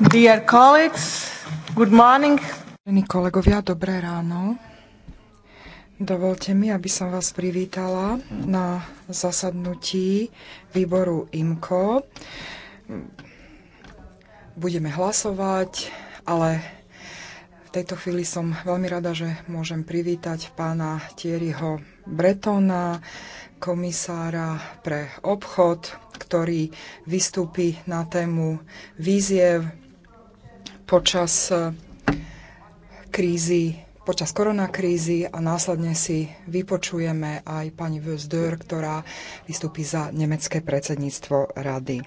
Dear colleagues, good morning. Vážení kolegovia, dobré ráno. Dovolte mi, aby som vás privítala na zasadnutí výboru IMCO. Budeme hlasovať, ale v tejto chvíli som veľmi rada, že môžem privítať pána Thierryho Bretona, komisára pre obchod, ktorý vystúpi na tému výziev počas e, krízy, počas koronakrízy a následne si vypočujeme aj pani Wösdör, ktorá vystúpi za nemecké predsedníctvo rady.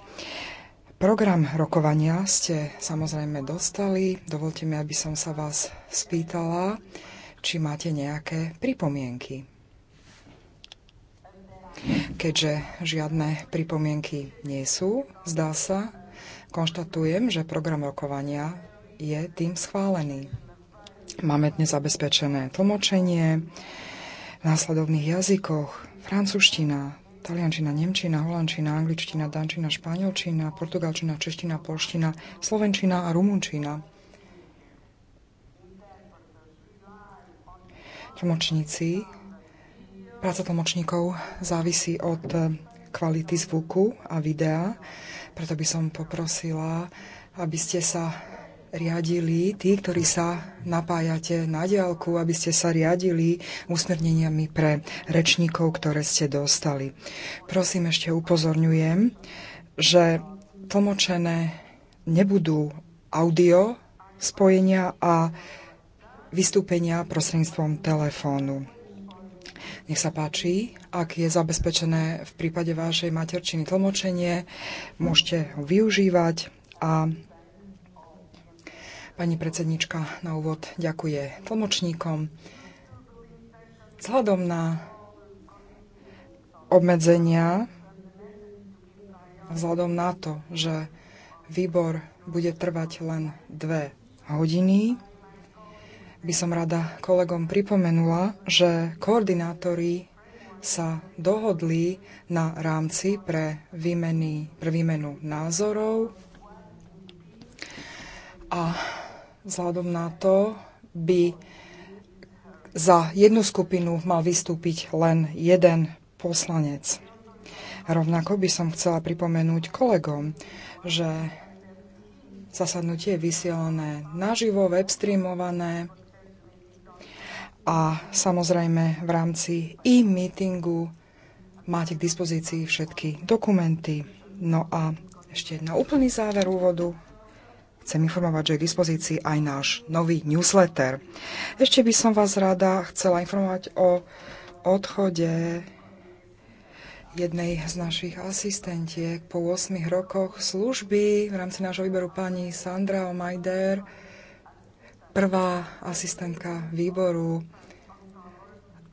Program rokovania ste samozrejme dostali. Dovolte mi, aby som sa vás spýtala, či máte nejaké pripomienky. Keďže žiadne pripomienky nie sú, zdá sa, konštatujem, že program rokovania je tým schválený. Máme dnes zabezpečené tlmočenie v následovných jazykoch francúzština, taliančina, nemčina, holandčina, angličtina, dančina, španielčina, portugalčina, čeština, polština, slovenčina a rumunčina. Tlmočníci, práca tlmočníkov závisí od eh, kvality zvuku a videa, preto by som poprosila, aby ste sa riadili, tí, ktorí sa napájate na diálku, aby ste sa riadili usmerneniami pre rečníkov, ktoré ste dostali. Prosím, ešte upozorňujem, že tlmočené nebudú audio spojenia a vystúpenia prostredníctvom telefónu. Nech sa páči, ak je zabezpečené v prípade vašej materčiny tlmočenie, môžete ho využívať a Pani predsednička na úvod ďakuje tlmočníkom. Vzhľadom na obmedzenia, vzhľadom na to, že výbor bude trvať len dve hodiny, by som rada kolegom pripomenula, že koordinátori sa dohodli na rámci pre, výmeny, pre výmenu názorov a vzhľadom na to by za jednu skupinu mal vystúpiť len jeden poslanec. Rovnako by som chcela pripomenúť kolegom, že zasadnutie je vysielané naživo, webstreamované a samozrejme v rámci e-meetingu máte k dispozícii všetky dokumenty. No a ešte jedna úplný záver úvodu Chcem informovať, že je k dispozícii aj náš nový newsletter. Ešte by som vás rada chcela informovať o odchode jednej z našich asistentiek po 8 rokoch služby v rámci nášho výberu pani Sandra Omajder, prvá asistentka výboru,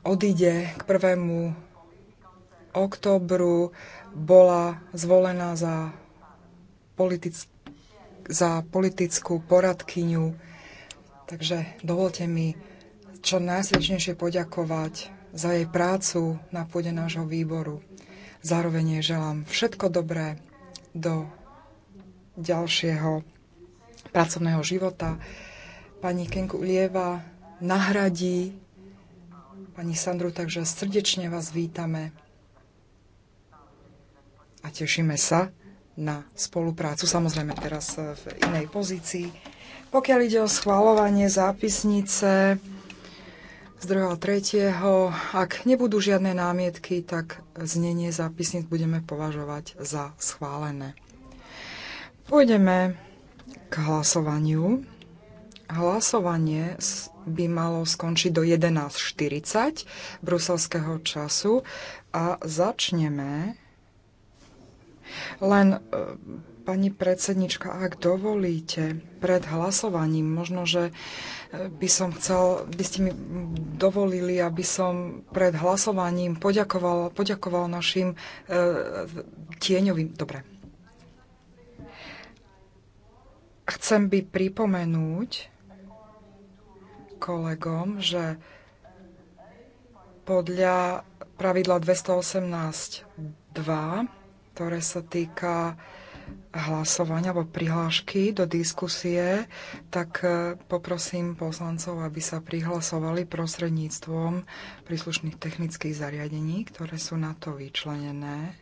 odíde k 1. oktobru, bola zvolená za politic, za politickú poradkyňu. Takže dovolte mi čo najsrdečnejšie poďakovať za jej prácu na pôde nášho výboru. Zároveň jej želám všetko dobré do ďalšieho pracovného života. Pani Kenku Ulieva nahradí pani Sandru, takže srdečne vás vítame a tešíme sa, na spoluprácu, samozrejme teraz e, v inej pozícii. Pokiaľ ide o schvalovanie zápisnice z 2. 3. ak nebudú žiadne námietky, tak znenie zápisnic budeme považovať za schválené. Pôjdeme k hlasovaniu. Hlasovanie by malo skončiť do 11.40 bruselského času a začneme len, e, pani predsednička, ak dovolíte, pred hlasovaním, možno, že e, by som chcel, by ste mi dovolili, aby som pred hlasovaním poďakoval, poďakoval našim e, tieňovým... Dobre. Chcem by pripomenúť kolegom, že podľa pravidla 218.2 ktoré sa týka hlasovania alebo prihlášky do diskusie, tak e, poprosím poslancov, aby sa prihlasovali prostredníctvom príslušných technických zariadení, ktoré sú na to vyčlenené.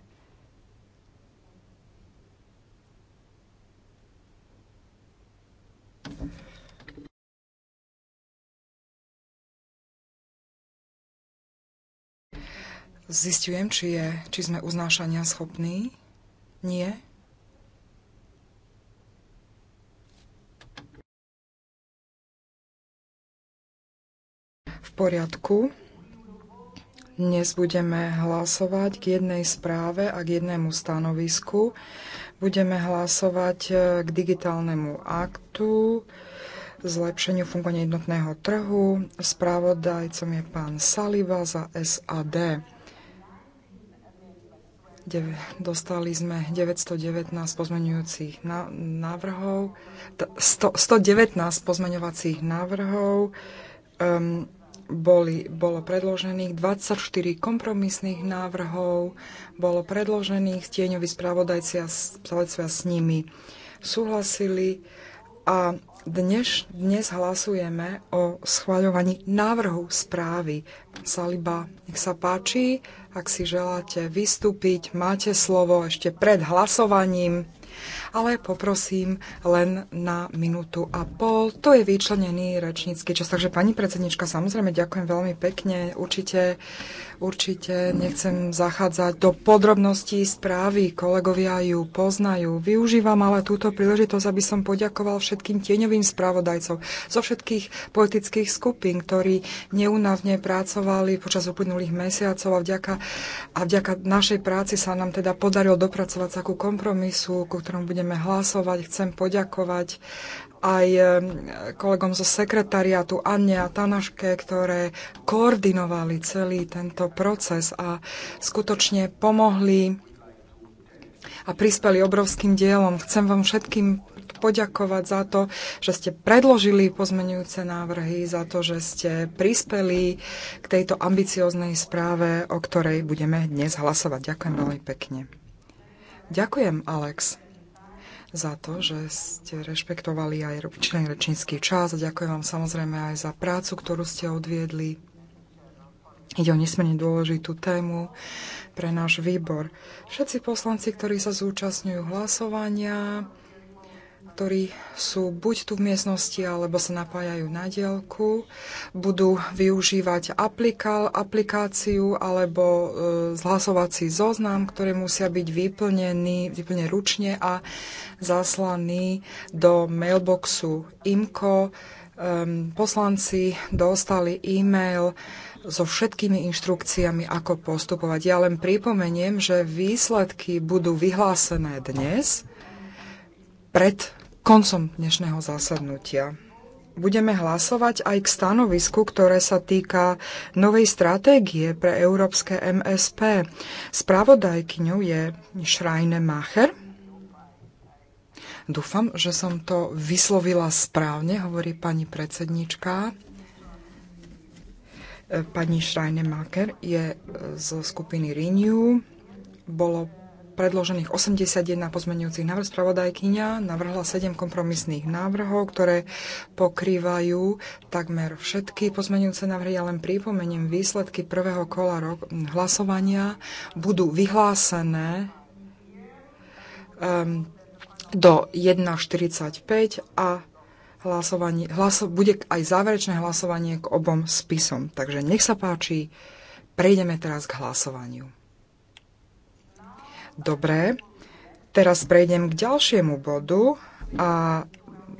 Thank you. Zistujem, či, je, či sme uznášania schopní. Nie. V poriadku. Dnes budeme hlasovať k jednej správe a k jednému stanovisku. Budeme hlasovať e, k digitálnemu aktu, zlepšeniu fungovania jednotného trhu. Správodajcom je pán Saliva za SAD dostali sme 919 pozmeňujúcich návrhov, 100, 119 pozmeňovacích návrhov, um, boli, bolo predložených 24 kompromisných návrhov, bolo predložených, tieňoví spravodajcia, spravodajcia s nimi súhlasili a dnes, dnes hlasujeme o schváľovaní návrhu správy. Saliba, nech sa páči, ak si želáte vystúpiť, máte slovo ešte pred hlasovaním ale poprosím len na minútu a pol. To je vyčlenený rečnícky čas. Takže pani predsednička, samozrejme ďakujem veľmi pekne. Určite, určite nechcem zachádzať do podrobností správy. Kolegovia ju poznajú. Využívam ale túto príležitosť, aby som poďakoval všetkým tieňovým správodajcom zo všetkých politických skupín, ktorí neunavne pracovali počas uplynulých mesiacov a vďaka, a vďaka našej práci sa nám teda podarilo dopracovať sa ku kompromisu, ku ktorom bude budeme hlasovať. Chcem poďakovať aj e, kolegom zo sekretariátu Anne a Tanaške, ktoré koordinovali celý tento proces a skutočne pomohli a prispeli obrovským dielom. Chcem vám všetkým poďakovať za to, že ste predložili pozmenujúce návrhy, za to, že ste prispeli k tejto ambicioznej správe, o ktorej budeme dnes hlasovať. Ďakujem veľmi pekne. Ďakujem, Alex za to, že ste rešpektovali aj ročný rečnícky čas a ďakujem vám samozrejme aj za prácu, ktorú ste odviedli. Ide o nesmierne dôležitú tému pre náš výbor. Všetci poslanci, ktorí sa zúčastňujú hlasovania, ktorí sú buď tu v miestnosti, alebo sa napájajú na dielku, budú využívať aplikál, aplikáciu alebo e, zhlasovací zoznam, ktoré musia byť vyplnený, vyplnený ručne a zaslaný do mailboxu IMCO. E, poslanci dostali e-mail so všetkými inštrukciami, ako postupovať. Ja len pripomeniem, že výsledky budú vyhlásené dnes pred koncom dnešného zasadnutia. Budeme hlasovať aj k stanovisku, ktoré sa týka novej stratégie pre európske MSP. Spravodajkyňou je Šrajne Macher. Dúfam, že som to vyslovila správne, hovorí pani predsednička. E, pani Šrajne Macher je e, zo skupiny Renew. Bolo predložených 81 pozmeňujúcich návrh. Spravodajkyňa navrhla 7 kompromisných návrhov, ktoré pokrývajú takmer všetky pozmenujúce návrhy. Ja len pripomeniem, výsledky prvého kola rok, hlasovania budú vyhlásené um, do 1.45 a hlasovanie, hlaso, bude aj záverečné hlasovanie k obom spisom. Takže nech sa páči, prejdeme teraz k hlasovaniu. Dobre, teraz prejdem k ďalšiemu bodu a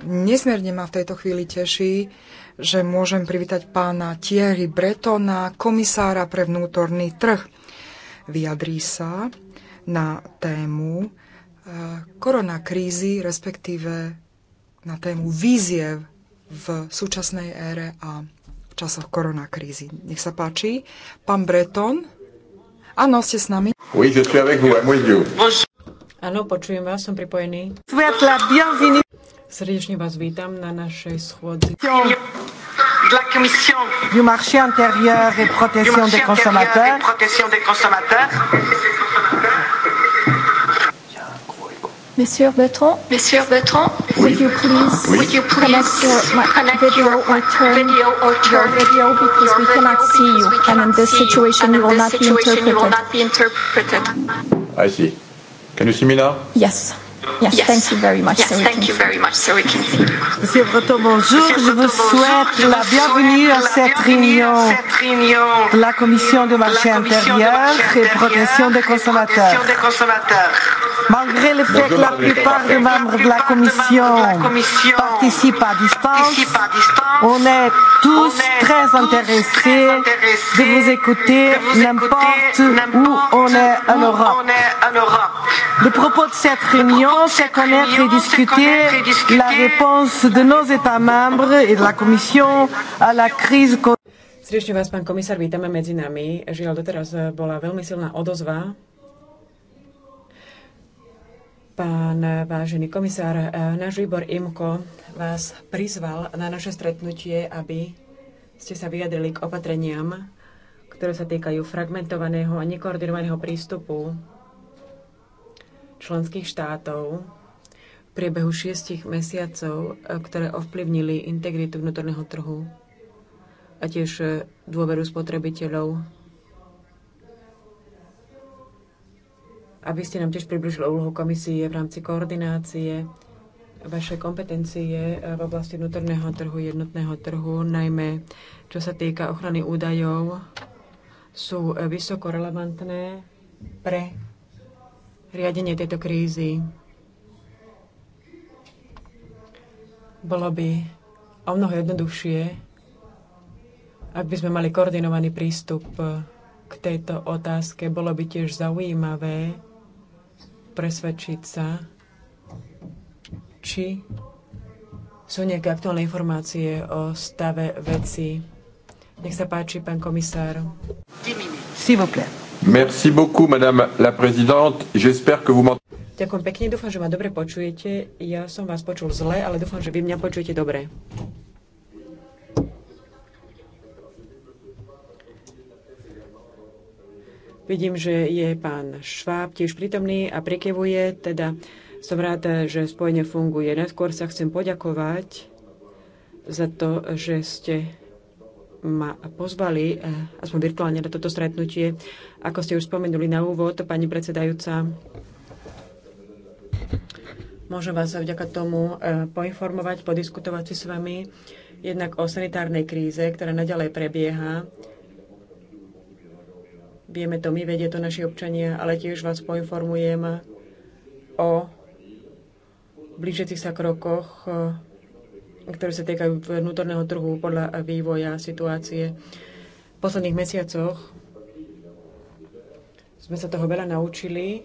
nesmierne ma v tejto chvíli teší, že môžem privítať pána Thierry Bretona, komisára pre vnútorný trh. Vyjadrí sa na tému eh, koronakrízy, respektíve na tému víziev v súčasnej ére a v časoch koronakrízy. Nech sa páči. Pán Breton, Áno, ste s nami. Oui, je suis avec vous, I'm with you. Áno, počujem vás, som pripojený. Svetla, bienvenue. Srdečne vás vítam na našej schôdzi. De la commission du marché intérieur et protection des consommateurs. Monsieur Bertrand, Monsieur Bertrand, oui. would you please, oui. would you please connect your my, connect video, your, or turn video or turn your video because your we video cannot see you, cannot and in this situation you, will not be You will not be interpreted. I see. Can you see me now? Yes. Monsieur Breton, bonjour. je vous souhaite la bienvenue à cette réunion de la Commission du marché intérieur et protection des consommateurs. Malgré le fait que la plupart des membres de la Commission participent à distance, on est tous très intéressés de vous écouter n'importe où on est en Europe. Le propos de cette réunion commence à connaître et discuter la réponse de nos États membres et de la Commission à la crise. Srdečne vás, pán komisár, vítame medzi nami. Žiaľ, doteraz eh, bola veľmi silná odozva. Pán eh, vážený komisár, eh, náš výbor IMKO vás prizval na naše stretnutie, aby ste sa vyjadrili k opatreniam, ktoré sa týkajú fragmentovaného a nekoordinovaného prístupu členských štátov v priebehu šiestich mesiacov, e, ktoré ovplyvnili integritu vnútorného trhu a tiež e, dôveru spotrebiteľov. Aby ste nám tiež približili úlohu komisie v rámci koordinácie vaše kompetencie e, v oblasti vnútorného trhu, jednotného trhu, najmä čo sa týka ochrany údajov, sú vysoko relevantné pre riadenie tejto krízy. Bolo by o mnoho jednoduchšie, ak by sme mali koordinovaný prístup eh, k tejto otázke. Bolo by tiež zaujímavé presvedčiť sa, či sú nejaké aktuálne informácie o stave veci. Nech sa páči, pán komisár. S'il Merci beaucoup, madame la présidente. J'espère que vous m'entendez. Ďakujem pekne, dúfam, že ma dobre počujete. Ja som vás počul zle, ale dúfam, že vy mňa počujete dobre. Vidím, že je pán Šváb tiež prítomný a prekevuje, teda som rád, že spojenie funguje. Najskôr sa chcem poďakovať za to, že ste ma pozvali, eh, aspoň virtuálne, na toto stretnutie. Ako ste už spomenuli na úvod, pani predsedajúca, môžem vás vďaka tomu eh, poinformovať, podiskutovať si s vami jednak o sanitárnej kríze, ktorá naďalej prebieha. Vieme to my, vedie to naši občania, ale tiež vás poinformujem o blížiacich sa krokoch eh, ktoré sa týkajú vnútorného trhu podľa vývoja situácie. V posledných mesiacoch sme sa toho veľa naučili.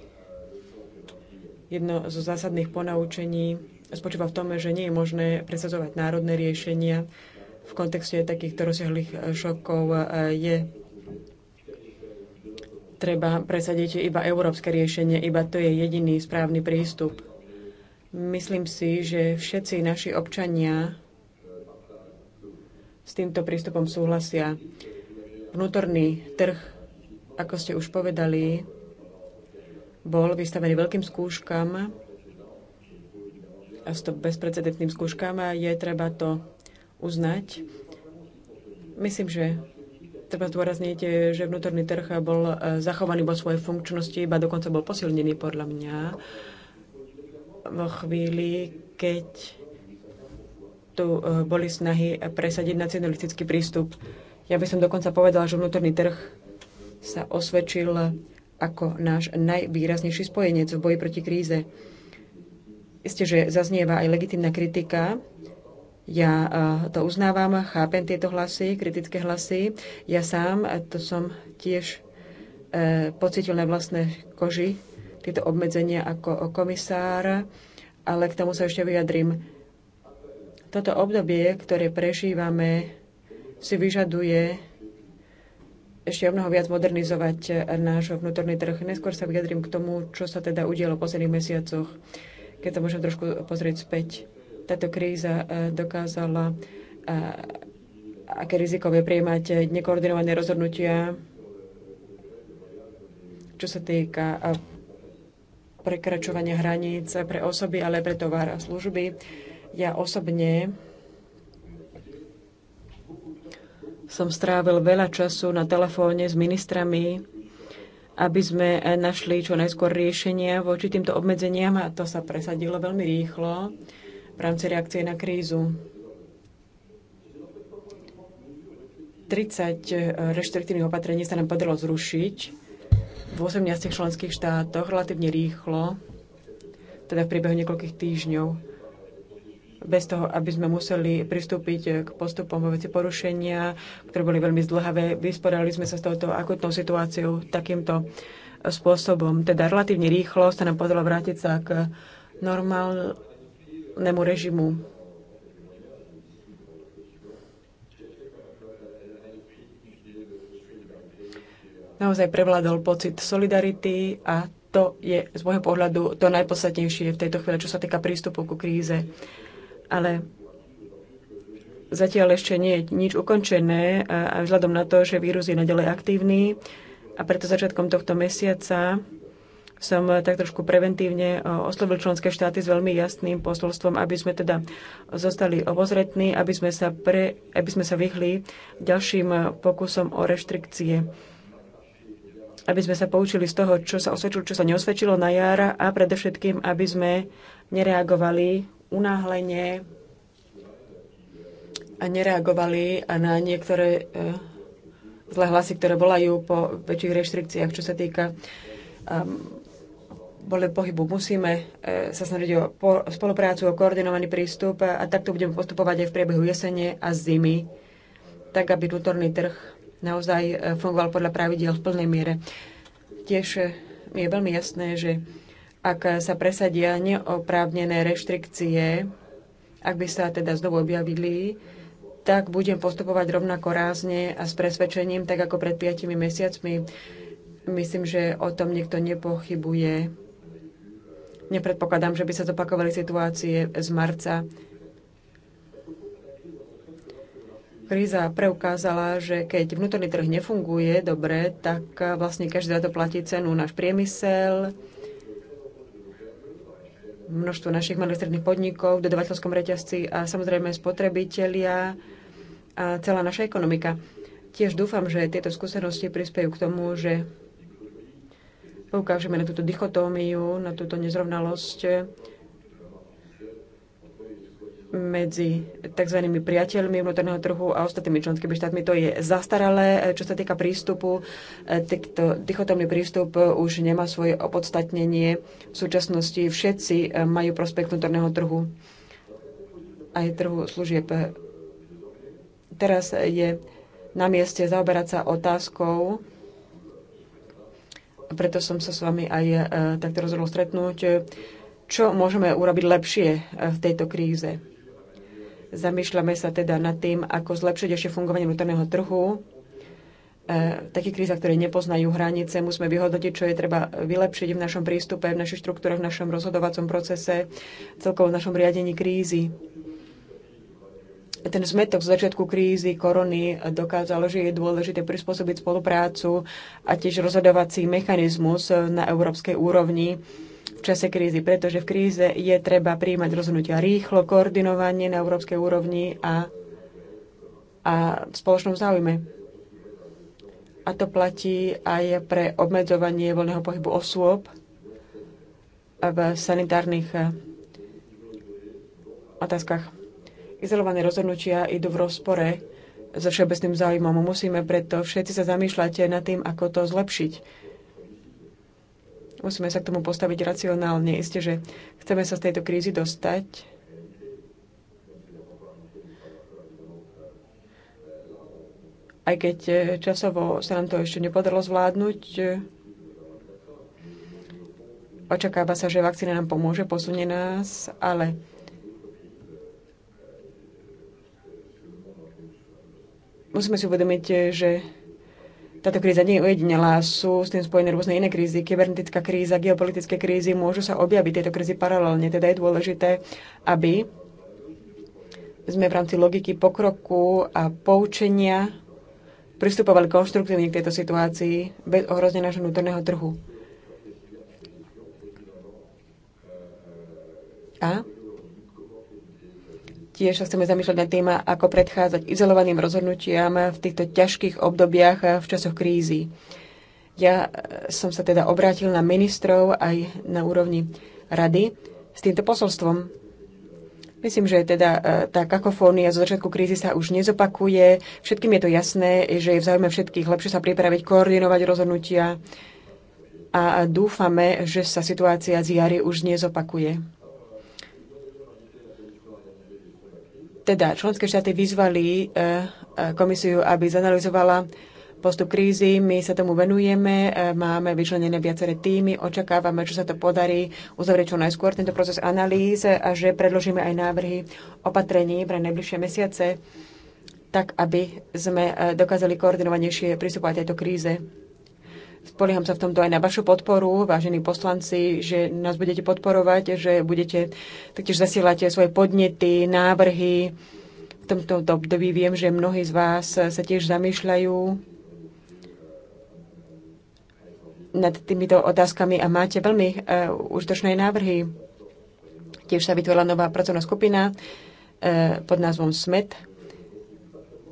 Jedno zo zásadných ponaučení spočíva v tom, že nie je možné presadzovať národné riešenia v kontexte takýchto rozsiahlých šokov je treba presadiť iba európske riešenie, iba to je jediný správny prístup. Myslím si, že všetci naši občania s týmto prístupom súhlasia. Vnútorný trh, ako ste už povedali, bol vystavený veľkým skúškam a s to bezprecedentným skúškam a je treba to uznať. Myslím, že treba zdôrazniť, že vnútorný trh bol zachovaný vo svojej funkčnosti, iba dokonca bol posilnený podľa mňa vo chvíli, keď tu e, boli snahy presadiť nacionalistický prístup. Ja by som dokonca povedala, že vnútorný trh sa osvedčil ako náš najvýraznejší spojenec v boji proti kríze. Isté, že zaznieva aj legitimná kritika. Ja e, to uznávam, chápem tieto hlasy, kritické hlasy. Ja sám e, to som tiež pocitil na vlastné koži, tieto obmedzenia ako komisár, ale k tomu sa ešte vyjadrím. Toto obdobie, ktoré prežívame, si vyžaduje ešte o mnoho viac modernizovať náš vnútorný trh. Neskôr sa vyjadrím k tomu, čo sa teda udialo v posledných mesiacoch, keď to môžem trošku pozrieť späť. Táto kríza eh, dokázala eh, aké rizikové prijímať nekoordinované rozhodnutia, čo sa týka eh, prekračovania hraníc pre osoby, ale pre tovar a služby. Ja osobne som strávil veľa času na telefóne s ministrami, aby sme našli čo najskôr riešenia voči týmto obmedzeniam a to sa presadilo veľmi rýchlo v rámci reakcie na krízu. 30 reštriktívnych opatrení sa nám podarilo zrušiť v 18 členských štátoch relatívne rýchlo, teda v priebehu niekoľkých týždňov, bez toho, aby sme museli pristúpiť k postupom vo veci porušenia, ktoré boli veľmi zdlhavé. Vysporali sme sa s touto akutnou situáciou takýmto spôsobom. Teda relatívne rýchlo sa nám podalo vrátiť sa k normálnemu režimu naozaj prevládol pocit solidarity a to je z môjho pohľadu to najpodstatnejšie v tejto chvíli, čo sa týka prístupu ku kríze. Ale zatiaľ ešte nie je nič ukončené a vzhľadom na to, že vírus je nadalej aktívny a preto začiatkom tohto mesiaca som tak trošku preventívne oslovil členské štáty s veľmi jasným posolstvom, aby sme teda zostali obozretní, aby sme sa, pre, aby sme sa vyhli ďalším pokusom o reštrikcie aby sme sa poučili z toho, čo sa osvedčilo, čo sa neosvedčilo na jara a predovšetkým, aby sme nereagovali unáhlenie a nereagovali na niektoré eh, zlé hlasy, ktoré volajú po väčších reštrikciách, čo sa týka um, pohybu. Musíme eh, sa snažiť o spoluprácu, o koordinovaný prístup a takto budeme postupovať aj v priebehu jesene a zimy, tak aby vnútorný trh naozaj e, fungoval podľa pravidiel v plnej miere. Tiež e, je veľmi jasné, že ak sa presadia neoprávnené reštrikcie, ak by sa teda znovu objavili, tak budem postupovať rovnako rázne a s presvedčením, tak ako pred piatimi mesiacmi. Myslím, že o tom niekto nepochybuje. Nepredpokladám, že by sa zopakovali situácie z marca Kríza preukázala, že keď vnútorný trh nefunguje dobre, tak eh, vlastne každý za to platí cenu. Náš priemysel, množstvo našich malých stredných podnikov v dodavateľskom reťazci a samozrejme spotrebitelia a celá naša ekonomika. Tiež dúfam, že tieto skúsenosti prispejú k tomu, že poukážeme na túto dichotómiu, na túto nezrovnalosť medzi tzv. priateľmi vnútorného trhu a ostatnými členskými štátmi. To je zastaralé, e, čo sa týka prístupu. E, Týchto, dichotomný prístup e, už nemá svoje opodstatnenie. V súčasnosti všetci majú prospekt vnútorného trhu aj trhu služieb. Teraz je na mieste zaoberať sa otázkou, preto som sa s vami aj takto rozhodol stretnúť, čo môžeme urobiť lepšie v tejto kríze Zamýšľame sa teda nad tým, ako zlepšiť ešte fungovanie vnútorného trhu. V e, takých krízach, ktoré nepoznajú hranice, musíme vyhodnotiť, čo je treba vylepšiť v našom prístupe, v našich štruktúrach, v našom rozhodovacom procese, celkovo v našom riadení krízy ten zmetok z začiatku krízy korony dokázalo, že je dôležité prispôsobiť spoluprácu a tiež rozhodovací mechanizmus na európskej úrovni čase krízy, pretože v kríze je treba príjmať rozhodnutia rýchlo, koordinovanie na európskej úrovni a, a v spoločnom záujme. A to platí aj pre obmedzovanie voľného pohybu osôb v sanitárnych eh, otázkach. Izolované rozhodnutia idú v rozpore so všeobecným záujmom. Musíme preto všetci sa zamýšľať nad tým, ako to zlepšiť Musíme sa k tomu postaviť racionálne. Isté, že chceme sa z tejto krízy dostať. Aj keď e, časovo sa nám to ešte nepodarilo zvládnuť, e, očakáva sa, že vakcína nám pomôže, posunie nás, ale musíme si uvedomiť, e, že táto kríza nie je ojedinelá, sú s tým spojené rôzne iné krízy, kybernetická kríza, geopolitické krízy, môžu sa objaviť tieto krízy paralelne, teda je dôležité, aby sme v rámci logiky pokroku a poučenia pristupovali konštruktívne k tejto situácii bez ohrozenia nášho vnútorného trhu. A Tiež sa chceme zamýšľať na téma, ako predchádzať izolovaným rozhodnutiam v týchto ťažkých obdobiach eh, v časoch krízy. Ja eh, som sa teda obrátil na ministrov aj na úrovni rady s týmto posolstvom. Myslím, že teda eh, tá kakofónia zo začiatku krízy sa už nezopakuje. Všetkým je to jasné, že je v záujme všetkých lepšie sa pripraviť, koordinovať rozhodnutia a dúfame, že sa situácia z jary už nezopakuje. Teda členské štáty vyzvali e, e, komisiu, aby zanalizovala postup krízy. My sa tomu venujeme, e, máme vyčlenené viaceré týmy, očakávame, čo sa to podarí uzavrieť čo najskôr tento proces analýz a že predložíme aj návrhy opatrení pre najbližšie mesiace, tak aby sme dokázali koordinovanejšie pristupovať tejto kríze. Spolieham sa v tomto aj na vašu podporu, vážení poslanci, že nás budete podporovať, že budete taktiež zasielať svoje podnety, návrhy. V tomto období viem, že mnohí z vás sa tiež zamýšľajú nad týmito otázkami a máte veľmi uh, užitočné návrhy. Tiež sa vytvorila nová pracovná skupina uh, pod názvom SMET,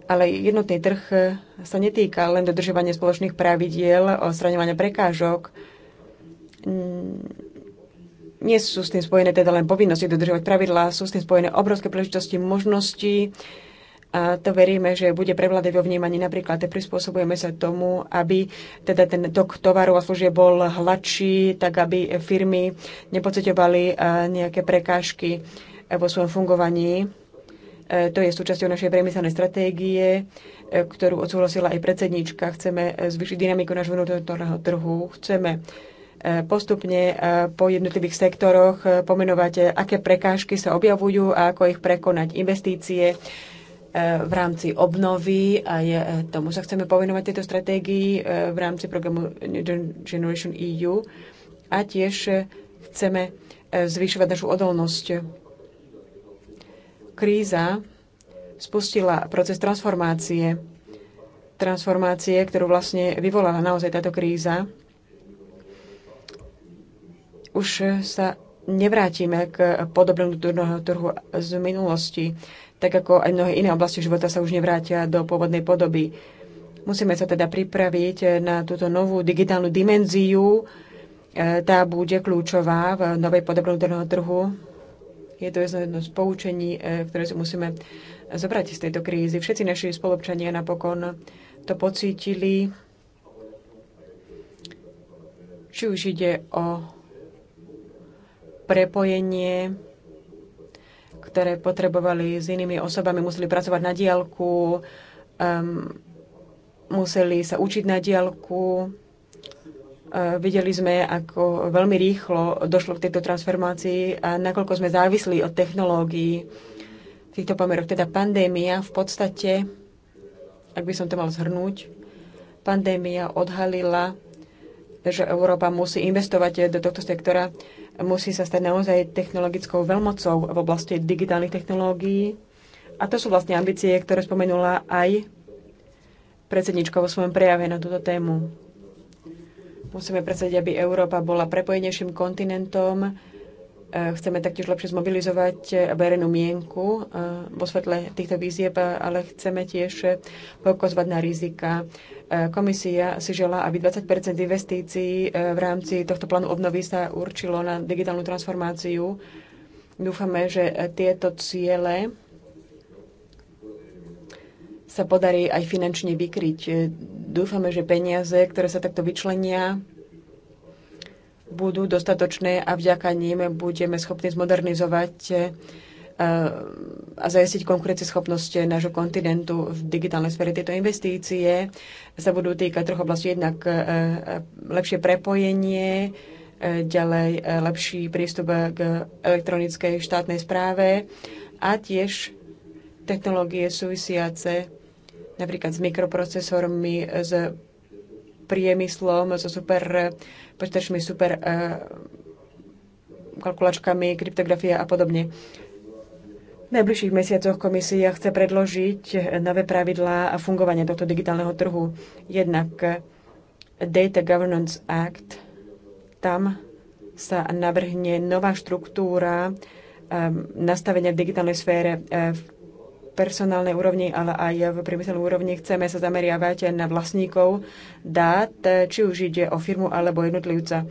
ale jednotný trh e, sa netýka len dodržovania spoločných pravidiel, odstraňovania prekážok. Mm, nie sú s tým spojené teda len povinnosti dodržovať pravidlá, sú s tým spojené obrovské príležitosti, možnosti, a to veríme, že bude prevládať vo vnímaní. Napríklad prispôsobujeme sa tomu, aby teda ten tok tovaru a služieb bol hladší, tak aby firmy nepocitovali e, nejaké prekážky e, vo svojom fungovaní. E, to je súčasťou našej priemyselnej stratégie, e, ktorú odsúhlasila aj predsednička. Chceme e, zvyšiť dynamiku nášho vnútorného trhu. Chceme postupne po jednotlivých sektoroch pomenovať, aké prekážky sa objavujú a ako ich prekonať. Investície v rámci obnovy a je, tomu sa chceme povenovať tejto stratégii v rámci programu Generation EU a tiež chceme zvyšovať našu odolnosť kríza spustila proces transformácie. Transformácie, ktorú vlastne vyvolala naozaj táto kríza. Už sa nevrátime k podobnému vnútorného trhu z minulosti, tak ako aj mnohé iné oblasti života sa už nevrátia do pôvodnej podoby. Musíme sa teda pripraviť na túto novú digitálnu dimenziu. E, tá bude kľúčová v novej podobnom trhu je to jedno z poučení, e, ktoré si musíme zobrať z tejto krízy. Všetci naši spolupčania napokon to pocítili, či už ide o prepojenie, ktoré potrebovali s inými osobami, museli pracovať na diálku, um, museli sa učiť na diálku, E, videli sme, ako veľmi rýchlo došlo k tejto transformácii a nakoľko sme závisli od technológií v týchto pomeroch. Teda pandémia v podstate, ak by som to mal zhrnúť, pandémia odhalila, že Európa musí investovať do tohto sektora, musí sa stať naozaj technologickou veľmocou v oblasti digitálnych technológií. A to sú vlastne ambície, ktoré spomenula aj predsednička vo svojom prejave na túto tému Musíme presadiť, aby Európa bola prepojenejším kontinentom. E, chceme taktiež lepšie zmobilizovať e, verejnú mienku e, vo svetle týchto výzieb, ale chceme tiež pokozvať na rizika. Komisia si žela, aby 20 investícií v rámci tohto plánu obnovy sa určilo na digitálnu transformáciu. Dúfame, že tieto ciele sa podarí aj finančne vykryť Dúfame, že peniaze, ktoré sa takto vyčlenia, budú dostatočné a vďaka ním budeme schopní zmodernizovať e, a zajistiť konkurencieschopnosť nášho kontinentu v digitálnej sfere. Tieto investície sa budú týkať troch oblastí. Jednak e, e, lepšie prepojenie, ďalej lepší prístup k elektronickej štátnej správe a tiež technológie súvisiace napríklad s mikroprocesormi, s priemyslom, so super počítačmi, super eh, kalkulačkami, kryptografia a podobne. V najbližších mesiacoch komisia chce predložiť nové pravidlá a fungovanie tohto digitálneho trhu. Jednak Data Governance Act, tam sa navrhne nová štruktúra eh, nastavenia v digitálnej sfére eh, v personálnej úrovni, ale aj v priemyselnej úrovni chceme sa zameriavať na vlastníkov dát, či už ide o firmu alebo jednotlivca.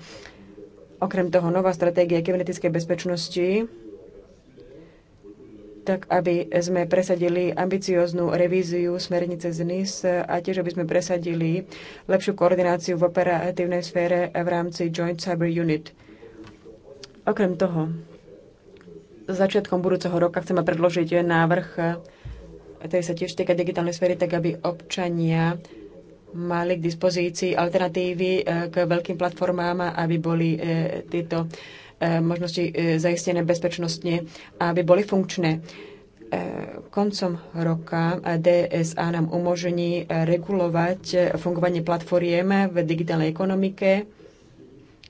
Okrem toho, nová stratégia kybernetickej bezpečnosti tak aby sme presadili ambicióznu revíziu smernice z NIS a tiež aby sme presadili lepšiu koordináciu v operatívnej sfére v rámci Joint Cyber Unit. Okrem toho, začiatkom budúceho roka chceme predložiť návrh, e, ktorý sa tiež týka digitálnej sféry, tak aby občania mali k dispozícii alternatívy e, k veľkým platformám, aby boli e, tieto možnosti zaistené bezpečnostne a aby boli funkčné. Koncom roka DSA nám umožní regulovať fungovanie platformiem v digitálnej ekonomike.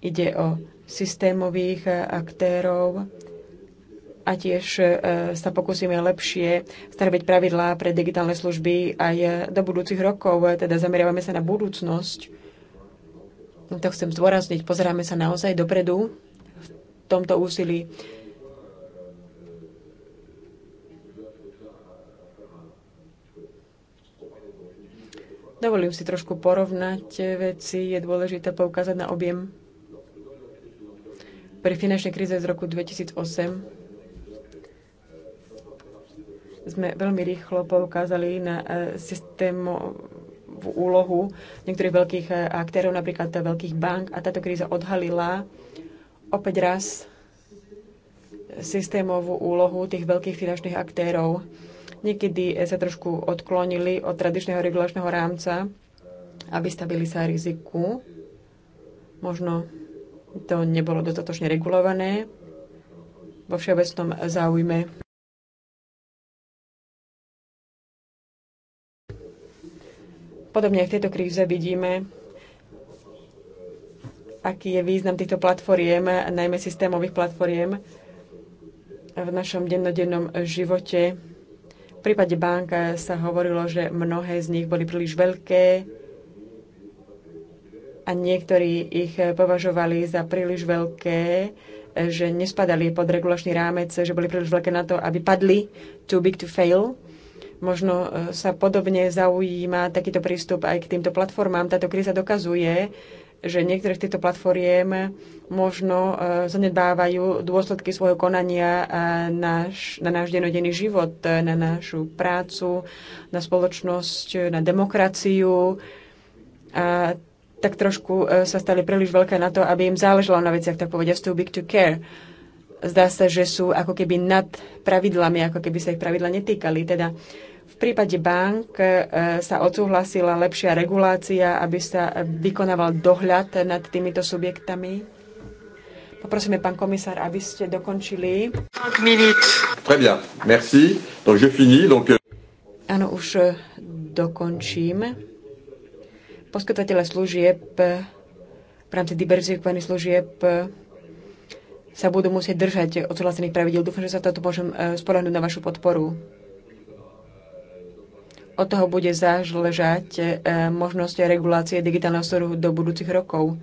Ide o systémových aktérov, a tiež e, sa pokúsime lepšie stanoviť pravidlá pre digitálne služby aj do budúcich rokov, teda zameriavame sa na budúcnosť. No to chcem zdôrazniť, pozeráme sa naozaj dopredu v tomto úsilí. Dovolím si trošku porovnať veci. Je dôležité poukázať na objem. Pri finančnej kríze z roku 2008 sme veľmi rýchlo poukázali na e, systémovú úlohu niektorých veľkých e, aktérov, napríklad veľkých bank. A táto kríza odhalila opäť raz systémovú úlohu tých veľkých finančných aktérov. Niekedy e, sa trošku odklonili od tradičného regulačného rámca, aby stavili sa riziku. Možno to nebolo dostatočne regulované vo všeobecnom záujme. Podobne aj v tejto kríze vidíme, aký je význam týchto platformiem, najmä systémových platformiem v našom dennodennom živote. V prípade bank sa hovorilo, že mnohé z nich boli príliš veľké a niektorí ich považovali za príliš veľké, že nespadali pod regulačný rámec, že boli príliš veľké na to, aby padli, too big to fail. Možno e, sa podobne zaujíma takýto prístup aj k týmto platformám. Táto kríza dokazuje, že niektoré z týchto platformiem možno e, zanedbávajú dôsledky svojho konania e, na náš, na náš denodenný život, na našu prácu, na spoločnosť, na demokraciu. A tak trošku sa stali príliš veľké na to, aby im záležalo na veciach, tak povedia, too big to care. Zdá sa, že sú ako keby nad pravidlami, ako keby sa ich pravidla netýkali. Teda v prípade bank e, sa odsúhlasila lepšia regulácia, aby sa vykonával dohľad nad týmito subjektami. Poprosíme, pán komisár, aby ste dokončili. Très bien, merci. Donc je finis. Donc... Euh, Áno, už e, dokončím. Poskytovateľe služieb e, v rámci diverzifikovaných služieb sa budú musieť držať odsúhlasených pravidel. Dúfam, že sa toto môžem spolahnúť na vašu podporu od toho bude zážležať e, možnosť regulácie digitálneho trhu do budúcich rokov.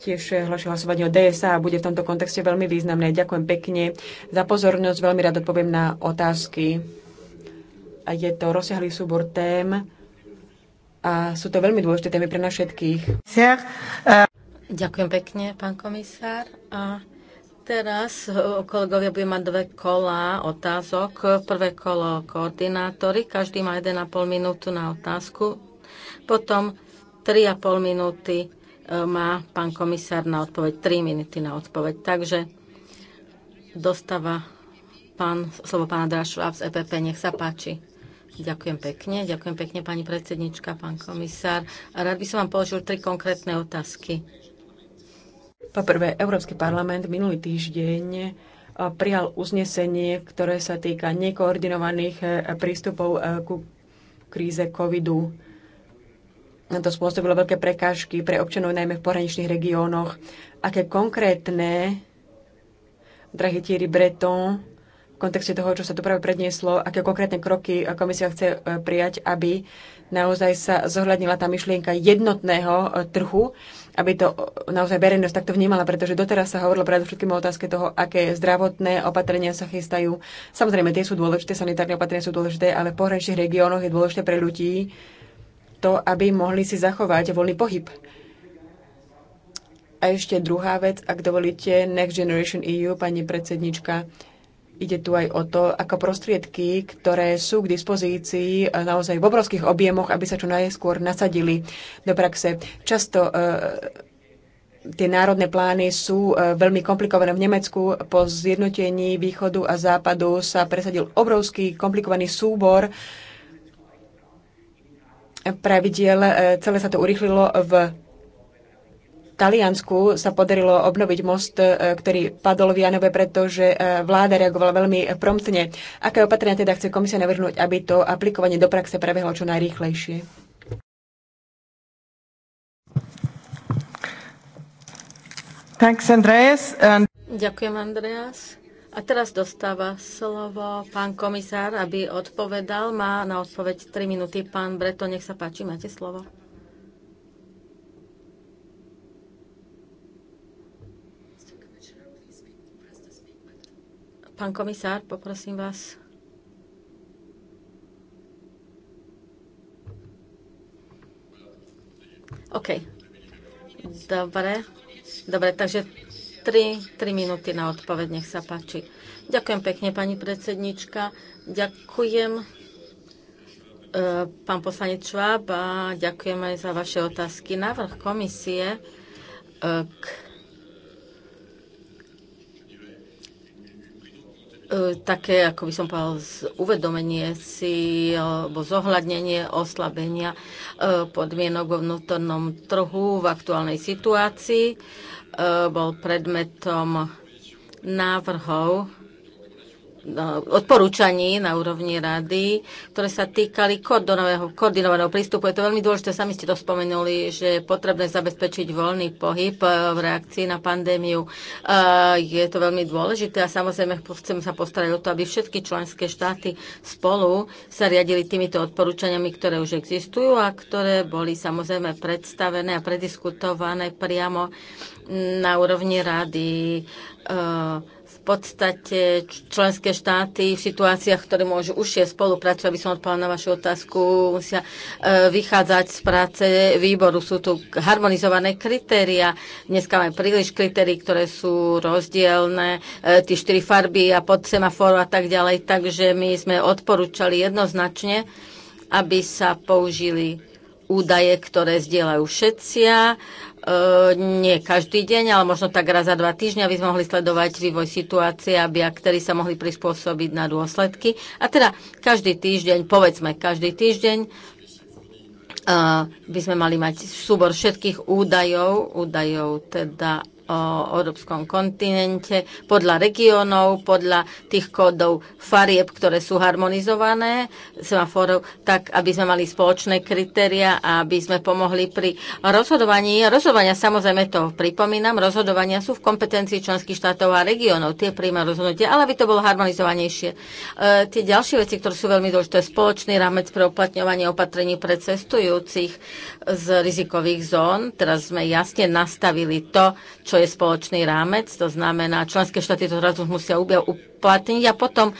Tiež hlasovanie o DSA a bude v tomto kontexte veľmi významné. Ďakujem pekne za pozornosť. Veľmi rád odpoviem na otázky. Je to rozsiahlý súbor tém a sú to veľmi dôležité témy pre nás všetkých. E- Ďakujem pekne, pán komisár. A Teraz e, kolegovia budú mať dve kola otázok. Prvé kolo koordinátory, každý má 1,5 minútu na otázku. Potom 3,5 minúty e, má pán komisár na odpoveď, 3 minúty na odpoveď. Takže dostáva pán, slovo pána Drašova z EPP, nech sa páči. Ďakujem pekne. Ďakujem pekne, pani predsednička, pán komisár. Rád by som vám položil tri konkrétne otázky Poprvé, Európsky parlament minulý týždeň e, prijal uznesenie, ktoré sa týka nekoordinovaných e, prístupov e, ku kríze covidu. To spôsobilo veľké prekážky pre občanov, najmä v pohraničných regiónoch. Aké konkrétne, drahý Thierry Breton, v kontexte toho, čo sa tu práve prednieslo, aké konkrétne kroky komisia chce prijať, aby naozaj sa zohľadnila tá myšlienka jednotného trhu aby to naozaj verejnosť takto vnímala, pretože doteraz sa hovorilo predovšetkým o otázke toho, aké zdravotné opatrenia sa chystajú. Samozrejme, tie sú dôležité, sanitárne opatrenia sú dôležité, ale v pohraničných regiónoch je dôležité pre ľudí to, aby mohli si zachovať voľný pohyb. A ešte druhá vec, ak dovolíte, Next Generation EU, pani predsednička, Ide tu aj o to, ako prostriedky, ktoré sú k dispozícii e, naozaj v obrovských objemoch, aby sa čo najskôr nasadili do praxe. Často e, tie národné plány sú e, veľmi komplikované. V Nemecku po zjednotení východu a západu sa presadil obrovský komplikovaný súbor pravidiel. celé sa to urychlilo v Taliansku sa podarilo obnoviť most, e, ktorý padol v Janove, pretože e, vláda reagovala veľmi promptne. Aké opatrenia teda chce komisia navrhnúť, aby to aplikovanie do praxe prebehlo čo najrýchlejšie? Thanks, Andreas. And... Ďakujem, Andreas. A teraz dostáva slovo pán komisár, aby odpovedal. Má na odpoveď 3 minúty. Pán Breto, nech sa páči, máte slovo. Pán komisár, poprosím vás. OK. Dobre. Dobre, takže 3, 3 minúty na odpoveď, nech sa páči. Ďakujem pekne, pani predsednička. Ďakujem, e, pán poslanec Šváb, a ďakujem aj za vaše otázky. Návrh komisie e, k E, také, ako by som povedal, uvedomenie si alebo zohľadnenie oslabenia e, podmienok vo vnútornom trhu v aktuálnej situácii e, bol predmetom návrhov No, odporúčaní na úrovni rady, ktoré sa týkali koordinovaného prístupu. Je to veľmi dôležité, sami ste to spomenuli, že je potrebné zabezpečiť voľný pohyb e, v reakcii na pandémiu. E, je to veľmi dôležité a samozrejme chcem sa postarať o to, aby všetky členské štáty spolu sa riadili týmito odporúčaniami, ktoré už existujú a ktoré boli samozrejme predstavené a prediskutované priamo na úrovni rady. Uh, podstate členské štáty v situáciách, ktoré môžu užšie spolupracovať, aby som odpovedala na vašu otázku, musia e, vychádzať z práce výboru. Sú tu harmonizované kritéria. Dneska máme príliš kritérií, ktoré sú rozdielne, e, tie štyri farby a pod semaforu a tak ďalej. Takže my sme odporúčali jednoznačne, aby sa použili údaje, ktoré zdieľajú všetci Uh, nie každý deň, ale možno tak raz za dva týždňa by sme mohli sledovať vývoj situácie, aby aktéry sa mohli prispôsobiť na dôsledky. A teda každý týždeň, povedzme každý týždeň, uh, by sme mali mať súbor všetkých údajov, údajov teda o európskom kontinente, podľa regiónov, podľa tých kódov farieb, ktoré sú harmonizované, semaforov, tak aby sme mali spoločné kritéria a aby sme pomohli pri rozhodovaní. Rozhodovania, samozrejme to pripomínam, rozhodovania sú v kompetencii členských štátov a regiónov, tie príjma rozhodnutie, ale aby to bolo harmonizovanejšie. E, tie ďalšie veci, ktoré sú veľmi dôležité, spoločný rámec pre uplatňovanie opatrení pre cestujúcich z rizikových zón. Teraz sme jasne nastavili to, čo je spoločný rámec, to znamená, členské štáty to zrazu musia uplatniť a potom e,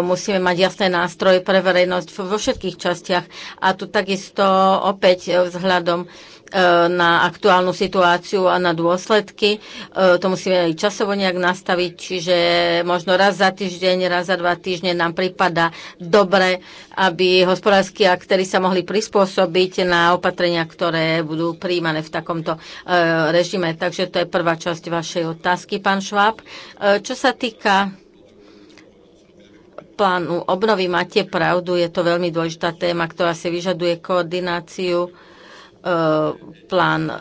musíme mať jasné nástroje pre verejnosť vo všetkých častiach. A tu takisto opäť e, vzhľadom e, E, na aktuálnu situáciu a na dôsledky. E, to musíme aj časovo nejak nastaviť, čiže možno raz za týždeň, raz za dva týždne nám prípada dobre, aby hospodársky aktéry sa mohli prispôsobiť na opatrenia, ktoré budú príjmané v takomto e, režime. Takže to je prvá časť vašej otázky, pán Šváb. Čo sa týka plánu obnovy, máte pravdu, je to veľmi dôležitá téma, ktorá si vyžaduje koordináciu E, plán e,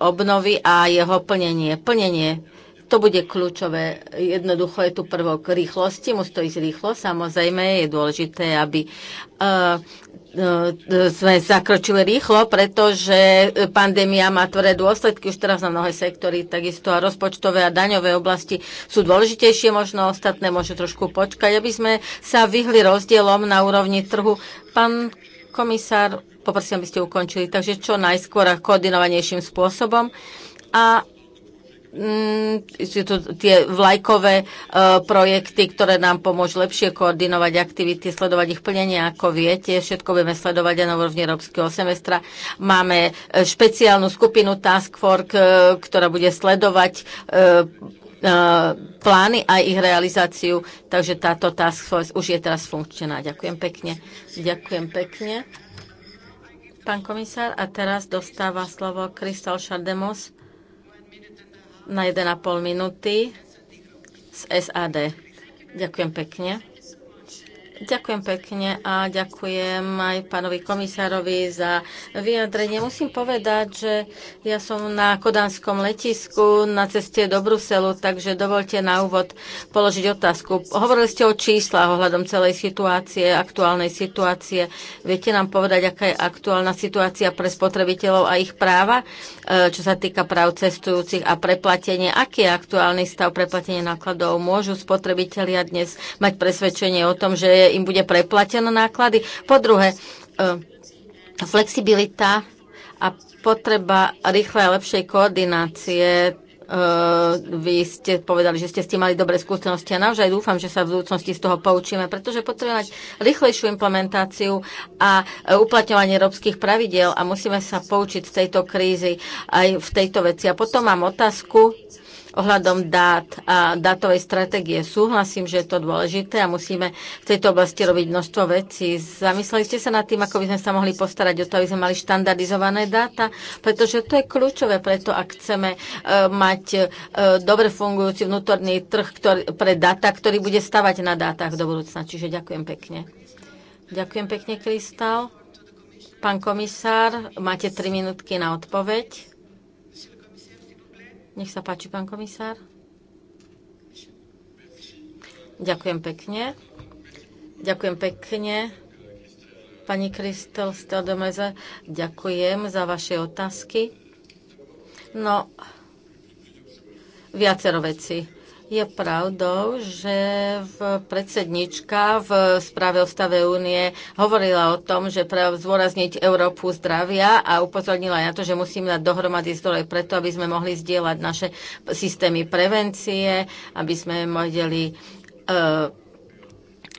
obnovy a jeho plnenie. Plnenie to bude kľúčové. Jednoducho je tu prvok rýchlosti, musí to ísť rýchlo. Samozrejme je dôležité, aby e, sme zakročili rýchlo, pretože pandémia má tvrdé dôsledky už teraz na mnohé sektory, takisto a rozpočtové a daňové oblasti sú dôležitejšie, možno ostatné môže trošku počkať, aby sme sa vyhli rozdielom na úrovni trhu. Pán komisár poprosím, aby ste ukončili. Takže čo najskôr a koordinovanejším spôsobom. A mm, sú tu tie vlajkové e, projekty, ktoré nám pomôžu lepšie koordinovať aktivity, sledovať ich plnenie, ako viete. Všetko budeme sledovať aj na úrovni Európskeho semestra. Máme e, špeciálnu skupinu Task Force, e, ktorá bude sledovať plány a ich realizáciu. Takže táto task force už je teraz funkčná. Ďakujem pekne. Ďakujem pekne pán komisár. A teraz dostáva slovo Kristal Šardemos na 1,5 minúty z SAD. Ďakujem pekne. Ďakujem pekne a ďakujem aj pánovi komisárovi za vyjadrenie. Musím povedať, že ja som na Kodanskom letisku na ceste do Bruselu, takže dovolte na úvod položiť otázku. Hovorili ste o číslach ohľadom celej situácie, aktuálnej situácie. Viete nám povedať, aká je aktuálna situácia pre spotrebiteľov a ich práva, e, čo sa týka práv cestujúcich a preplatenie? Aký je aktuálny stav preplatenia nákladov? Môžu spotrebitelia dnes mať presvedčenie o tom, že je že im bude preplatené náklady. Po druhé, e, flexibilita a potreba rýchlej a lepšej koordinácie e, vy ste povedali, že ste s tým mali dobré skúsenosti a naozaj dúfam, že sa v budúcnosti z toho poučíme, pretože potrebujeme mať rýchlejšiu implementáciu a uplatňovanie európskych pravidiel a musíme sa poučiť z tejto krízy aj v tejto veci. A potom mám otázku ohľadom dát a dátovej stratégie. Súhlasím, že je to dôležité a musíme v tejto oblasti robiť množstvo vecí. Zamysleli ste sa nad tým, ako by sme sa mohli postarať o to, aby sme mali štandardizované dáta, pretože to je kľúčové preto, ak chceme e, mať e, dobre fungujúci vnútorný trh ktorý, pre dáta, ktorý bude stavať na dátach do budúcna. Čiže ďakujem pekne. Ďakujem pekne, Kristal. Pán komisár, máte tri minútky na odpoveď. Nech sa páči, pán komisár. Ďakujem pekne. Ďakujem pekne. Pani Kristel Stadomeze, ďakujem za vaše otázky. No, viacero veci. Je pravdou, že v predsednička v správe o stave únie hovorila o tom, že treba zdôrazniť Európu zdravia a upozornila na to, že musíme dať dohromady zdroje preto, aby sme mohli zdieľať naše systémy prevencie, aby sme mohli uh, e,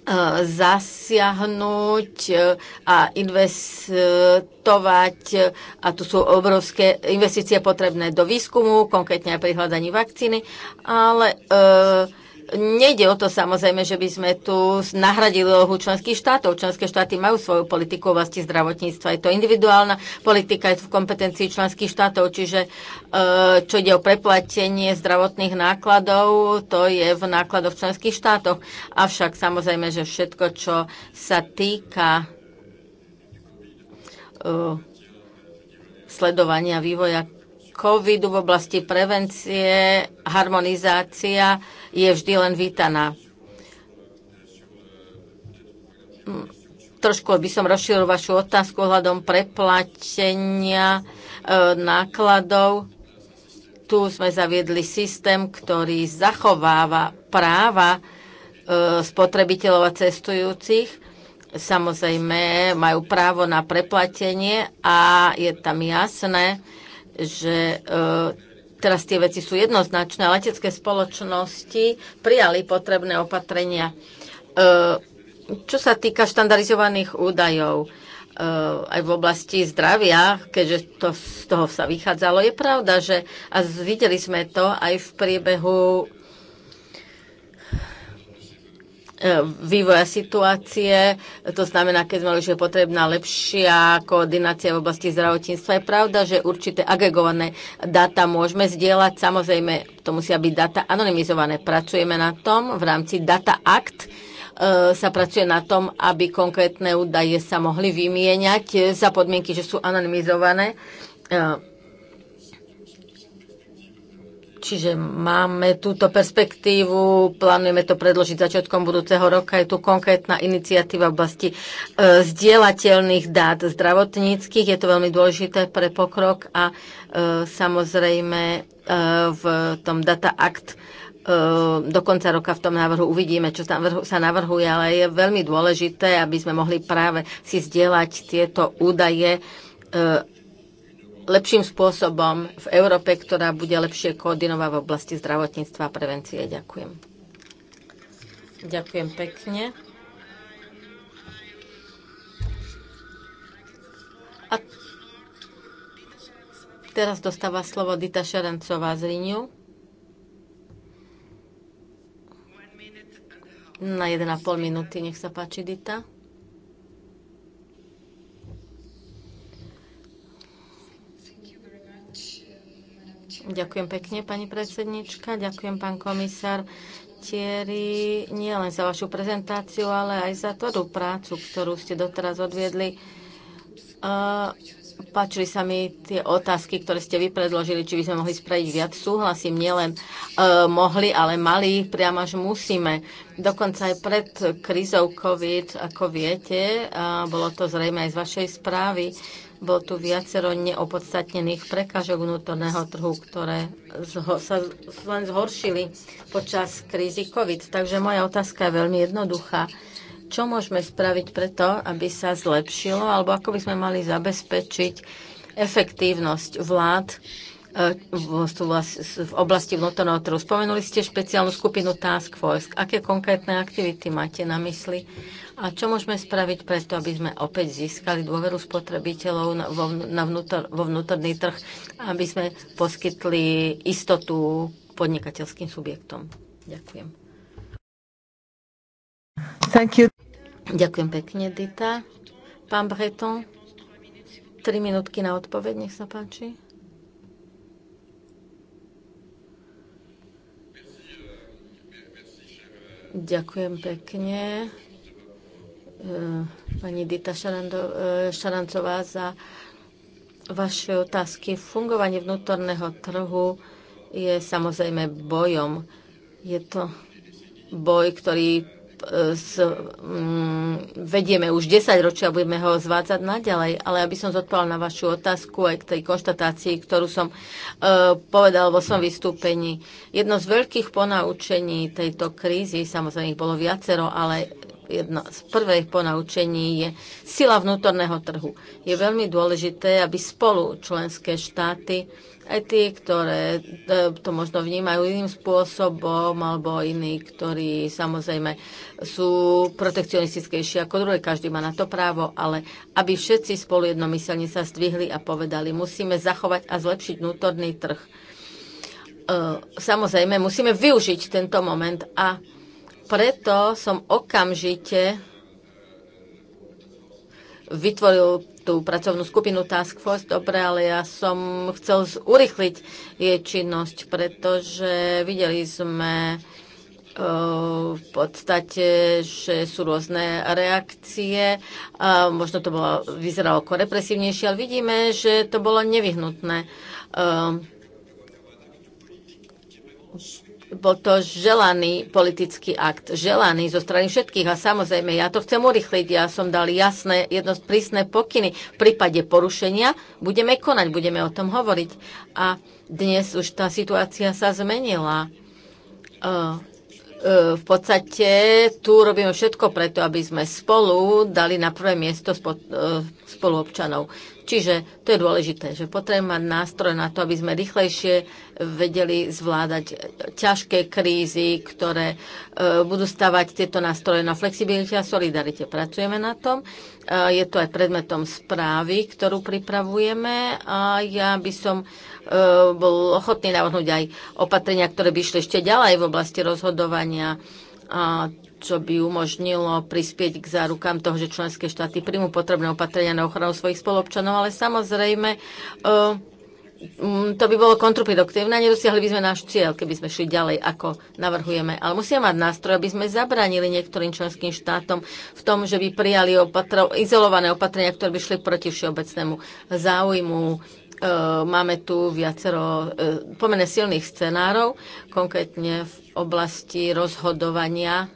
E, zasiahnuť e, a investovať, e, a tu sú obrovské investície potrebné do výskumu, konkrétne aj pri hľadaní vakcíny, ale Nejde o to samozrejme, že by sme tu nahradili lohu členských štátov. Členské štáty majú svoju politiku v vlasti zdravotníctva. Je to individuálna politika, je to v kompetencii členských štátov, čiže e, čo ide o preplatenie zdravotných nákladov, to je v nákladoch členských štátoch. Avšak samozrejme, že všetko, čo sa týka e, sledovania vývoja covidu v oblasti prevencie, harmonizácia je vždy len vítaná. Hm, trošku by som rozšíril vašu otázku ohľadom preplatenia e, nákladov. Tu sme zaviedli systém, ktorý zachováva práva e, spotrebiteľov a cestujúcich samozrejme majú právo na preplatenie a je tam jasné, že e, teraz tie veci sú jednoznačné. Letecké spoločnosti prijali potrebné opatrenia. E, čo sa týka štandardizovaných údajov, e, aj v oblasti zdravia, keďže to, z toho sa vychádzalo. Je pravda, že a videli sme to aj v priebehu E, vývoja situácie. To znamená, keď sme že je potrebná lepšia koordinácia v oblasti zdravotníctva. Je pravda, že určité agregované dáta môžeme zdieľať. Samozrejme, to musia byť dáta anonymizované. Pracujeme na tom v rámci Data Act e, sa pracuje na tom, aby konkrétne údaje sa mohli vymieňať za podmienky, že sú anonymizované e, Čiže máme túto perspektívu, plánujeme to predložiť začiatkom budúceho roka. Je tu konkrétna iniciatíva v oblasti e, zdieľateľných dát zdravotníckých. Je to veľmi dôležité pre pokrok a e, samozrejme e, v tom Data Act e, do konca roka v tom návrhu uvidíme, čo sa navrhuje, ale je veľmi dôležité, aby sme mohli práve si zdieľať tieto údaje e, lepším spôsobom v Európe, ktorá bude lepšie koordinovať v oblasti zdravotníctva a prevencie. Ďakujem. Ďakujem pekne. A teraz dostáva slovo Dita Šerencová z Riniu. Na 1,5 minúty, nech sa páči, Dita. Ďakujem pekne, pani predsednička. Ďakujem, pán komisár Tieri, len za vašu prezentáciu, ale aj za tvrdú prácu, ktorú ste doteraz odviedli. páčili sa mi tie otázky, ktoré ste vy predložili, či by sme mohli spraviť viac. Súhlasím, nielen e, mohli, ale mali, priam až musíme. Dokonca aj pred krizou COVID, ako viete, bolo to zrejme aj z vašej správy, bolo tu viacero neopodstatnených prekážok vnútorného trhu, ktoré sa len zhoršili počas krízy COVID. Takže moja otázka je veľmi jednoduchá. Čo môžeme spraviť preto, aby sa zlepšilo, alebo ako by sme mali zabezpečiť efektívnosť vlád eh, v oblasti vnútorného trhu. Spomenuli ste špeciálnu skupinu Task Force. Aké konkrétne aktivity máte na mysli? A čo môžeme spraviť preto, aby sme opäť získali dôveru spotrebiteľov na, vo, na vnútor, vo vnútorný trh, aby sme poskytli istotu podnikateľským subjektom? Ďakujem. Thank you. Ďakujem pekne, Dita. Pán Breton, Tri minútky na odpoveď, nech sa páči. Ďakujem pekne. E, pani Dita e, Šarancová za vaše otázky. Fungovanie vnútorného trhu je samozrejme bojom. Je to boj, ktorý e, s, mm, vedieme už 10 a budeme ho zvádzať naďalej, ale aby som zodpovedal na vašu otázku aj k tej konštatácii, ktorú som e, povedal vo svojom vystúpení. Jedno z veľkých ponaučení tejto krízy, samozrejme ich bolo viacero, ale Jedno z prvých ponaučení je sila vnútorného trhu. Je veľmi dôležité, aby spolu členské štáty, aj tie, ktoré e, to možno vnímajú iným spôsobom, alebo iní, ktorí samozrejme sú protekcionistickejší ako druhé, každý má na to právo, ale aby všetci spolu jednomyselne sa zdvihli a povedali, musíme zachovať a zlepšiť vnútorný trh. E, samozrejme, musíme využiť tento moment a preto som okamžite vytvoril tú pracovnú skupinu Task Force, dobre, ale ja som chcel urychliť jej činnosť, pretože videli sme e, v podstate, že sú rôzne reakcie. A možno to bolo, vyzeralo ako represívnejšie, ale vidíme, že to bolo nevyhnutné. E, bol to želaný politický akt, želaný zo strany všetkých a samozrejme ja to chcem urychliť, ja som dal jasné, jednosť prísne pokyny. V prípade porušenia budeme konať, budeme o tom hovoriť. A dnes už tá situácia sa zmenila. Uh, v podstate tu robíme všetko preto, aby sme spolu dali na prvé miesto spoluobčanov. Čiže to je dôležité, že potrebujeme mať nástroj na to, aby sme rýchlejšie vedeli zvládať ťažké krízy, ktoré e, budú stavať tieto nástroje na flexibilite a solidarite. Pracujeme na tom. E, je to aj predmetom správy, ktorú pripravujeme a ja by som e, bol ochotný navrhnúť aj opatrenia, ktoré by išli ešte ďalej v oblasti rozhodovania a čo by umožnilo prispieť k zárukám toho, že členské štáty príjmu potrebné opatrenia na ochranu svojich spolobčanov, ale samozrejme eh, mm, to by bolo kontruproduktívne, a nedosiahli by sme náš cieľ, keby sme šli ďalej, ako navrhujeme. Ale musíme mať nástroj, aby sme zabránili niektorým členským štátom v tom, že by prijali opatr- izolované opatrenia, ktoré by šli proti všeobecnému záujmu. Eh, máme tu viacero eh, pomene silných scenárov, konkrétne v oblasti rozhodovania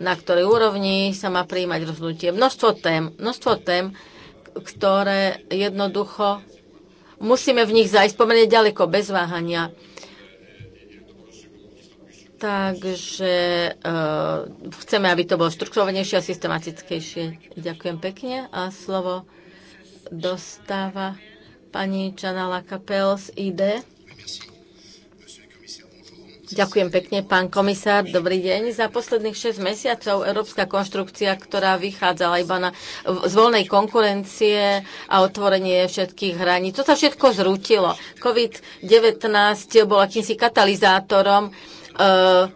na ktorej úrovni sa má prijímať rozhodnutie. Množstvo tém, množstvo tém, ktoré jednoducho musíme v nich zajsť pomerne ďaleko, bez váhania. Takže uh, chceme, aby to bolo štrukturovanejšie a systematickejšie. Ďakujem pekne a slovo dostáva pani Čanala Kapel z ID. Ďakujem pekne, pán komisár. Dobrý deň. Za posledných 6 mesiacov európska konštrukcia, ktorá vychádzala iba na, z voľnej konkurencie a otvorenie všetkých hraní, to sa všetko zrútilo. COVID-19 bol akýmsi katalizátorom uh,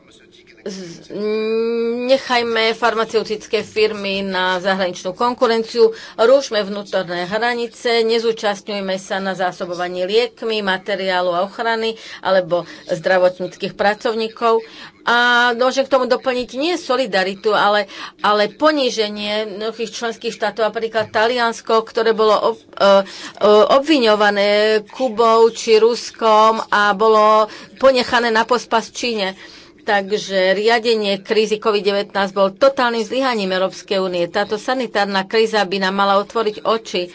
nechajme farmaceutické firmy na zahraničnú konkurenciu, rúšme vnútorné hranice, nezúčastňujme sa na zásobovanie liekmi, materiálu a ochrany alebo zdravotníckých pracovníkov. A môžem no, k tomu doplniť nie solidaritu, ale, ale poníženie mnohých členských štátov, napríklad Taliansko, ktoré bolo ob, e, e, obviňované Kubou či Ruskom a bolo ponechané na pospas Číne. Takže riadenie krízy COVID-19 bol totálnym zlyhaním Európskej únie. Táto sanitárna kríza by nám mala otvoriť oči. E,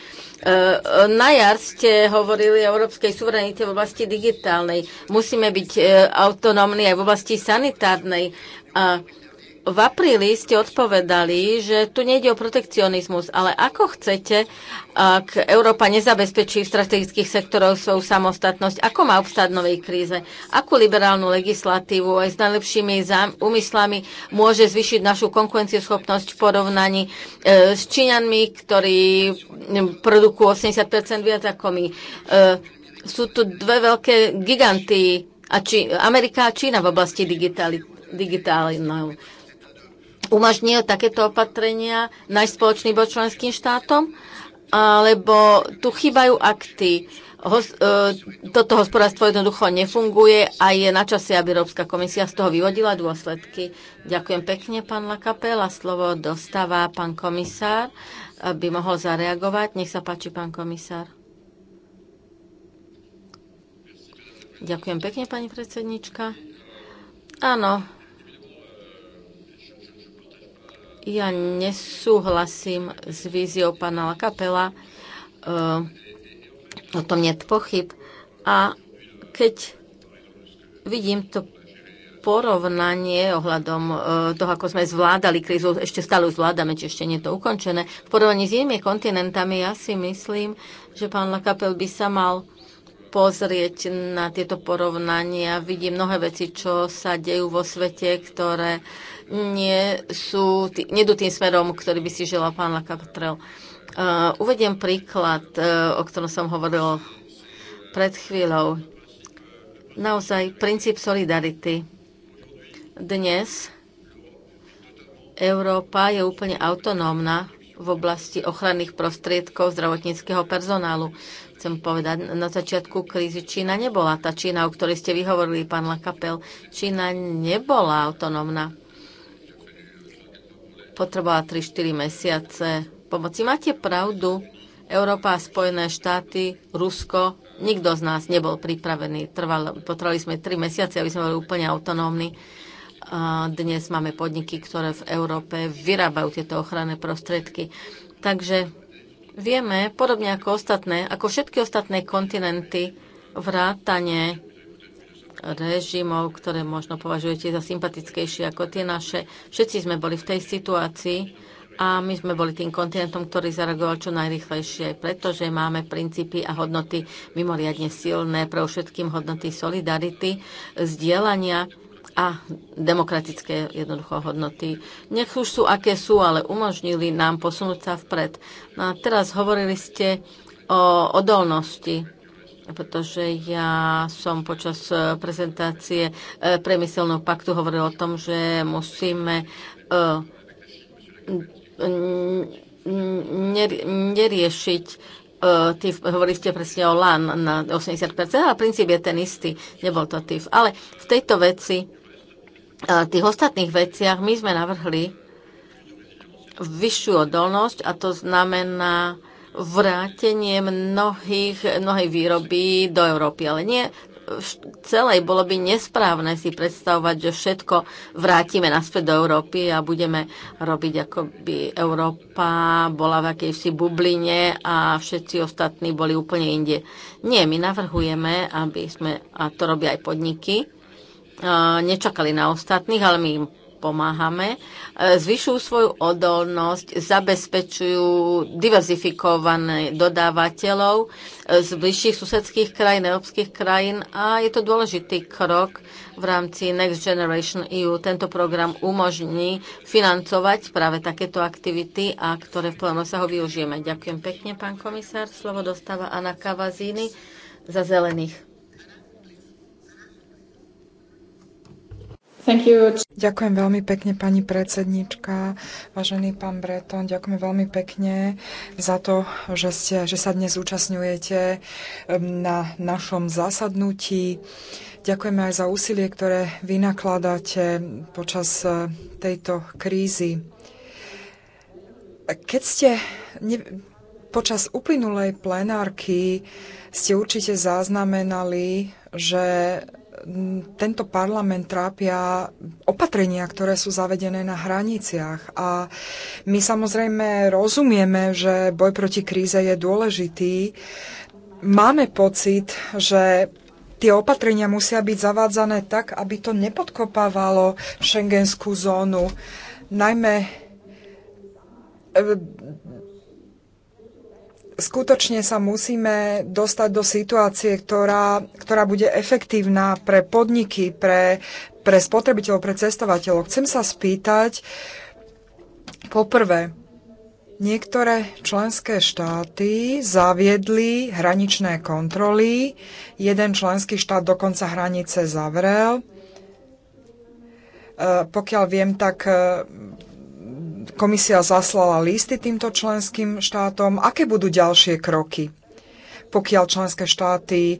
na jar ste hovorili o európskej suverenite v oblasti digitálnej. Musíme byť e, autonómni aj v oblasti sanitárnej. A v apríli ste odpovedali, že tu nejde o protekcionizmus, ale ako chcete, ak Európa nezabezpečí v strategických sektoroch svoju samostatnosť, ako má obstáť novej kríze, akú liberálnu legislatívu aj s najlepšími úmyslami môže zvyšiť našu konkurencieschopnosť v porovnaní e, s Číňanmi, ktorí produkujú 80% viac ako my. E, sú tu dve veľké giganty, a či, Amerika a Čína v oblasti digitálnej umožnil takéto opatrenia nájsť spoločný bod členským štátom, alebo tu chýbajú akty. Hos, e, toto hospodárstvo jednoducho nefunguje a je na čase, aby Európska komisia z toho vyvodila dôsledky. Ďakujem pekne, pán Lakapel, a slovo dostáva pán komisár, aby mohol zareagovať. Nech sa páči, pán komisár. Ďakujem pekne, pani predsednička. Áno, ja nesúhlasím s víziou pána Lakapela, e, eh, o tom nie pochyb. A keď vidím to porovnanie ohľadom eh, toho, ako sme zvládali krízu, ešte stále zvládame, či ešte nie je to ukončené, v porovnaní s inými kontinentami, ja si myslím, že pán Lakapel by sa mal pozrieť na tieto porovnania. Vidím mnohé veci, čo sa dejú vo svete, ktoré nie sú, nedú tým smerom, ktorý by si želal pán Lakatrel. Uh, uvediem príklad, uh, o ktorom som hovoril pred chvíľou. Naozaj princíp solidarity. Dnes Európa je úplne autonómna v oblasti ochranných prostriedkov zdravotníckého personálu. Chcem povedať, na začiatku krízy Čína nebola. Tá Čína, o ktorej ste vyhovorili, pán Lakapel, Čína nebola autonómna potrebovala 3-4 mesiace pomoci. Máte pravdu, Európa, Spojené štáty, Rusko, nikto z nás nebol pripravený. Trval, potrebovali sme 3 mesiace, aby sme boli úplne autonómni. Dnes máme podniky, ktoré v Európe vyrábajú tieto ochranné prostriedky. Takže vieme, podobne ako ostatné, ako všetky ostatné kontinenty, vrátane režimov, ktoré možno považujete za sympatickejšie ako tie naše. Všetci sme boli v tej situácii a my sme boli tým kontinentom, ktorý zareagoval čo najrychlejšie, pretože máme princípy a hodnoty mimoriadne silné, pre všetkým hodnoty solidarity, zdieľania a demokratické jednoducho hodnoty. Nech už sú, aké sú, ale umožnili nám posunúť sa vpred. No a teraz hovorili ste o odolnosti pretože ja som počas eh, prezentácie eh, priemyselného paktu hovoril o tom, že musíme eh, neriešiť ty hovorili ste presne o LAN na 80%, ale princíp je ten istý, nebol to TIF. Ale v tejto veci, v tých ostatných veciach, my sme navrhli vyššiu odolnosť a to znamená vrátenie mnohých, mnohej výroby do Európy, ale nie celej. Bolo by nesprávne si predstavovať, že všetko vrátime naspäť do Európy a budeme robiť, ako by Európa bola v akejsi bubline a všetci ostatní boli úplne inde. Nie, my navrhujeme, aby sme, a to robia aj podniky, nečakali na ostatných, ale my im pomáhame, e, zvyšujú svoju odolnosť, zabezpečujú diverzifikované dodávateľov e, z bližších susedských krajín, európskych krajín a je to dôležitý krok v rámci Next Generation EU. Tento program umožní financovať práve takéto aktivity, a ktoré v plnom sa ho využijeme. Ďakujem pekne, pán komisár. Slovo dostáva Anna Kavazíny za zelených. Ďakujem veľmi pekne, pani predsednička, vážený pán Breton, ďakujem veľmi pekne za to, že, ste, že sa dnes zúčastňujete ehm, na našom zasadnutí. Ďakujeme aj za úsilie, ktoré vy nakladáte počas e, tejto krízy. Keď ste ne, počas uplynulej plenárky ste určite zaznamenali, že tento parlament trápia opatrenia, ktoré sú zavedené na hraniciach. A my samozrejme rozumieme, že boj proti kríze je dôležitý. Máme pocit, že tie opatrenia musia byť zavádzané tak, aby to nepodkopávalo šengenskú zónu. Najmä e, skutočne sa musíme dostať do situácie, ktorá, ktorá bude efektívna pre podniky, pre, pre spotrebiteľov, pre cestovateľov. Chcem sa spýtať, poprvé, Niektoré členské štáty zaviedli hraničné kontroly, jeden členský štát dokonca hranice zavrel. E, pokiaľ viem, tak komisia zaslala listy týmto členským štátom. Aké budú ďalšie kroky, pokiaľ členské štáty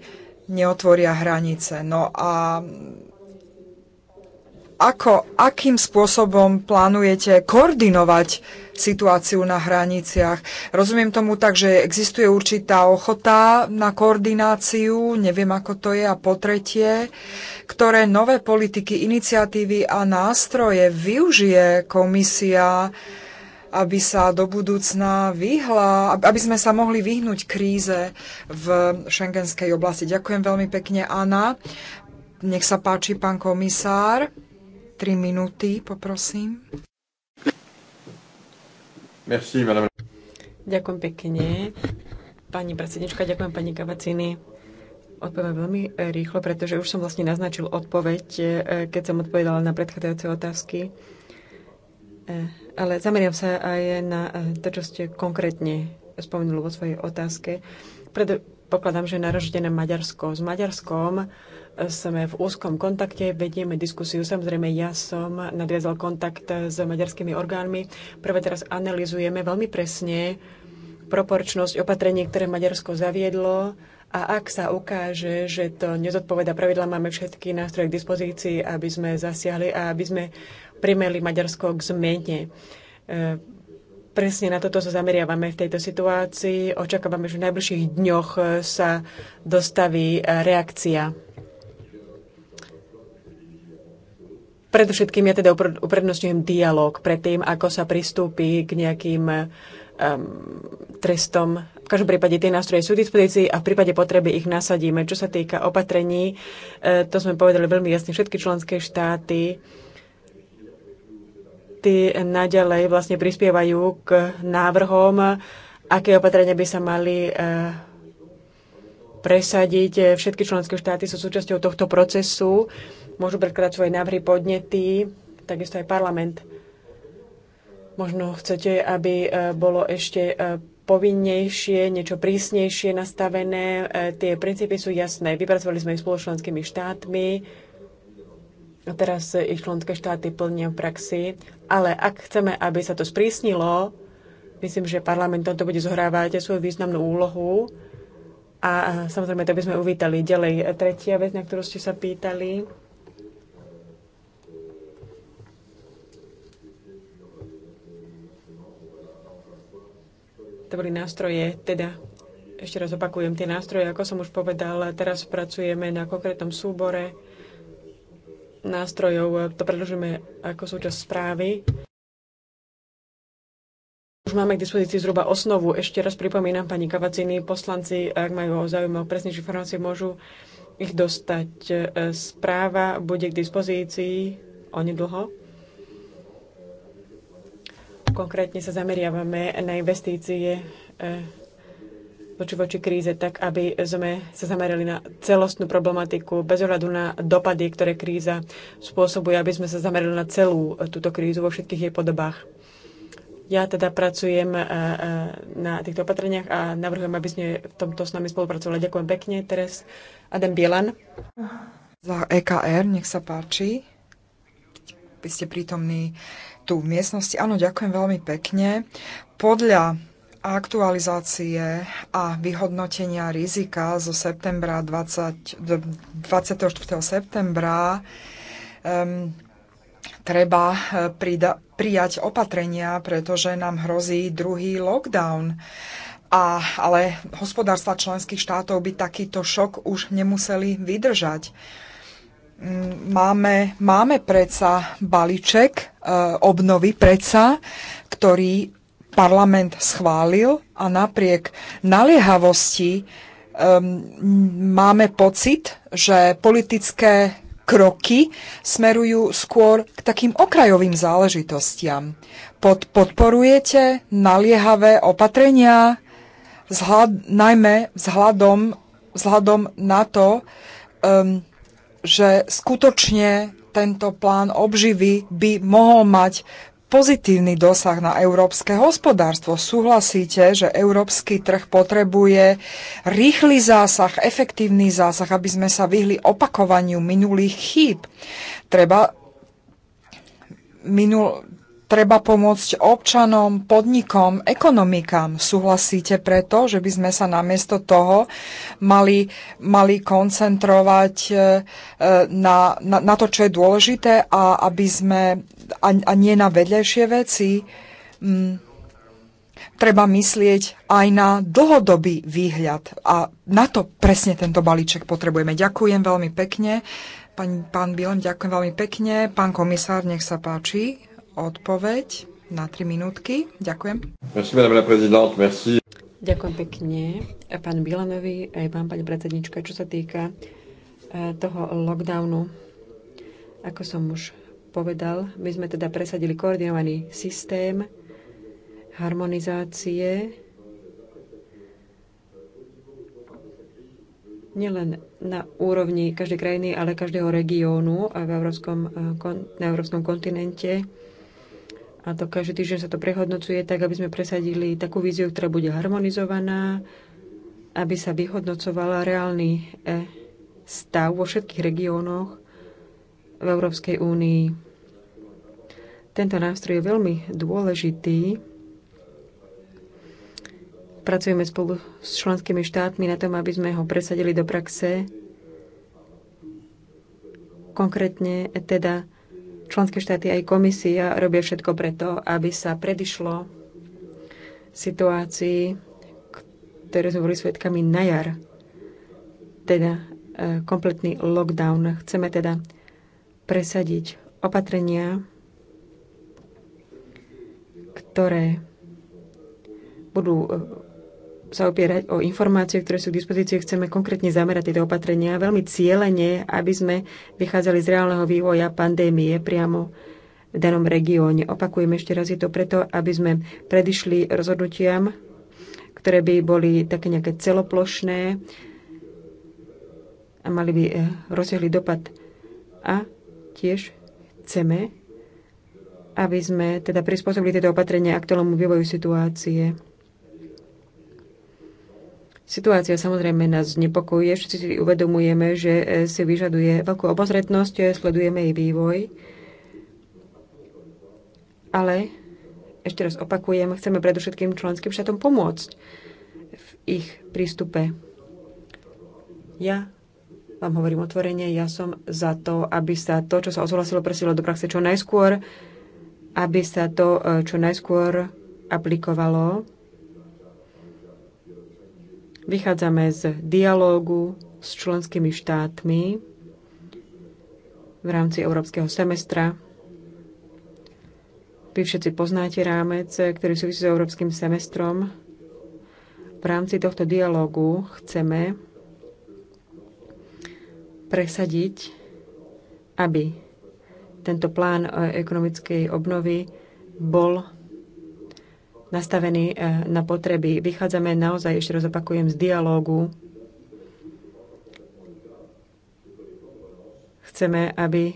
neotvoria hranice? No a ako, akým spôsobom plánujete koordinovať situáciu na hraniciach. Rozumiem tomu tak, že existuje určitá ochota na koordináciu, neviem ako to je, a po tretie, ktoré nové politiky, iniciatívy a nástroje využije komisia, aby sa do budúcna vyhla, aby sme sa mohli vyhnúť kríze v šengenskej oblasti. Ďakujem veľmi pekne, Anna. Nech sa páči, pán komisár. Tri minúty, poprosím. Merci, madame. Ďakujem pekne. Pani predsednička, ďakujem pani Kavacini. Odpoviem veľmi rýchlo, pretože už som vlastne naznačil odpoveď, e, keď som odpovedala na predchádzajúce otázky. E, ale zameriam sa aj na e, to, čo ste konkrétne spomenuli vo svojej otázke. Predpokladám, pokladám, že naražite na Maďarsko. S Maďarskom sme v úzkom kontakte, vedieme diskusiu. Samozrejme, ja som nadviazal kontakt s maďarskými orgánmi. Prvé teraz analizujeme veľmi presne proporčnosť opatrení, ktoré Maďarsko zaviedlo a ak sa ukáže, že to nezodpoveda pravidla, máme všetky nástroje k dispozícii, aby sme zasiahli a aby sme primeli Maďarsko k zmene. E, presne na toto sa zameriavame v tejto situácii. Očakávame, že v najbližších dňoch sa dostaví reakcia. Predovšetkým ja teda uprednostňujem dialog predtým, ako sa pristúpi k nejakým um, trestom. V každom prípade tie nástroje sú dispozícii a v prípade potreby ich nasadíme. Čo sa týka opatrení, e, to sme povedali veľmi jasne všetky členské štáty tí naďalej vlastne prispievajú k návrhom, aké opatrenia by sa mali e, presadiť. Všetky členské štáty sú súčasťou tohto procesu môžu predkladať svoje návrhy, podnety, takisto aj parlament. Možno chcete, aby e, bolo ešte e, povinnejšie, niečo prísnejšie nastavené. E, tie princípy sú jasné. Vypracovali sme ich spoločenskými štátmi. A teraz ich členské štáty plnia v praxi. Ale ak chceme, aby sa to sprísnilo, myslím, že parlament toto bude zohrávať svoju významnú úlohu. A samozrejme, to by sme uvítali. Ďalej, tretia vec, na ktorú ste sa pýtali boli nástroje, teda ešte raz opakujem tie nástroje, ako som už povedal, teraz pracujeme na konkrétnom súbore nástrojov, to predložíme ako súčasť správy. Už máme k dispozícii zhruba osnovu. Ešte raz pripomínam pani Kavaciny, poslanci, ak majú záujem o presnejšie informácie, môžu ich dostať. Správa bude k dispozícii onedlho. Konkrétne sa zameriavame na investície e, voči voči kríze, tak aby sme sa zamerali na celostnú problematiku bez ohľadu na dopady, ktoré kríza spôsobuje, aby sme sa zamerali na celú túto krízu vo všetkých jej podobách. Ja teda pracujem e, e, na týchto opatreniach a navrhujem, aby sme v tomto s nami spolupracovali. Ďakujem pekne. Teraz Adam Bielan. Za EKR, nech sa páči. Vy ste prítomní tu v miestnosti. Áno, ďakujem veľmi pekne. Podľa aktualizácie a vyhodnotenia rizika zo septembra 20, 24. septembra um, treba eh, prida, prijať opatrenia, pretože nám hrozí druhý lockdown. A, ale hospodárstva členských štátov by takýto šok už nemuseli vydržať máme, máme predsa balíček e, obnovy predsa, ktorý parlament schválil a napriek naliehavosti e, máme pocit, že politické kroky smerujú skôr k takým okrajovým záležitostiam. Pod, podporujete naliehavé opatrenia, vzhľad, najmä vzhľadom, vzhľadom na to, um, že skutočne tento plán obživy by mohol mať pozitívny dosah na európske hospodárstvo. Súhlasíte, že európsky trh potrebuje rýchly zásah, efektívny zásah, aby sme sa vyhli opakovaniu minulých chýb. Treba minul, treba pomôcť občanom, podnikom, ekonomikám. Súhlasíte preto, že by sme sa namiesto toho mali, mali koncentrovať e, e, na, na, na to, čo je dôležité a aby sme a, a nie na vedľajšie veci. Mm. Treba myslieť aj na dlhodobý výhľad a na to presne tento balíček potrebujeme. Ďakujem veľmi pekne. Pán, pán Bielem, ďakujem veľmi pekne. Pán komisár, nech sa páči odpoveď na 3 minútky. Ďakujem. Merci, madame la présidente, merci. Ďakujem pekne pán Bilanovi aj vám, pani predsednička, čo sa týka e, toho lockdownu. Ako som už povedal, my sme teda presadili koordinovaný systém harmonizácie nielen na úrovni každej krajiny, ale každého regiónu a v európskom, e, na európskom kontinente a to každý týždeň sa to prehodnocuje tak, aby sme presadili takú víziu, ktorá bude harmonizovaná, aby sa vyhodnocovala reálny e, stav vo všetkých regiónoch v Európskej únii. Tento nástroj je veľmi dôležitý. Pracujeme spolu s členskými štátmi na tom, aby sme ho presadili do praxe. Konkrétne teda Členské štáty aj komisia robia všetko preto, aby sa predišlo situácii, ktoré sme boli svetkami na jar. Teda e, kompletný lockdown. Chceme teda presadiť opatrenia, ktoré budú e, sa opierať o informácie, ktoré sú k dispozícii. Chceme konkrétne zamerať tieto opatrenia veľmi cieľene, aby sme vychádzali z reálneho vývoja pandémie priamo v danom regióne. Opakujem ešte raz, je to preto, aby sme predišli rozhodnutiam, ktoré by boli také nejaké celoplošné a mali by eh, rozsiahly dopad. A tiež chceme, aby sme teda prispôsobili tieto opatrenia aktuálnemu vývoju situácie. Situácia samozrejme nás znepokojuje, všetci si uvedomujeme, že e, si vyžaduje veľkú obozretnosť, e, sledujeme jej vývoj. Ale, ešte raz opakujem, chceme predovšetkým členským štátom pomôcť v ich prístupe. Ja vám hovorím otvorene, ja som za to, aby sa to, čo sa odsúhlasilo, presilo do praxe čo najskôr, aby sa to e, čo najskôr aplikovalo Vychádzame z dialógu s členskými štátmi v rámci európskeho semestra. Vy všetci poznáte rámec, ktorý súvisí s európskym semestrom. V rámci tohto dialógu chceme presadiť, aby tento plán e, ekonomickej obnovy bol nastavený e, na potreby. Vychádzame naozaj, ešte raz opakujem, z dialógu. Chceme, aby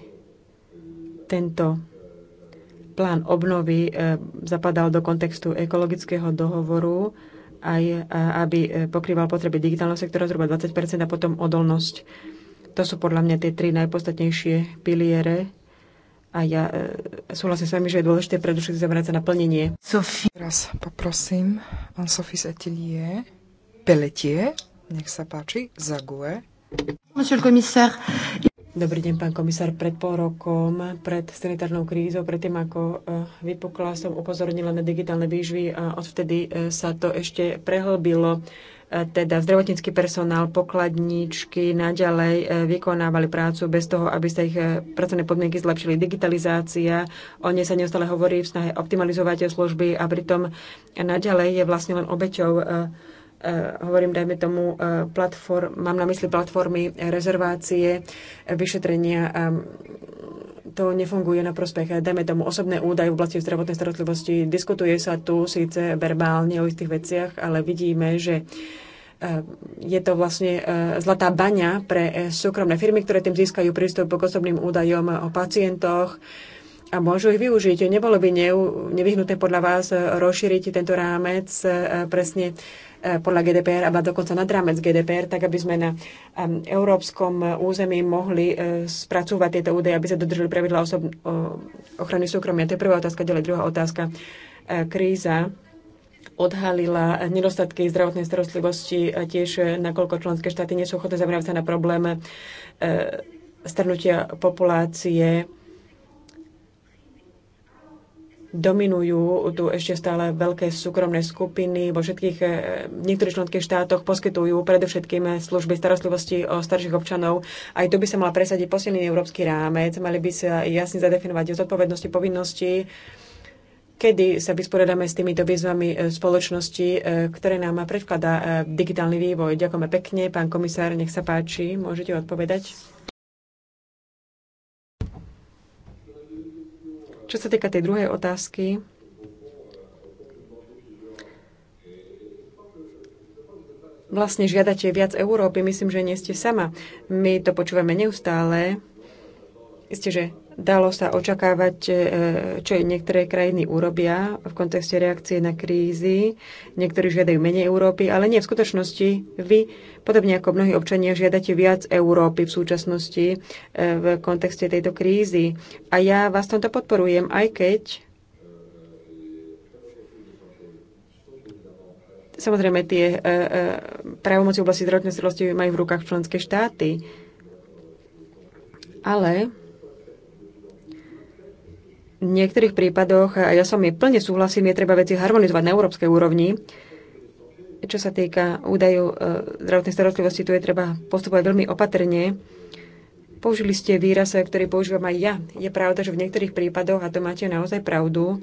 tento plán obnovy e, zapadal do kontextu ekologického dohovoru, aj e, aby pokrýval potreby digitálneho sektora zhruba 20 a potom odolnosť. To sú podľa mňa tie tri najpodstatnejšie piliere a ja e, súhlasím s vami, že je dôležité predovšetkým zamerať sa na plnenie. Sophie. Teraz poprosím, pán Sofis Setelier, Peletie, nech sa páči, Zague. Monsieur le commissaire. Dobrý deň, pán komisár. Pred pol rokom, pred sanitárnou krízou, pred tým, ako e, vypukla, som upozornila na digitálne výžvy a odvtedy e, sa to ešte prehlbilo. E, teda zdravotnícky personál, pokladníčky naďalej e, vykonávali prácu bez toho, aby sa ich e, pracovné podmienky zlepšili. Digitalizácia, o nej sa neustále hovorí v snahe optimalizovať služby a pritom naďalej je vlastne len obeťou hovorím, dajme tomu, platform, mám na mysli platformy rezervácie, vyšetrenia to nefunguje na prospech. Eh, dajme tomu osobné údaje v oblasti zdravotnej starostlivosti. Diskutuje sa tu síce verbálne o istých veciach, ale vidíme, že eh, je to vlastne eh, zlatá baňa pre súkromné firmy, ktoré tým získajú prístup k osobným údajom o pacientoch a môžu ich využiť. Nebolo by nevyhnutné podľa vás rozšíriť tento rámec presne Eh, podľa GDPR, a dokonca nad rámec GDPR, tak aby sme na európskom eh, území mohli eh, spracúvať tieto údaje, aby sa dodržili pravidla osob- ochrany súkromia. To je prvá otázka, ďalej druhá otázka. Kríza odhalila nedostatky zdravotnej starostlivosti a tiež nakoľko členské štáty nie sú ochotné zamerať sa na problém starnutia populácie dominujú tu ešte stále veľké súkromné skupiny vo všetkých e, niektorých členských štátoch poskytujú predovšetkým služby starostlivosti o starších občanov. Aj tu by sa mal presadiť posilný európsky rámec, mali by sa jasne zadefinovať zodpovednosti, povinnosti, kedy sa vysporiadame s týmito výzvami e, spoločnosti, e, ktoré nám predkladá digitálny vývoj. Ďakujeme pekne, pán komisár, nech sa páči, môžete odpovedať. Čo sa týka tej druhej otázky, vlastne žiadate viac Európy, myslím, že nie ste sama. My to počúvame neustále ste, že dalo sa očakávať, e, čo niektoré krajiny urobia v kontexte reakcie na krízy. Niektorí žiadajú menej Európy, ale nie v skutočnosti. Vy, podobne ako mnohí občania, žiadate viac Európy v súčasnosti e, v kontexte tejto krízy. A ja vás tomto podporujem, aj keď Samozrejme, tie e, právomoci v oblasti zdravotnej starostlivosti majú v rukách členské štáty. Ale v niektorých prípadoch, a ja som mi plne súhlasím, je treba veci harmonizovať na európskej úrovni. Čo sa týka údajov e, zdravotnej starostlivosti, tu je treba postupovať veľmi opatrne. Použili ste výraz, ktorý používam aj ja. Je pravda, že v niektorých prípadoch, a to máte naozaj pravdu,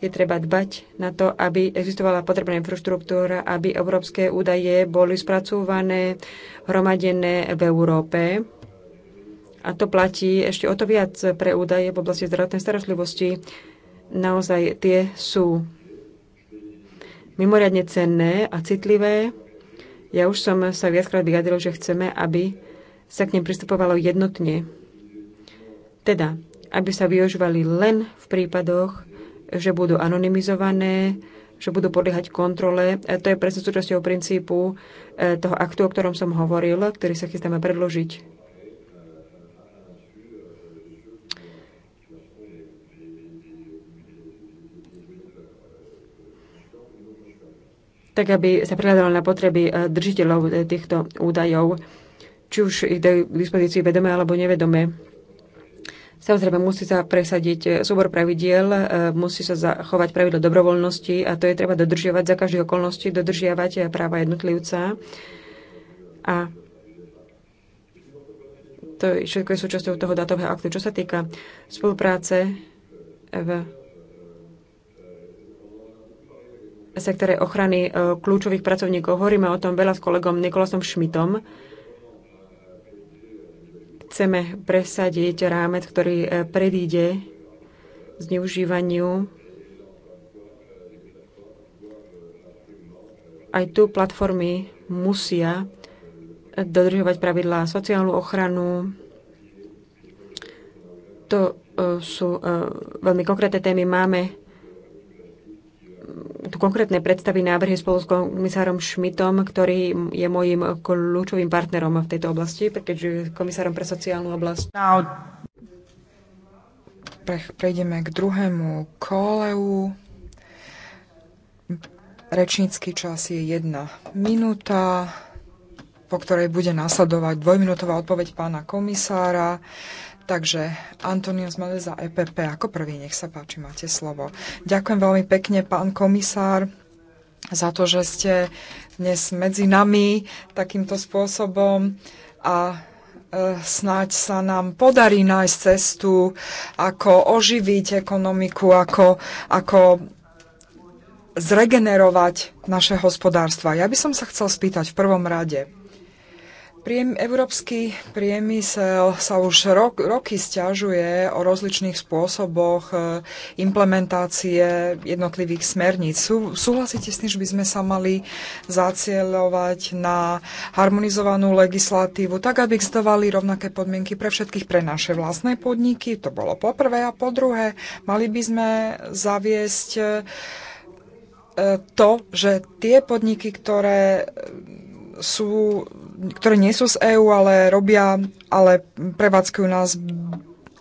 je treba dbať na to, aby existovala potrebná infraštruktúra, aby európske údaje boli spracúvané, hromadené v Európe a to platí ešte o to viac pre údaje v oblasti zdravotnej starostlivosti. Naozaj tie sú mimoriadne cenné a citlivé. Ja už som sa viackrát vyjadril, že chceme, aby sa k nim pristupovalo jednotne. Teda, aby sa využívali len v prípadoch, že budú anonymizované, že budú podliehať kontrole. E, to je presne súčasťou princípu e, toho aktu, o ktorom som hovoril, ktorý sa chystáme predložiť tak aby sa prihľadalo na potreby e, držiteľov e, týchto údajov, či už ich dajú k dispozícii vedome alebo nevedome. Samozrejme, musí sa presadiť e, súbor pravidiel, musí sa zachovať pravidlo dobrovoľnosti a to je treba dodržiavať za každých okolností, dodržiavať práva jednotlivca. A to všetko je súčasťou toho datového aktu. Čo sa týka spolupráce v sektore ochrany e, kľúčových pracovníkov. Hovoríme o tom veľa s kolegom Nikolasom Šmitom. Chceme presadiť rámec, ktorý e, predíde zneužívaniu. Aj tu platformy musia dodržovať pravidlá sociálnu ochranu. To e, sú veľmi konkrétne témy. Máme tu konkrétne predstavy návrhy spolu s komisárom Šmitom, ktorý je môjim kľúčovým partnerom v tejto oblasti, keďže komisárom pre sociálnu oblasť. Pre, prejdeme k druhému koleu. Rečnícky čas je jedna minúta, po ktorej bude nasledovať dvojminútová odpoveď pána komisára. Takže Antonio Mele za EPP ako prvý, nech sa páči, máte slovo. Ďakujem veľmi pekne, pán komisár, za to, že ste dnes medzi nami takýmto spôsobom a e, snáď sa nám podarí nájsť cestu, ako oživiť ekonomiku, ako, ako zregenerovať naše hospodárstva. Ja by som sa chcel spýtať v prvom rade, Priem, európsky priemysel sa už rok, roky stiažuje o rozličných spôsoboch e, implementácie jednotlivých smerníc. Sú, súhlasíte s tým, že by sme sa mali zacielovať na harmonizovanú legislatívu, tak aby existovali rovnaké podmienky pre všetkých, pre naše vlastné podniky, to bolo po prvé a po druhé, mali by sme zaviesť e, to, že tie podniky, ktoré sú, ktoré nie sú z EÚ, ale robia, ale prevádzkujú nás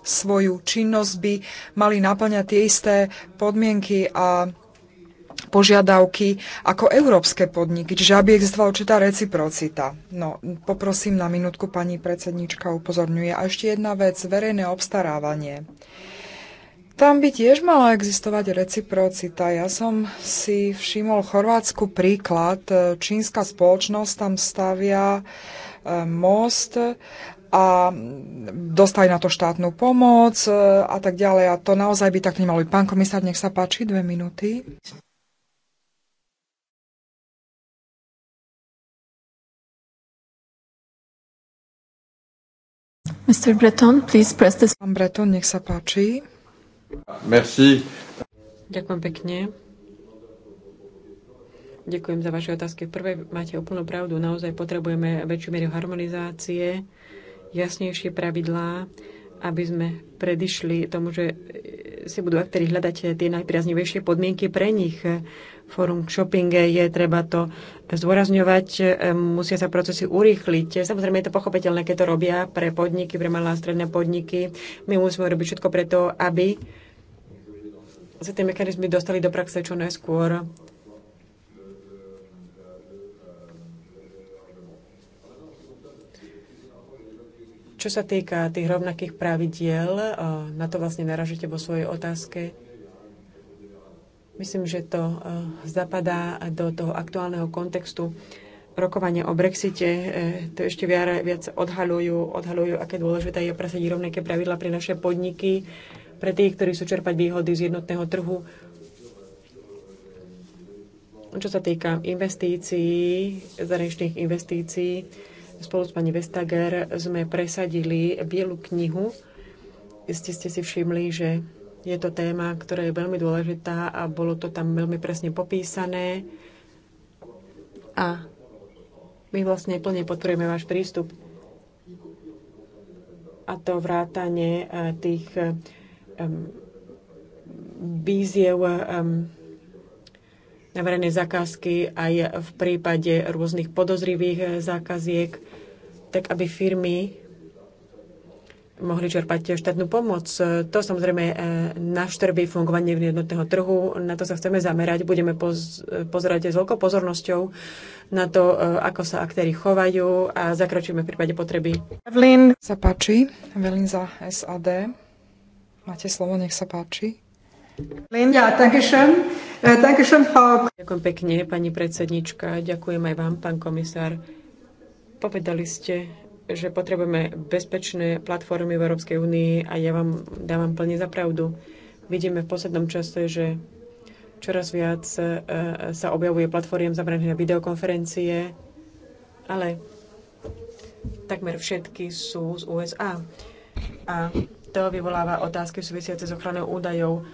svoju činnosť, by mali naplňať tie isté podmienky a požiadavky ako európske podniky, čiže aby existovala určitá reciprocita. No, poprosím na minútku, pani predsednička upozorňuje. A ešte jedna vec, verejné obstarávanie. Uh, tam by tiež mala existovať reciprocita. Ja som si všimol Chorvátsku príklad. E, čínska spoločnosť tam stavia e, most a dostali na to štátnu pomoc e, a tak ďalej. A to naozaj by tak nemalo byť. Pán komisár, nech sa páči, dve minúty. Mr. Breton, please press this. Pán Breton, nech sa páči. Merci. Ďakujem pekne. Ďakujem za vaše otázky. V prvej máte úplnú pravdu. Naozaj potrebujeme väčšiu mieru harmonizácie, jasnejšie pravidlá, aby sme predišli tomu, že e, si budú aktéry hľadať tie najpriaznivejšie podmienky pre nich. Forum shopping je treba to zdôrazňovať, e, musia sa procesy urýchliť. Samozrejme je to pochopiteľné, keď to robia pre podniky, pre malé a stredné podniky. My musíme robiť všetko preto, aby sa tie mechanizmy dostali do praxe čo najskôr. Čo sa týka tých rovnakých pravidiel, e, na to vlastne naražíte vo svojej otázke. Myslím, že to eh, zapadá do toho aktuálneho kontextu rokovania o Brexite. Eh, to ešte viac odhalujú, odhalujú, aké dôležité je presadiť rovnaké pravidla pre naše podniky, pre tých, ktorí sú čerpať výhody z jednotného trhu. Čo sa týka investícií, zahraničných investícií, spolu s pani Vestager sme presadili Bielu knihu. Ste ste si všimli, že je to téma, ktorá je veľmi dôležitá a bolo to tam veľmi presne popísané. A my vlastne plne podporujeme váš prístup. A to vrátanie eh, tých um, víziev um, na verejné zákazky aj v prípade rôznych podozrivých eh, zákaziek, tak aby firmy mohli čerpať štátnu pomoc. To samozrejme e, naštrbí fungovanie jednotného trhu, na to sa chceme zamerať, budeme poz- pozerať s veľkou pozornosťou na to, e, ako sa aktéry chovajú a zakročíme v prípade potreby. Evelyn sa páči, Evelyn za SAD. Máte slovo, nech sa páči. Linda, dankeschön. Äh, dankeschön, Ďakujem pekne, pani predsednička. Ďakujem aj vám, pán komisár. Povedali ste, že potrebujeme bezpečné platformy v Európskej únii a ja vám dávam plne za pravdu. Vidíme v poslednom čase, že čoraz viac e, e, sa objavuje platformiem zameraných na videokonferencie, ale takmer všetky sú z USA. A to vyvoláva otázky súvisiace s ochranou údajov.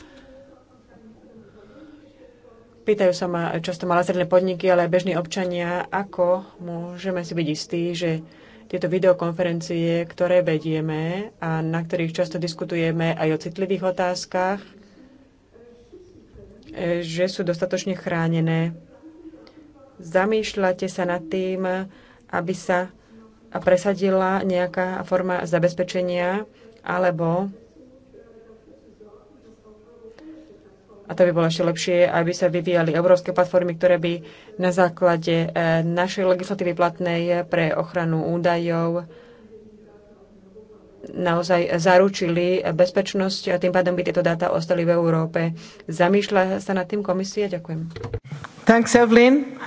Pýtajú sa ma často malé stredné podniky, ale aj bežní občania, ako môžeme si byť istí, že tieto videokonferencie, ktoré vedieme a na ktorých často diskutujeme aj o citlivých otázkach, e, že sú dostatočne chránené. Zamýšľate sa nad tým, aby sa presadila nejaká forma zabezpečenia alebo a to by bolo ešte lepšie, aby sa vyvíjali obrovské platformy, ktoré by na základe eh, našej legislatívy platnej pre ochranu údajov naozaj zaručili bezpečnosť a tým pádom by tieto dáta ostali v Európe. Zamýšľa sa nad tým komisia? Ďakujem. Thanks, Evelyn.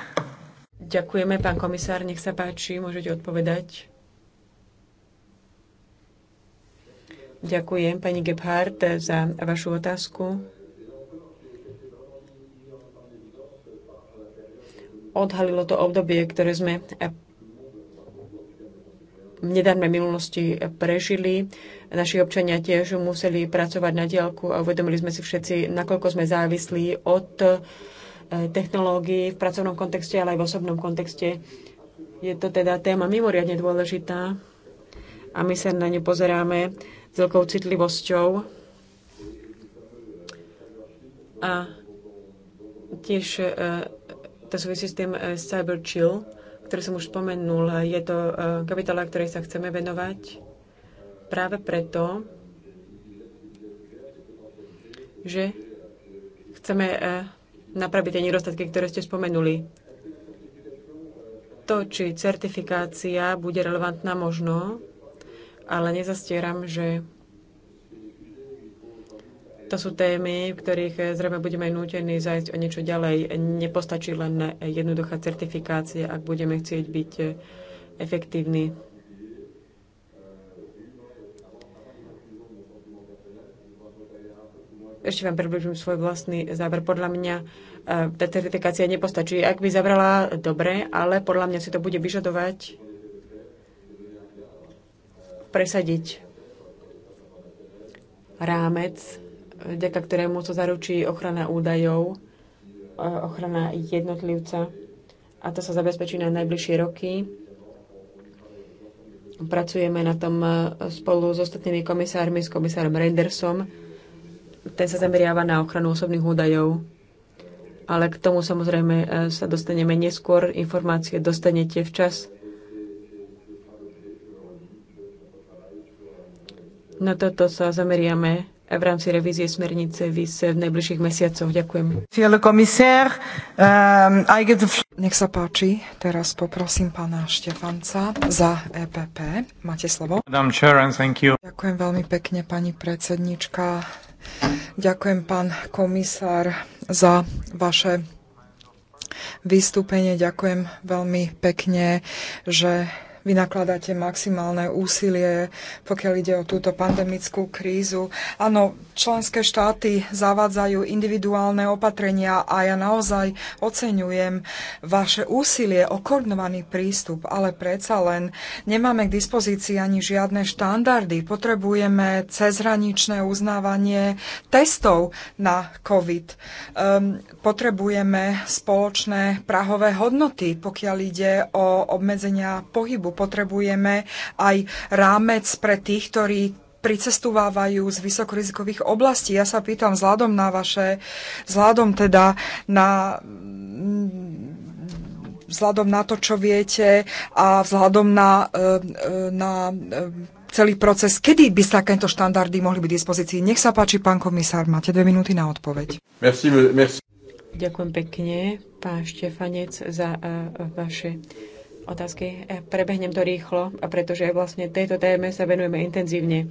Ďakujeme, pán komisár, nech sa páči, môžete odpovedať. Ďakujem, pani Gebhardt, za vašu otázku. odhalilo to obdobie, ktoré sme eh, v nedávnej minulosti eh, prežili. Naši občania tiež museli pracovať na diálku a uvedomili sme si všetci, nakoľko sme závislí od eh, technológií v pracovnom kontexte, ale aj v osobnom kontexte. Je to teda téma mimoriadne dôležitá a my sa na ňu pozeráme s veľkou citlivosťou. A tiež to súvisí s tým e, Cyber Chill, ktorý som už spomenul. Je to e, kapitola, ktorej sa chceme venovať práve preto, že chceme e, napraviť tie nedostatky, ktoré ste spomenuli. To, či certifikácia bude relevantná možno, ale nezastieram, že to sú témy, v ktorých eh, zrejme budeme nútení zajsť o niečo ďalej. Nepostačí len eh, jednoduchá certifikácia, ak budeme chcieť byť eh, efektívni. Ešte vám približím svoj vlastný záber. Podľa mňa tá certifikácia nepostačí. Ak by zabrala, dobre, ale podľa mňa si to bude vyžadovať presadiť rámec vďaka ktorému sa zaručí ochrana údajov, e, ochrana jednotlivca a to sa zabezpečí na najbližšie roky. Pracujeme na tom e, spolu s ostatnými komisármi, s komisárom Rendersom. Ten sa zameriava na ochranu osobných údajov, ale k tomu samozrejme e, sa dostaneme neskôr. Informácie dostanete včas. Na toto sa zameriame v rámci revízie smernice VIS v najbližších mesiacoch. Ďakujem. Ehm, Nech sa páči, teraz poprosím pána Štefanca za EPP. Máte slovo. Ďakujem veľmi pekne, pani predsednička. Ďakujem, pán komisár, za vaše vystúpenie. Ďakujem veľmi pekne, že vynakladáte maximálne úsilie, pokiaľ ide o túto pandemickú krízu. Áno, členské štáty zavádzajú individuálne opatrenia a ja naozaj oceňujem vaše úsilie o koordinovaný prístup, ale predsa len nemáme k dispozícii ani žiadne štandardy. Potrebujeme cezhraničné uznávanie testov na COVID. Um, potrebujeme spoločné prahové hodnoty, pokiaľ ide o obmedzenia pohybu, Potrebujeme aj rámec pre tých, ktorí pricestovávajú z vysokorizikových oblastí. Ja sa pýtam vzhľadom na vaše, vzhľadom teda na vzhľadom na to, čo viete a vzhľadom na, eh, na eh, celý proces, kedy by sa takéto štandardy mohli byť dispozícii. Nech sa páči, pán komisár, máte dve minúty na odpoveď. Merci, merci. Ďakujem pekne, pán Štefanec, za eh, vaše otázky. E, prebehnem to rýchlo, pretože vlastne tejto téme sa venujeme intenzívne.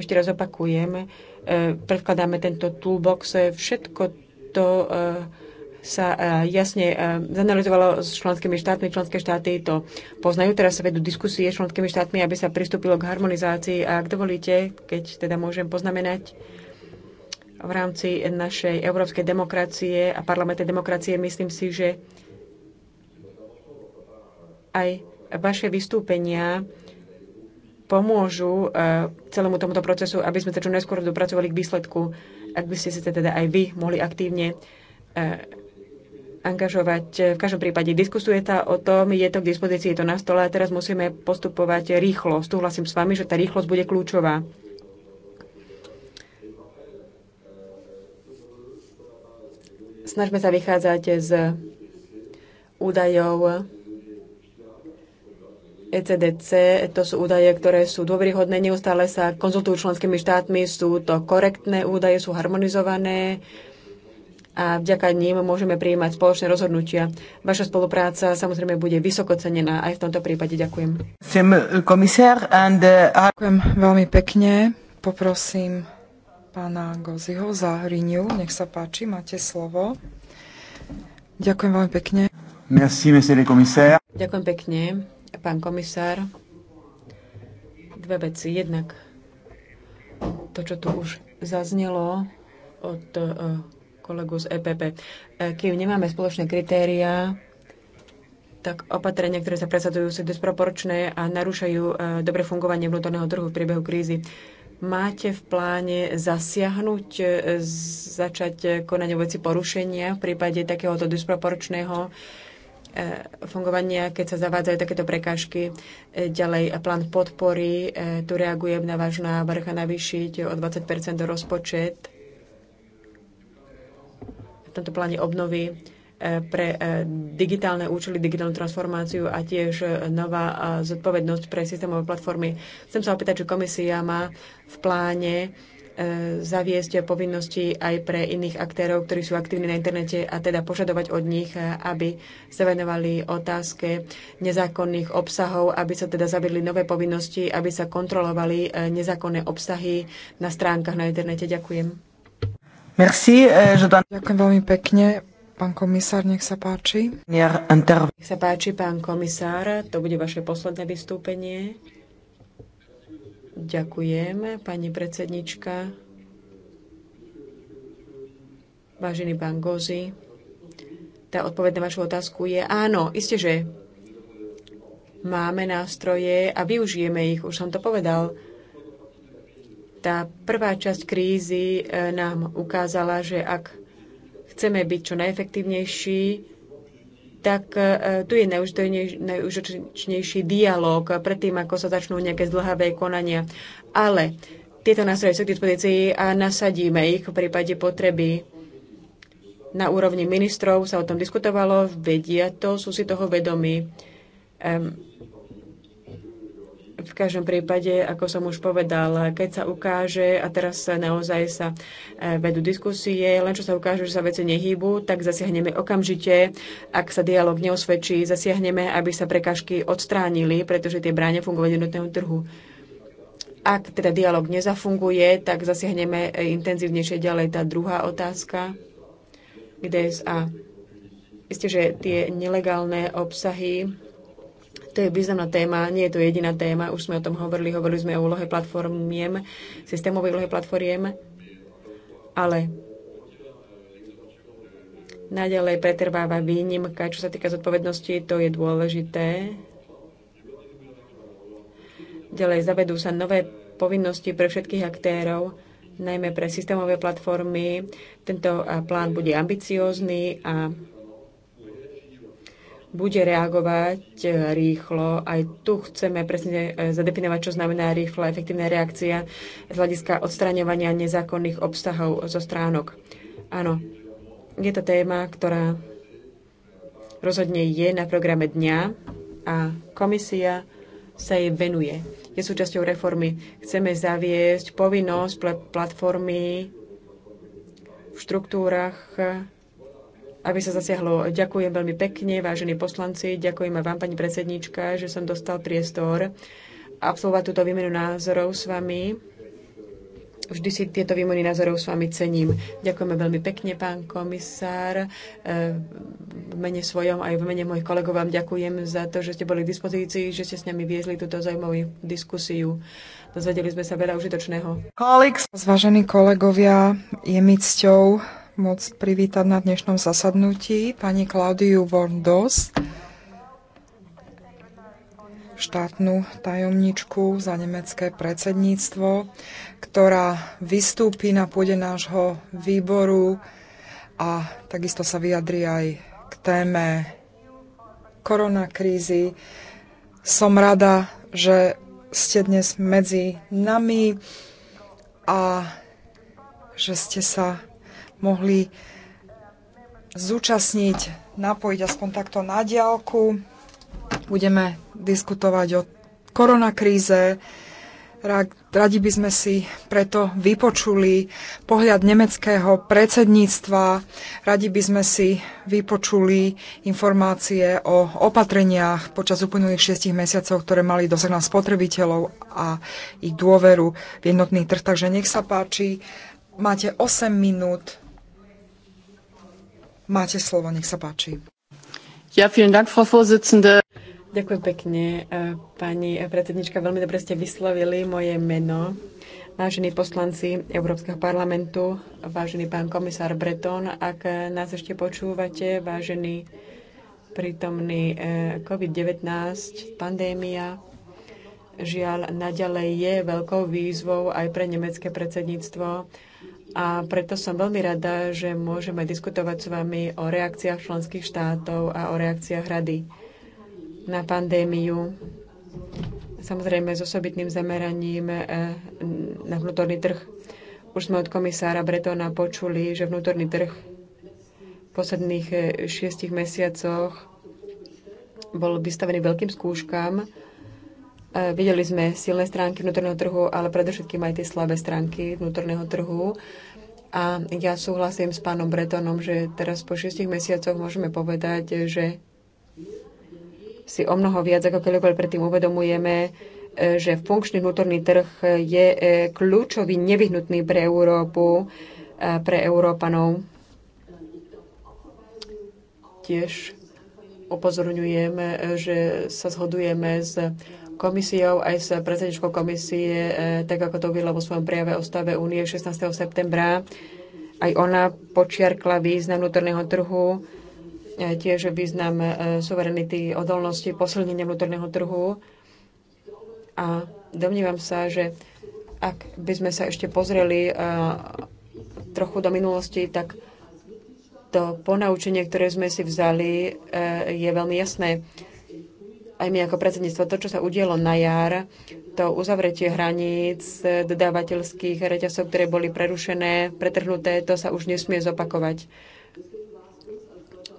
Ešte raz opakujem, e, predkladáme tento toolbox, e, všetko to sa jasne zanalizovalo s členskými štátmi. Členské štáty to poznajú, teraz sa vedú diskusie s členskými štátmi, aby sa pristúpilo k harmonizácii. A ak dovolíte, keď teda môžem poznamenať, v rámci našej európskej demokracie a parlamentnej demokracie myslím si, že aj vaše vystúpenia pomôžu e, celému tomuto procesu, aby sme sa čo najskôr dopracovali k výsledku, ak by ste sa teda aj vy mohli aktívne e, angažovať. V každom prípade diskusuje sa o tom, je to k dispozícii, je to na stole a teraz musíme postupovať rýchlo. Súhlasím s vami, že tá rýchlosť bude kľúčová. Snažme sa vychádzať z údajov ECDC, to sú údaje, ktoré sú dôveryhodné, neustále sa konzultujú členskými štátmi, sú to korektné údaje, sú harmonizované a vďaka ním môžeme prijímať spoločné rozhodnutia. Vaša spolupráca samozrejme bude vysoko cenená aj v tomto prípade. Ďakujem. Uh, Ďakujem veľmi pekne. Poprosím pána Goziho za Riniu. Nech sa páči, máte slovo. Ďakujem veľmi pekne. Merci, Ďakujem pekne. Pán komisár, dve veci. Jednak to, čo tu už zaznelo od e, kolegu z EPP. E, keď nemáme spoločné kritériá, tak opatrenia, ktoré sa presadzujú, sú disproporčné a narúšajú e, dobre fungovanie vnútorného trhu v priebehu krízy. Máte v pláne zasiahnuť, začať konať veci porušenia v prípade takéhoto disproporčného E, fungovania, keď sa zavádzajú takéto prekážky. E, ďalej, e, plán podpory, tu reaguje na váš návrh a navýšiť o 20 rozpočet v tomto pláne obnovy pre digitálne účely, digitálnu transformáciu a tiež nová zodpovednosť pre systémové platformy. Chcem sa opýtať, či komisia má v pláne E, zaviesť povinnosti aj pre iných aktérov, ktorí sú aktívni na internete a teda požadovať od nich, e, aby sa venovali otázke nezákonných obsahov, aby sa teda zaviedli nové povinnosti, aby sa kontrolovali e, nezákonné obsahy na stránkach na internete. Ďakujem. Merci, je dan... Ďakujem veľmi pekne. Pán komisár, nech sa páči. Nech sa páči, pán komisár, to bude vaše posledné vystúpenie. Ďakujem, pani predsednička. Vážený pán Gozi, tá odpoveď na vašu otázku je áno, isté, že máme nástroje a využijeme ich, už som to povedal. Tá prvá časť krízy eh, nám ukázala, že ak chceme byť čo najefektívnejší, tak e, tu je najúžitočnejší dialog predtým, ako sa začnú nejaké zdlhavé konania. Ale tieto nástroje sú k dispozícii a nasadíme ich v prípade potreby. Na úrovni ministrov sa o tom diskutovalo, vedia to, sú si toho vedomí. Um, v každom prípade, ako som už povedal, keď sa ukáže, a teraz naozaj sa e, vedú diskusie, len čo sa ukáže, že sa veci nehýbu, tak zasiahneme okamžite. Ak sa dialog neosvedčí, zasiahneme, aby sa prekážky odstránili, pretože tie bráne fungovať jednotného trhu. Ak teda dialog nezafunguje, tak zasiahneme e, intenzívnejšie ďalej. Tá druhá otázka je a Isté, že tie nelegálne obsahy to je významná téma, nie je to jediná téma, už sme o tom hovorili, hovorili sme o úlohe platformiem, systémovej úlohe platformiem, ale naďalej pretrváva výnimka, čo sa týka zodpovednosti, to je dôležité. Ďalej zavedú sa nové povinnosti pre všetkých aktérov, najmä pre systémové platformy. Tento plán bude ambiciózny a bude reagovať e, rýchlo. Aj tu chceme presne e, zadefinovať, čo znamená rýchla efektívna reakcia z hľadiska odstraňovania nezákonných obsahov zo stránok. Áno, je to téma, ktorá rozhodne je na programe dňa a komisia sa jej venuje. Je súčasťou reformy. Chceme zaviesť povinnosť platformy v štruktúrach aby sa zasiahlo. Ďakujem veľmi pekne, vážení poslanci, ďakujem aj vám, pani predsednička, že som dostal priestor absolvovať túto výmenu názorov s vami. Vždy si tieto výmeny názorov s vami cením. Ďakujeme veľmi pekne, pán komisár. E, v mene svojom aj v mene mojich kolegov vám ďakujem za to, že ste boli k dispozícii, že ste s nami viezli túto zaujímavú diskusiu. Dozvedeli sme sa veľa užitočného. Zvažení kolegovia, je mi cťou môcť privítať na dnešnom zasadnutí pani Klaudiu Vondos, štátnu tajomničku za nemecké predsedníctvo, ktorá vystúpi na pôde nášho výboru a takisto sa vyjadri aj k téme koronakrízy. Som rada, že ste dnes medzi nami a že ste sa mohli zúčastniť, napojiť aspoň takto na diálku. Budeme diskutovať o koronakríze. Radi by sme si preto vypočuli pohľad nemeckého predsedníctva, radi by sme si vypočuli informácie o opatreniach počas uplynulých šiestich mesiacov, ktoré mali dosah na spotrebiteľov a ich dôveru v jednotný trh. Takže nech sa páči, máte 8 minút Máte slovo, nech sa páči. Ja, vielen Dank, Frau Vorsitzende. Ďakujem pekne, e, pani predsednička. Veľmi dobre ste vyslovili moje meno. Vážení poslanci Európskeho parlamentu, vážený pán komisár Breton, ak nás ešte počúvate, vážený prítomný e, COVID-19, pandémia, žiaľ, naďalej je veľkou výzvou aj pre nemecké predsedníctvo a preto som veľmi rada, že môžeme diskutovať s vami o reakciách členských štátov a o reakciách rady na pandémiu. Samozrejme s osobitným zameraním e, na vnútorný trh. Už sme od komisára Bretona počuli, že vnútorný trh v posledných e, šiestich mesiacoch bol vystavený veľkým skúškam E, videli sme silné stránky vnútorného trhu, ale predovšetkým aj tie slabé stránky vnútorného trhu. A ja súhlasím s pánom Bretonom, že teraz po šiestich mesiacoch môžeme povedať, že si o mnoho viac ako kedykoľvek predtým uvedomujeme, e, že funkčný vnútorný trh je e, kľúčový, nevyhnutný pre Európu, pre Európanov. Tiež upozorňujeme, že sa zhodujeme s komisiou aj s predsedničkou komisie, e, tak ako to uviedla vo svojom prejave o stave únie 16. septembra. Aj ona počiarkla význam vnútorného trhu, e, tiež význam e, suverenity, odolnosti, posilnenia vnútorného trhu. A domnívam sa, že ak by sme sa ešte pozreli trochu do minulosti, tak to ponaučenie, ktoré sme si vzali, je veľmi jasné aj my ako predsedníctvo, to, čo sa udielo na jar, to uzavretie hraníc dodávateľských reťazov, ktoré boli prerušené, pretrhnuté, to sa už nesmie zopakovať.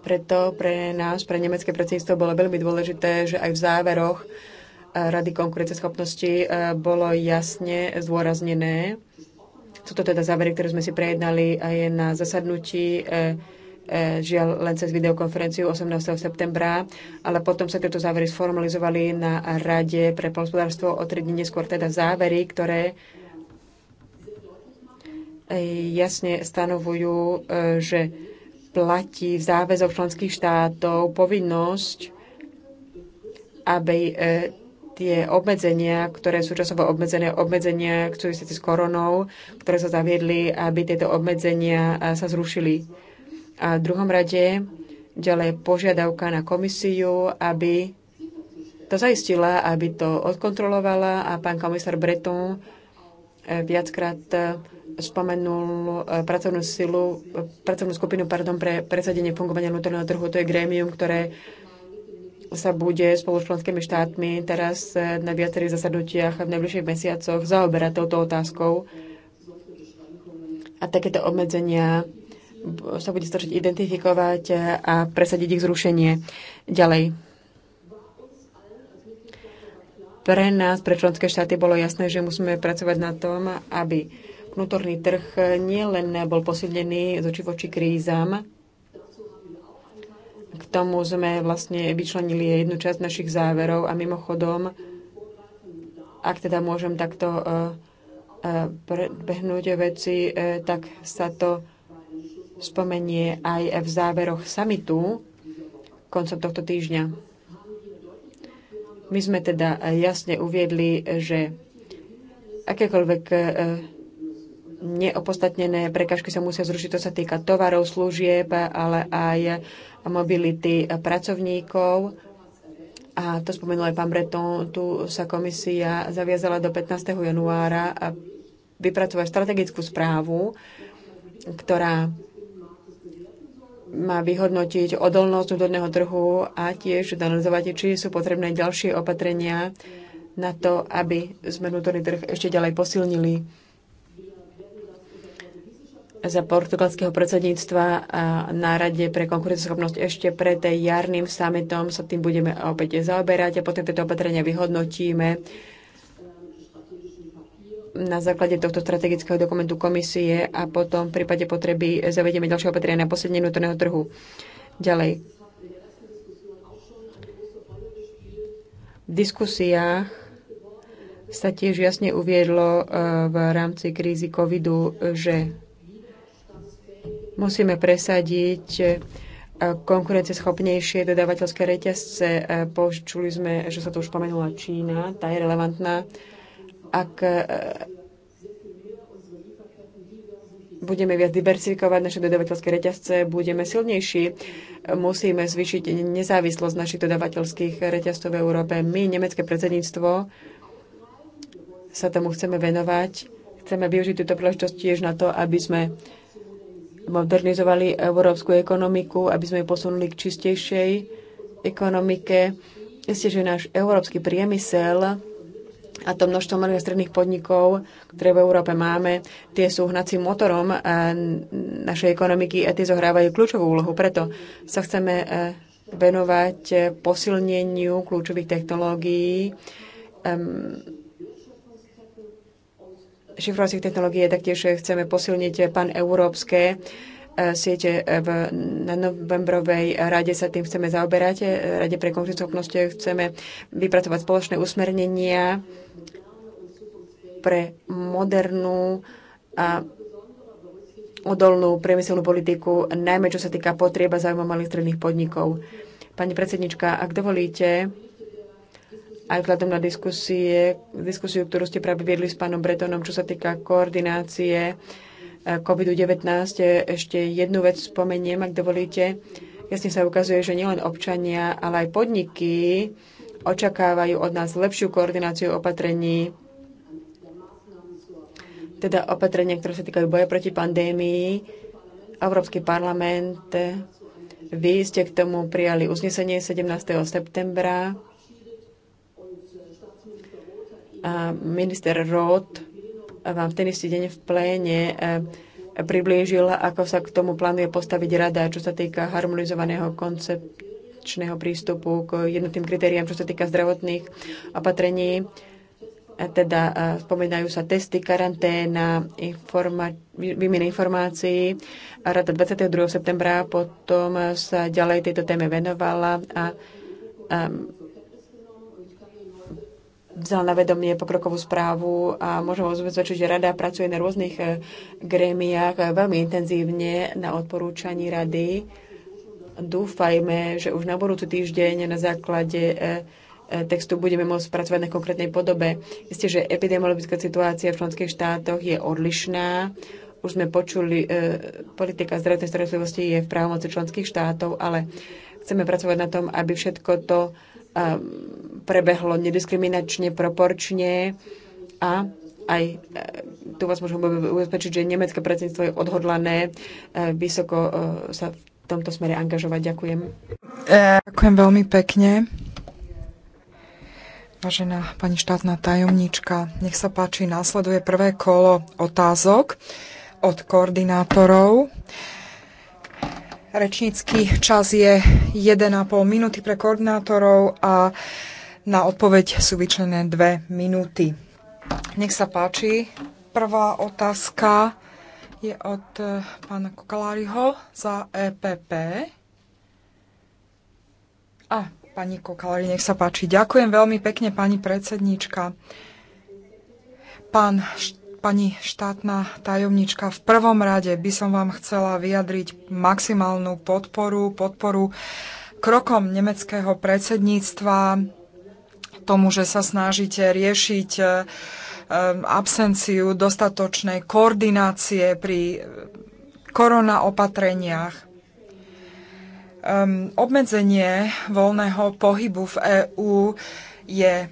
Preto pre nás, pre nemecké predsedníctvo, bolo veľmi dôležité, že aj v záveroch eh, Rady konkurenceschopnosti eh, bolo jasne zdôraznené. Sú to teda závery, ktoré sme si prejednali aj na zasadnutí eh, E, žiaľ len cez videokonferenciu 18. septembra, ale potom sa tieto závery sformalizovali na Rade pre polospodárstvo o 3 dní neskôr, teda závery, ktoré e, jasne stanovujú, e, že platí záväzok členských štátov povinnosť, aby tie obmedzenia, ktoré sú časovo obmedzené, obmedzenia, ktoré súvisiaci s koronou, ktoré sa zaviedli, aby tieto obmedzenia sa zrušili a v druhom rade ďalej požiadavka na komisiu, aby to zaistila, aby to odkontrolovala a pán komisár Breton eh, viackrát eh, spomenul eh, pracovnú silu, pracovnú skupinu pardon, pre presadenie fungovania vnútorného trhu. To je grémium, ktoré sa bude spolu s členskými štátmi teraz na viacerých zasadnutiach v najbližších mesiacoch zaoberať touto otázkou. A takéto obmedzenia sa bude stačiť identifikovať a presadiť ich zrušenie ďalej. Pre nás, pre členské štáty, bolo jasné, že musíme pracovať na tom, aby vnútorný trh nielen bol posilnený z oči voči krízam, k tomu sme vlastne vyčlenili jednu časť našich záverov a mimochodom, ak teda môžem takto uh, eh, uh, eh, behnúť veci, eh, tak sa to spomenie aj v záveroch samitu koncom tohto týždňa. My sme teda jasne uviedli, že akékoľvek e, neopostatnené prekažky sa musia zrušiť. To sa týka tovarov, služieb, ale aj mobility pracovníkov. A to spomenul aj pán Breton, tu sa komisia zaviazala do 15. januára vypracovať strategickú správu, ktorá má vyhodnotiť odolnosť vnútorného trhu a tiež zanalizovať, či sú potrebné ďalšie opatrenia na to, aby sme vnútorný trh ešte ďalej posilnili. Za portugalského predsedníctva a na Rade pre konkurenceschopnosť ešte pred jarným summitom sa tým budeme opäť zaoberať a potom tieto opatrenia vyhodnotíme na základe tohto strategického dokumentu komisie a potom v prípade potreby zavedieme ďalšie opatrenia na posledne vnútorného trhu. Ďalej. V diskusiách sa tiež jasne uviedlo eh, v rámci krízy covidu, že musíme presadiť eh, konkurenceschopnejšie dodávateľské reťazce. Eh, počuli sme, že sa to už spomenula Čína, tá je relevantná ak e, budeme viac diversifikovať naše dodavateľské reťazce, budeme silnejší. Musíme zvýšiť nezávislosť našich dodavateľských reťazcov v Európe. My, nemecké predsedníctvo, sa tomu chceme venovať. Chceme využiť túto príležitosť tiež na to, aby sme modernizovali európsku ekonomiku, aby sme ju posunuli k čistejšej ekonomike. Isté, že náš európsky priemysel a to množstvo malých a stredných podnikov, ktoré v Európe máme, tie sú hnacím motorom eh, našej ekonomiky a tie zohrávajú kľúčovú úlohu. Preto sa chceme eh, venovať eh, posilneniu kľúčových technológií, ehm, šifrovacích technológií, taktiež chceme posilniť pan-európske siete v, na novembrovej rade sa tým chceme zaoberať. Rade pre konkurenceschopnosť chceme vypracovať spoločné usmernenia pre modernú a odolnú priemyselnú politiku, najmä čo sa týka potrieba zaujímavých malých stredných podnikov. Pani predsednička, ak dovolíte, aj vzhľadom na diskusie, diskusiu, ktorú ste práve viedli s pánom Bretonom, čo sa týka koordinácie eh, COVID-19, ešte jednu vec spomeniem, ak dovolíte. Jasne sa ukazuje, že nielen občania, ale aj podniky očakávajú od nás lepšiu koordináciu opatrení teda opatrenia, ktoré sa týkajú boja proti pandémii. Európsky parlament, vy ste k tomu prijali uznesenie 17. septembra. A minister Roth vám v ten istý deň v pléne eh, priblížil, ako sa k tomu plánuje postaviť rada, čo sa týka harmonizovaného koncepčného prístupu k jednotným kritériám, čo sa týka zdravotných opatrení. Teda spomínajú sa testy, karanténa, informa- výmena informácií. Rada 22. septembra potom sa ďalej tejto téme venovala a, a vzal na vedomie pokrokovú správu a môžem vás ubezpečiť, že rada pracuje na rôznych e, grémiách veľmi intenzívne na odporúčaní rady. Dúfajme, že už na budúci týždeň na základe e, textu budeme môcť pracovať na konkrétnej podobe. Isté, že epidemiologická situácia v členských štátoch je odlišná. Už sme počuli, e, politika zdravotnej starostlivosti je v právomoci členských štátov, ale chceme pracovať na tom, aby všetko to e, prebehlo nediskriminačne, proporčne a aj e, tu vás môžem ubezpečiť, že nemecké predsedníctvo je odhodlané vysoko sa v tomto smere angažovať. Ďakujem. Ďakujem veľmi pekne. Vážená pani štátna tajomníčka, nech sa páči, následuje prvé kolo otázok od koordinátorov. Rečnícky čas je 1,5 minúty pre koordinátorov a na odpoveď sú vyčlené 2 minúty. Nech sa páči, prvá otázka je od eh, pána Kokaláriho za EPP. A, Pani Kokalari, nech sa páči. Ďakujem veľmi pekne, pani predsedníčka. Pán, pani štátna tajomnička, v prvom rade by som vám chcela vyjadriť maximálnu podporu, podporu krokom nemeckého predsedníctva, tomu, že sa snažíte riešiť e, absenciu dostatočnej koordinácie pri e, korona opatreniach. Um, obmedzenie voľného pohybu v EÚ je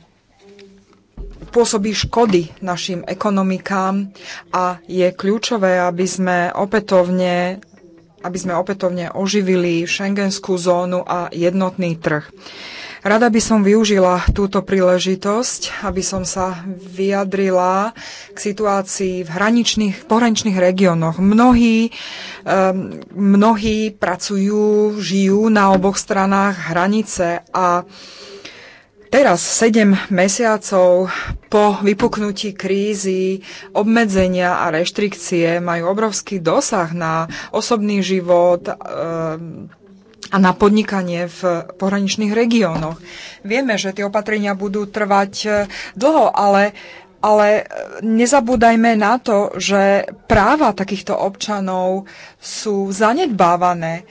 pôsobí škody našim ekonomikám a je kľúčové, aby sme opätovne aby sme opätovne oživili šengenskú zónu a jednotný trh. Rada by som využila túto príležitosť, aby som sa vyjadrila k situácii v hraničných, pohraničných regiónoch. Mnohí, um, mnohí pracujú, žijú na oboch stranách hranice a Teraz, 7 mesiacov po vypuknutí krízy, obmedzenia a reštrikcie majú obrovský dosah na osobný život, ehm, a na podnikanie v pohraničných regiónoch. Vieme, že tie opatrenia budú trvať e, dlho, ale, ale e, nezabúdajme na to, že práva takýchto občanov sú zanedbávané.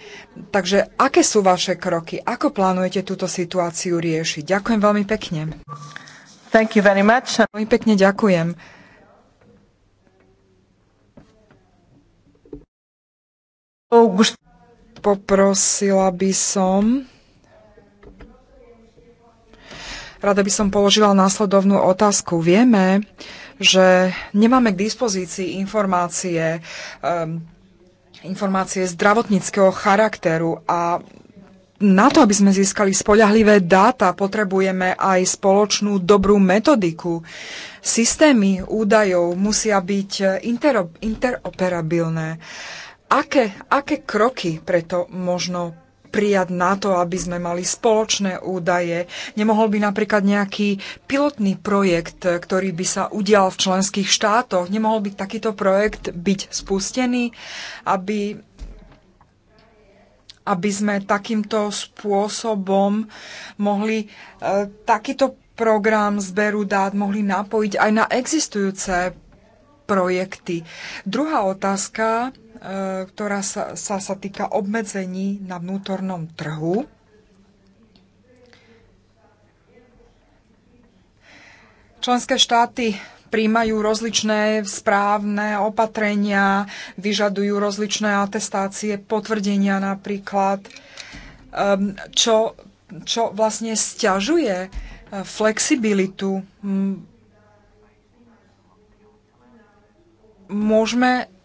Takže aké sú vaše kroky? Ako plánujete túto situáciu riešiť? Ďakujem veľmi pekne. Thank you very much. Veľmi pekne ďakujem. Augusto. Poprosila by som... Rada by som položila následovnú otázku. Vieme, že nemáme k dispozícii informácie, um, informácie zdravotníckého charakteru a na to, aby sme získali spoľahlivé dáta, potrebujeme aj spoločnú dobrú metodiku. Systémy údajov musia byť interop interoperabilné. Aké, aké kroky preto možno prijať na to, aby sme mali spoločné údaje? Nemohol by napríklad nejaký pilotný projekt, ktorý by sa udial v členských štátoch, nemohol by takýto projekt byť spustený, aby, aby sme takýmto spôsobom mohli e, takýto program zberu dát mohli napojiť aj na existujúce projekty. Druhá otázka E, ktorá sa, sa, sa týka obmedzení na vnútornom trhu. Členské štáty príjmajú rozličné správne opatrenia, vyžadujú rozličné atestácie, potvrdenia napríklad, ehm, čo, čo vlastne stiažuje e, flexibilitu. Môžeme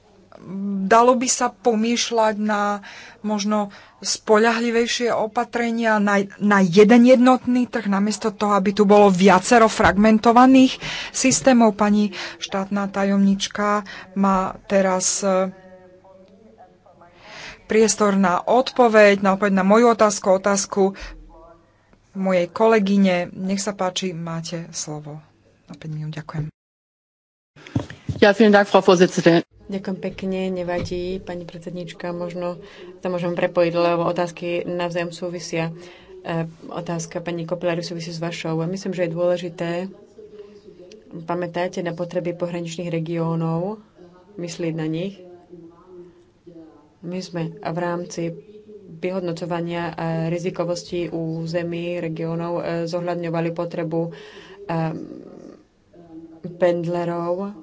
dalo by sa pomýšľať na možno spoľahlivejšie opatrenia na, na jeden jednotný trh, namiesto toho, aby tu bolo viacero fragmentovaných systémov. Pani štátna tajomnička má teraz e, priestor na odpoveď, na odpoveď na moju otázku, otázku mojej kolegyne. Nech sa páči, máte slovo. Na 5 minút ďakujem. Ja, vielen Dank, Frau Vorsitzende. Ďakujem pekne, nevadí, pani predsednička, možno to môžem prepojiť, lebo otázky navzájom súvisia. E, otázka pani Kopilári súvisí s vašou. Myslím, že je dôležité pamätáte na potreby pohraničných regiónov, myslieť na nich. My sme v rámci vyhodnocovania e, rizikovosti území regiónov e, zohľadňovali potrebu pendlerov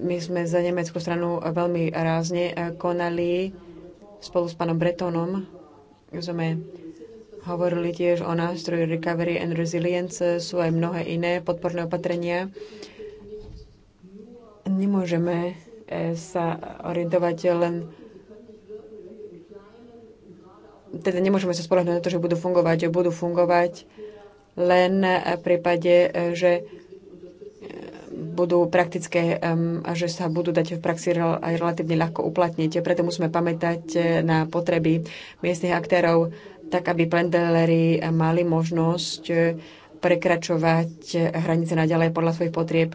my sme za nemeckú stranu veľmi rázne e, konali spolu s pánom Bretonom. Sme hovorili tiež o nástroji Recovery and Resilience. Sú aj mnohé iné podporné opatrenia. Nemôžeme e, sa orientovať len teda nemôžeme sa spolahnúť na to, že budú fungovať, budú fungovať len v prípade, e, že budú praktické a že sa budú dať v praxi aj relatívne ľahko uplatniť. Preto musíme pamätať e, na potreby miestnych aktérov, tak aby plendelery e, mali možnosť e, prekračovať hranice naďalej podľa svojich potrieb.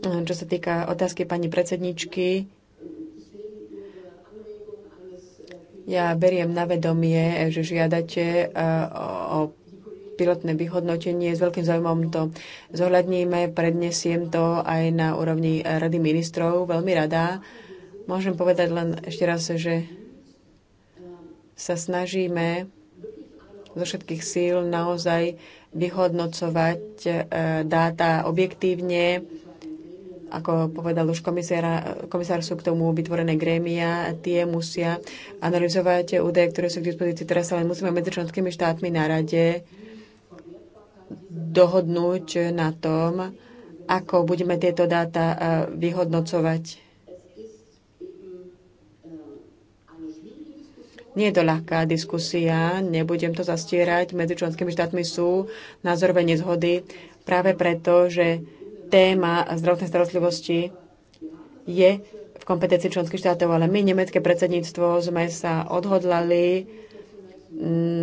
Čo sa týka otázky pani predsedničky, ja beriem na vedomie, že žiadate o pilotné vyhodnotenie. S veľkým zaujímavom to zohľadníme, prednesiem to aj na úrovni Rady ministrov. Veľmi rada. Môžem povedať len ešte raz, že sa snažíme zo všetkých síl naozaj vyhodnocovať e, dáta objektívne. Ako povedal už komisár, komisár sú k tomu vytvorené grémia, tie musia analyzovať údaje, ktoré sú k dispozícii. Teraz sa len musíme medzi členskými štátmi na rade dohodnúť na tom, ako budeme tieto dáta e, vyhodnocovať. Nie je to ľahká diskusia, nebudem to zastierať. Medzi členskými štátmi sú názorové nezhody práve preto, že téma zdravotnej starostlivosti je v kompetencii členských štátov, ale my, nemecké predsedníctvo, sme sa odhodlali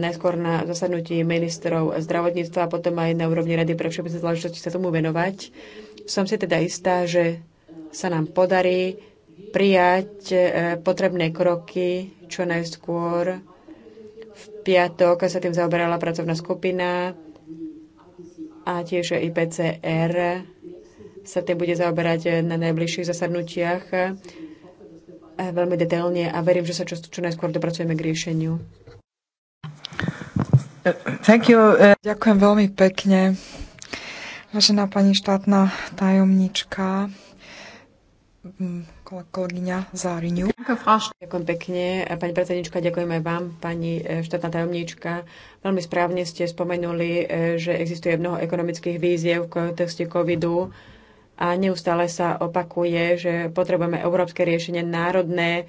najskôr na zasadnutí ministrov zdravotníctva a potom aj na úrovni Rady pre všeobecné záležitosti sa tomu venovať. Som si teda istá, že sa nám podarí prijať e, potrebné kroky čo najskôr. V piatok sa tým zaoberala pracovná skupina a tiež IPCR sa tým bude zaoberať na najbližších zasadnutiach e, veľmi detailne a verím, že sa čo, čo najskôr dopracujeme k riešeniu. Thank you. Uh, ďakujem veľmi pekne. Vážená pani štátna tajomnička, mm, kolegyňa Záriňu. Ďakujem pekne, pani predsednička, ďakujem aj vám, pani e, štátna tajomnička. Veľmi správne ste spomenuli, e, že existuje mnoho ekonomických víziev v kontexte covidu a neustále sa opakuje, že potrebujeme európske riešenie národné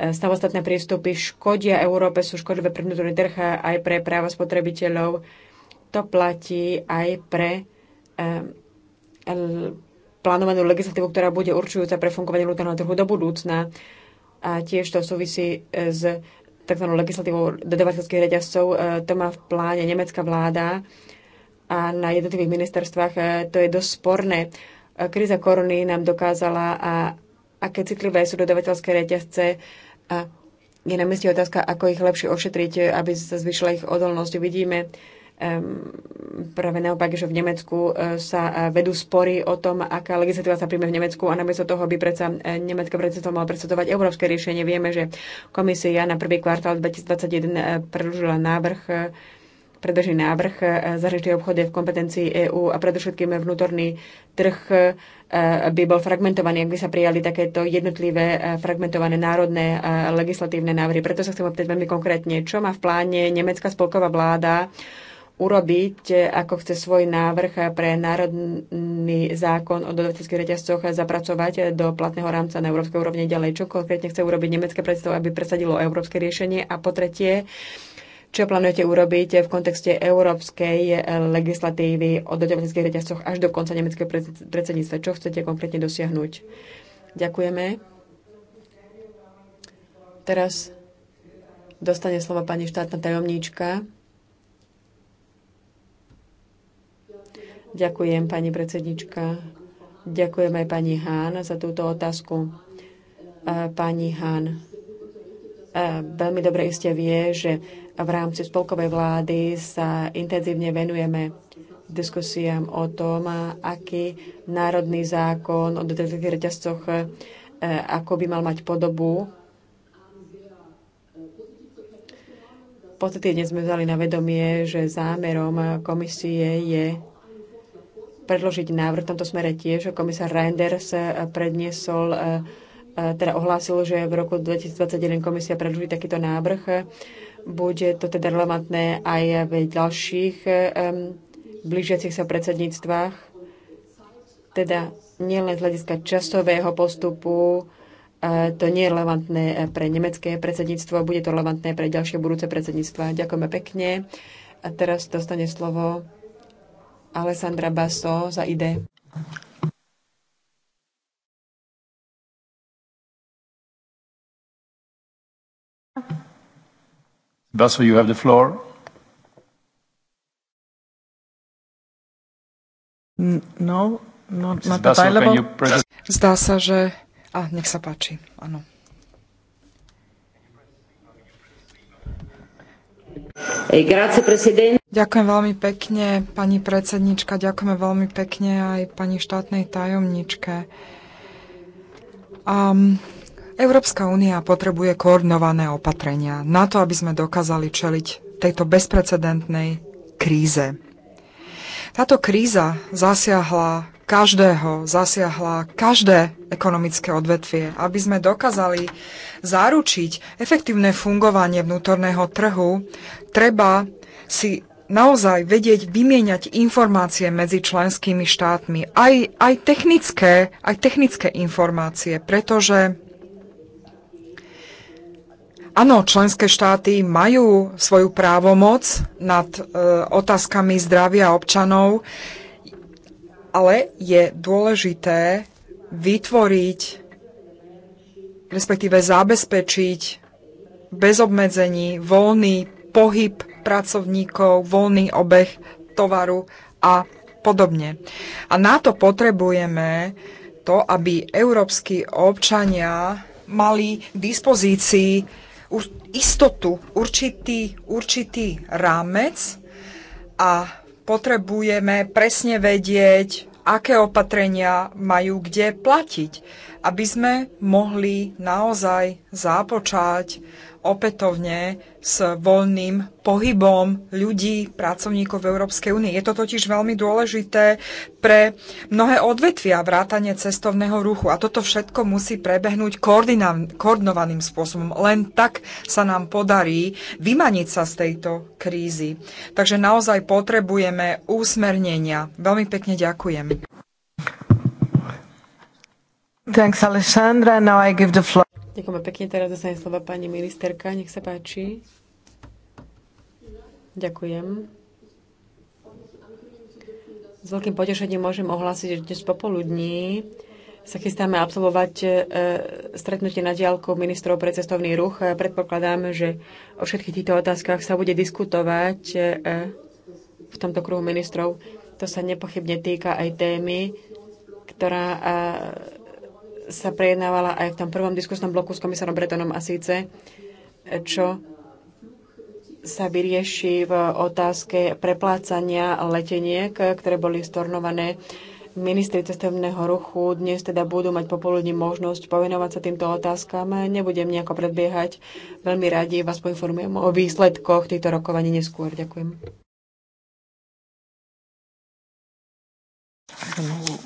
Samostatné prístupy škodia Európe, sú škodlivé pre vnútorný trh aj pre práva spotrebiteľov. To platí aj pre plánovanú legislatívu, ktorá bude určujúca pre fungovanie vnútorného trhu do budúcna. A tiež to súvisí e, s tzv. legislatívou dodavateľských reťazcov. E, to má v pláne nemecká vláda a na jednotlivých ministerstvách e, to je dosť sporné. Kríza korony nám dokázala, a aké citlivé sú dodavateľské reťazce a je na mieste otázka, ako ich lepšie ošetriť, aby sa zvyšila ich odolnosť. Vidíme um, práve naopak, že v Nemecku e, sa e, vedú spory o tom, aká legislatíva sa príjme v Nemecku a namiesto toho by predsa e, nemecké predsedstvo malo predsedovať európske riešenie. Vieme, že komisia na prvý kvartál 2021 predlžila návrh predloží návrh e, zahraničnej obchode v kompetencii EÚ a predovšetkým vnútorný trh e, by bol fragmentovaný, ak by sa prijali takéto jednotlivé e, fragmentované národné legislatívne návrhy. Preto sa chcem opýtať veľmi konkrétne, čo má v pláne nemecká spolková vláda urobiť, ako chce svoj návrh pre národný zákon o dodavateľských reťazcoch zapracovať do platného rámca na európskej úrovni ďalej. Čo konkrétne chce urobiť nemecké predstav, aby presadilo európske riešenie? A po tretie, čo plánujete urobiť v kontexte európskej eh, legislatívy o dodavateľských reťazcoch až do konca nemeckého predsedníctva? Čo chcete konkrétne dosiahnuť? Ďakujeme. Teraz dostane slovo pani štátna tajomníčka. Ďakujem, pani predsednička. Ďakujem aj pani Hán za túto otázku. Eh, pani Hán, eh, veľmi dobre iste vie, že v rámci spolkovej vlády sa intenzívne venujeme diskusiám o tom, aký národný zákon o dodavateľských reťazcoch e, ako by mal mať podobu. Pozitívne sme vzali na vedomie, že zámerom komisie je predložiť návrh v tomto smere tiež. Komisár Reinders e, predniesol, e, teda ohlásil, že v roku 2021 komisia predloží takýto návrh bude to teda relevantné aj v ďalších um, blížiacich sa predsedníctvách, teda nielen z hľadiska časového postupu, e, to nie je relevantné pre nemecké predsedníctvo, bude to relevantné pre ďalšie budúce predsedníctva. Ďakujeme pekne. A teraz dostane slovo Alessandra Basso za IDE. Basso, you have the floor. No, no Zdá sa, že... A, nech sa páči, áno. Eh, Ďakujem veľmi pekne, pani predsednička, ďakujeme veľmi pekne aj pani štátnej tajomničke. Um, Európska únia potrebuje koordinované opatrenia na to, aby sme dokázali čeliť tejto bezprecedentnej kríze. Táto kríza zasiahla každého, zasiahla každé ekonomické odvetvie. Aby sme dokázali zaručiť efektívne fungovanie vnútorného trhu, treba si naozaj vedieť vymieňať informácie medzi členskými štátmi, aj, aj, technické, aj technické informácie, pretože Áno, členské štáty majú svoju právomoc nad e, otázkami zdravia občanov, ale je dôležité vytvoriť, respektíve zabezpečiť bez obmedzení voľný pohyb pracovníkov, voľný obeh tovaru a podobne. A na to potrebujeme to, aby európsky občania mali k dispozícii istotu, určitý, určitý rámec a potrebujeme presne vedieť, aké opatrenia majú kde platiť, aby sme mohli naozaj započať opätovne s voľným pohybom ľudí, pracovníkov v Európskej únie. Je to totiž veľmi dôležité pre mnohé odvetvia vrátanie cestovného ruchu a toto všetko musí prebehnúť koordinovaným spôsobom. Len tak sa nám podarí vymaniť sa z tejto krízy. Takže naozaj potrebujeme úsmernenia. Veľmi pekne ďakujem. Thanks, Alessandra. Now I give the floor. Ďakujeme pekne. Teraz za slova pani ministerka. Nech sa páči. Ďakujem. S veľkým potešením môžem ohlásiť, že dnes popoludní sa chystáme absolvovať e, stretnutie na diálku ministrov pre cestovný ruch. E, predpokladám, že o všetkých týchto otázkach sa bude diskutovať e, v tomto kruhu ministrov. To sa nepochybne týka aj témy, ktorá sa prejednávala aj v tom prvom diskusnom bloku s komisárom Bretonom a síce, čo sa vyrieši v otázke preplácania leteniek, ktoré boli stornované ministri cestovného ruchu dnes teda budú mať popoludní možnosť povenovať sa týmto otázkam. Nebudem nejako predbiehať. Veľmi radi vás poinformujem o výsledkoch týchto rokovaní neskôr. Ďakujem.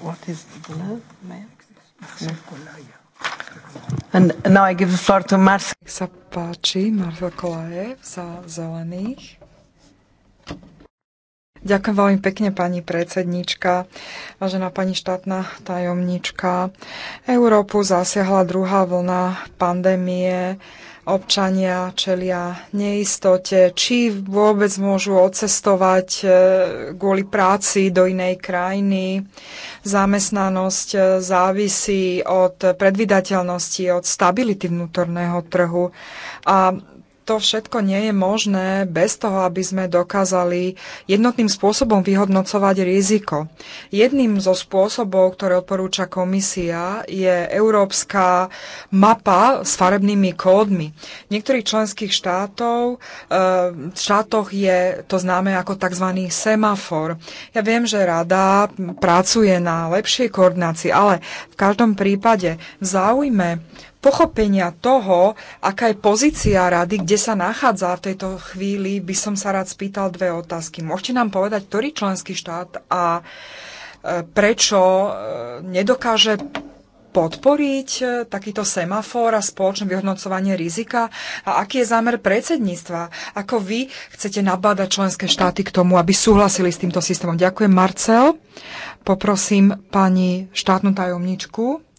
what is the And now I give the floor to Marcia. sa páči, Marcel Kolajev za zelených. Ďakujem veľmi pekne, pani predsednička, vážená pani štátna tajomnička. Európu zasiahla druhá vlna pandémie občania čelia neistote, či vôbec môžu odcestovať e, kvôli práci do inej krajiny. Zamestnanosť e, závisí od predvydateľnosti, od stability vnútorného trhu. A to všetko nie je možné bez toho, aby sme dokázali jednotným spôsobom vyhodnocovať riziko. Jedným zo spôsobov, ktoré odporúča komisia, je európska mapa s farebnými kódmi. V niektorých členských štátov, e, štátoch je to známe ako tzv. semafor. Ja viem, že rada pracuje na lepšej koordinácii, ale v každom prípade v záujme pochopenia toho, aká je pozícia rady, kde sa nachádza v tejto chvíli, by som sa rád spýtal dve otázky. Môžete nám povedať, ktorý členský štát a e, prečo e, nedokáže podporiť e, takýto semafor a spoločné vyhodnocovanie rizika? A aký je zámer predsedníctva? Ako vy chcete nabádať členské štáty k tomu, aby súhlasili s týmto systémom? Ďakujem, Marcel. Poprosím pani štátnu tajomničku.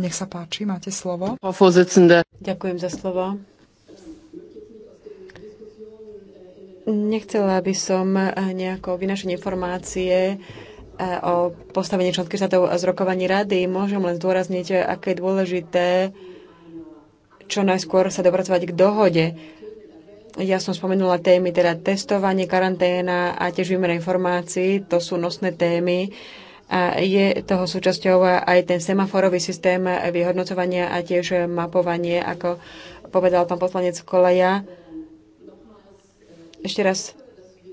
Nech sa páči, máte slovo. Ďakujem za slovo. Nechcela by som eh, nejako vynašať informácie eh, o postavení členských štátov z rokovaní rady. Môžem len zdôrazniť, eh, aké je dôležité čo najskôr sa dopracovať k dohode. Ja som spomenula témy, teda testovanie, karanténa a tiež výmena informácií. To sú nosné témy, a je toho súčasťou aj ten semaforový systém vyhodnocovania a tiež mapovanie, ako povedal pán poslanec Koleja. Ešte raz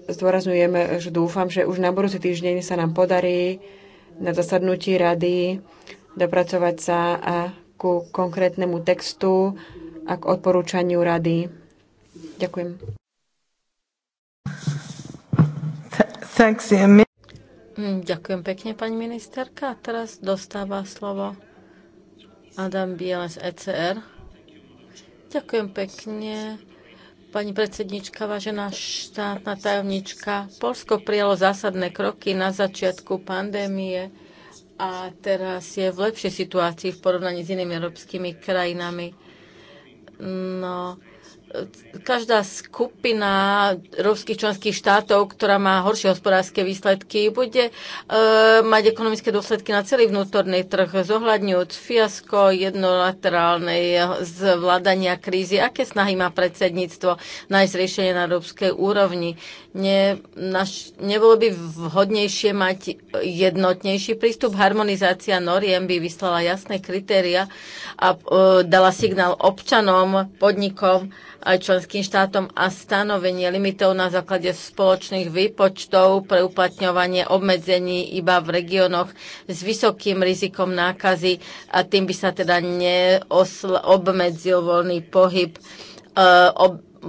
zdôrazňujem, že dúfam, že už na budúci týždeň sa nám podarí na zasadnutí rady dopracovať sa a ku konkrétnemu textu a k odporúčaniu rady. Ďakujem. Thanks, Hm, ďakujem pekne, pani ministerka. Teraz dostáva slovo Adam Biele z ECR. Ďakujem pekne. Pani predsednička, vážená štátna tajomnička, Polsko prijalo zásadné kroky na začiatku pandémie a teraz je v lepšej situácii v porovnaní s inými európskymi krajinami. No, každá skupina rovských členských štátov, ktorá má horšie hospodárske výsledky, bude e, mať ekonomické dôsledky na celý vnútorný trh, zohľadňujúc fiasko jednolaterálnej zvládania krízy. Aké snahy má predsedníctvo nájsť riešenie na európskej úrovni? Ne, naš, nebolo by vhodnejšie mať jednotnejší prístup? Harmonizácia noriem by vyslala jasné kritéria a e, dala signál občanom, podnikom, aj členským štátom a stanovenie limitov na základe spoločných výpočtov pre uplatňovanie obmedzení iba v regiónoch s vysokým rizikom nákazy a tým by sa teda neobmedzil voľný pohyb e,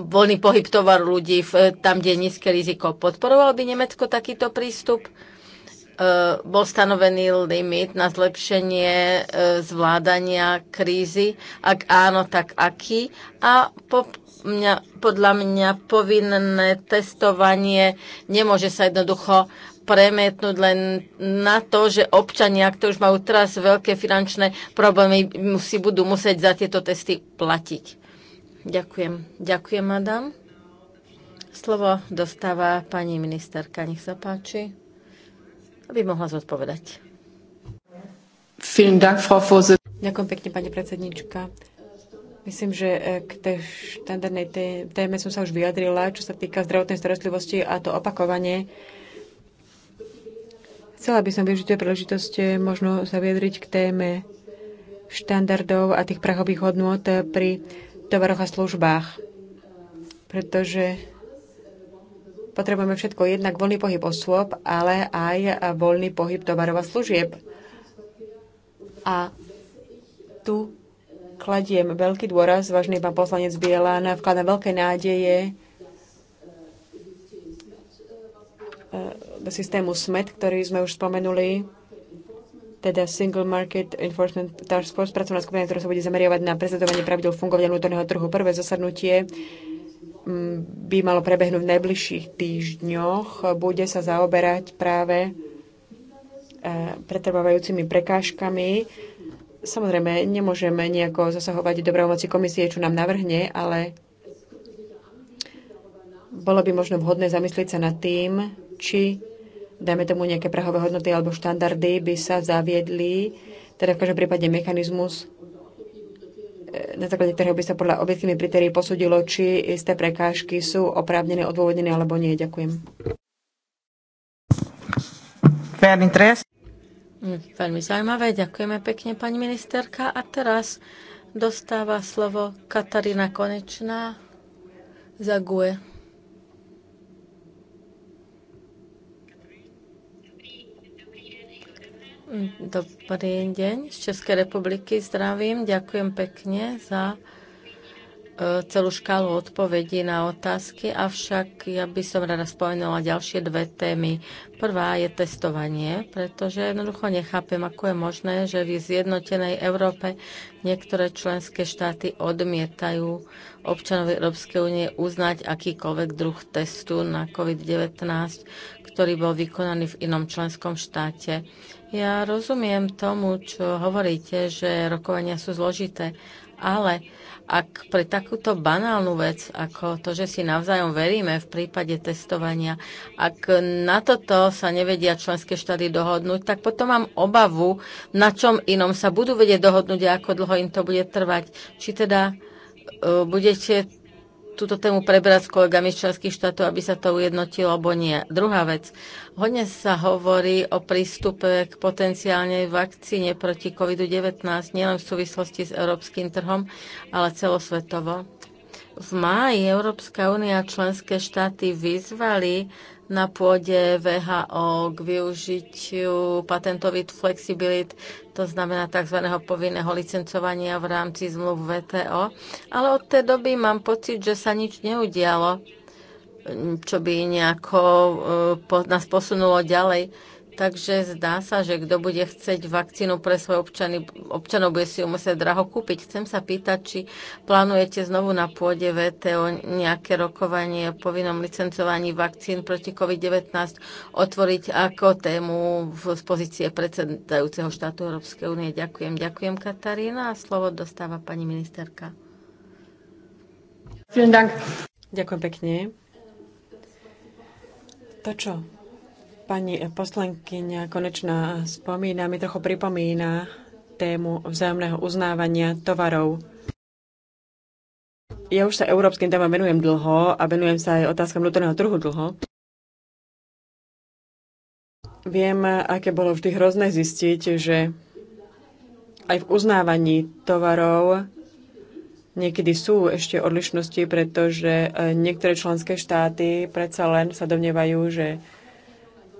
voľný pohyb tovaru ľudí tam, kde je nízke riziko. Podporoval by Nemecko takýto prístup? E, bol stanovený limit na zlepšenie e, zvládania krízy? Ak áno, tak aký? A mňa, podľa mňa povinné testovanie nemôže sa jednoducho premietnúť len na to, že občania, ktorí už majú teraz veľké finančné problémy, si budú musieť za tieto testy platiť. Ďakujem. Ďakujem, madam. Slovo dostáva pani ministerka. Nech sa páči, aby mohla zodpovedať. Ďakujem pekne, pani predsednička. Myslím, že e, k tej štandardnej téme som sa už vyjadrila, čo sa týka zdravotnej starostlivosti a to opakovanie. Chcela by som využiť tej príležitosti e, možno sa vyjadriť k téme štandardov a tých prahových hodnôt e, pri tovaroch a službách. Pretože potrebujeme všetko, jednak voľný pohyb osôb, ale aj voľný pohyb tovarov a služieb. A tu Kladiem veľký dôraz, vážny pán poslanec Bielan, vkladám veľké nádeje do e, systému SMET, ktorý sme už spomenuli, teda Single Market Enforcement Task Force, pracovná skupina, ktorá sa bude zameriavať na prezentovanie pravidel fungovania vnútorného trhu. Prvé zasadnutie by malo prebehnúť v najbližších týždňoch. Bude sa zaoberať práve e, pretrvávajúcimi prekážkami Samozrejme, nemôžeme nejako zasahovať dobrovoľnosti komisie, čo nám navrhne, ale bolo by možno vhodné zamyslieť sa nad tým, či dajme tomu nejaké prahové hodnoty alebo štandardy by sa zaviedli, teda v každom prípade mechanizmus, e, na základe ktorého by sa podľa objektívnych kritérií posudilo, či isté prekážky sú oprávnené, odôvodnené alebo nie. Ďakujem. Hm, veľmi zaujímavé, ďakujeme pekne, pani ministerka. A teraz dostáva slovo Katarína Konečná za GUE. Dobrý deň z Českej republiky, zdravím, ďakujem pekne za E, celú škálu odpovedí na otázky, avšak ja by som rada spomenula ďalšie dve témy. Prvá je testovanie, pretože jednoducho nechápem, ako je možné, že v zjednotenej Európe niektoré členské štáty odmietajú občanov Európskej únie uznať akýkoľvek druh testu na COVID-19, ktorý bol vykonaný v inom členskom štáte. Ja rozumiem tomu, čo hovoríte, že rokovania sú zložité, ale ak pre takúto banálnu vec, ako to, že si navzájom veríme v prípade testovania, ak na toto sa nevedia členské štáty dohodnúť, tak potom mám obavu, na čom inom sa budú vedieť dohodnúť a ako dlho im to bude trvať. Či teda e, budete túto tému prebrať s kolegami z členských štátov, aby sa to ujednotilo, alebo nie. Druhá vec. Hodne sa hovorí o prístupe k potenciálnej vakcíne proti COVID-19 nielen v súvislosti s európskym trhom, ale celosvetovo. V máji Európska únia a členské štáty vyzvali na pôde VHO k využitiu patentových flexibilit, to znamená tzv. povinného licencovania v rámci zmluv VTO. Ale od tej doby mám pocit, že sa nič neudialo, čo by nejako eh, nás posunulo ďalej Takže zdá sa, že kto bude chcieť vakcínu pre svoje občany, občanov, bude si ju musieť draho kúpiť. Chcem sa pýtať, či plánujete znovu na pôde VTO nejaké rokovanie o povinnom licencovaní vakcín proti COVID-19 otvoriť ako tému v, z pozície predsedajúceho štátu Európskej únie. Ďakujem, ďakujem Katarína a slovo dostáva pani ministerka. Ďakujem pekne. To čo? Pani poslankyňa Konečná spomína, mi trochu pripomína tému vzájomného uznávania tovarov. Ja už sa európskym témam venujem dlho a venujem sa aj otázkam vnútorného trhu dlho. Viem, aké bolo vždy hrozné zistiť, že aj v uznávaní tovarov niekedy sú ešte odlišnosti, pretože niektoré členské štáty predsa len sa domnievajú, že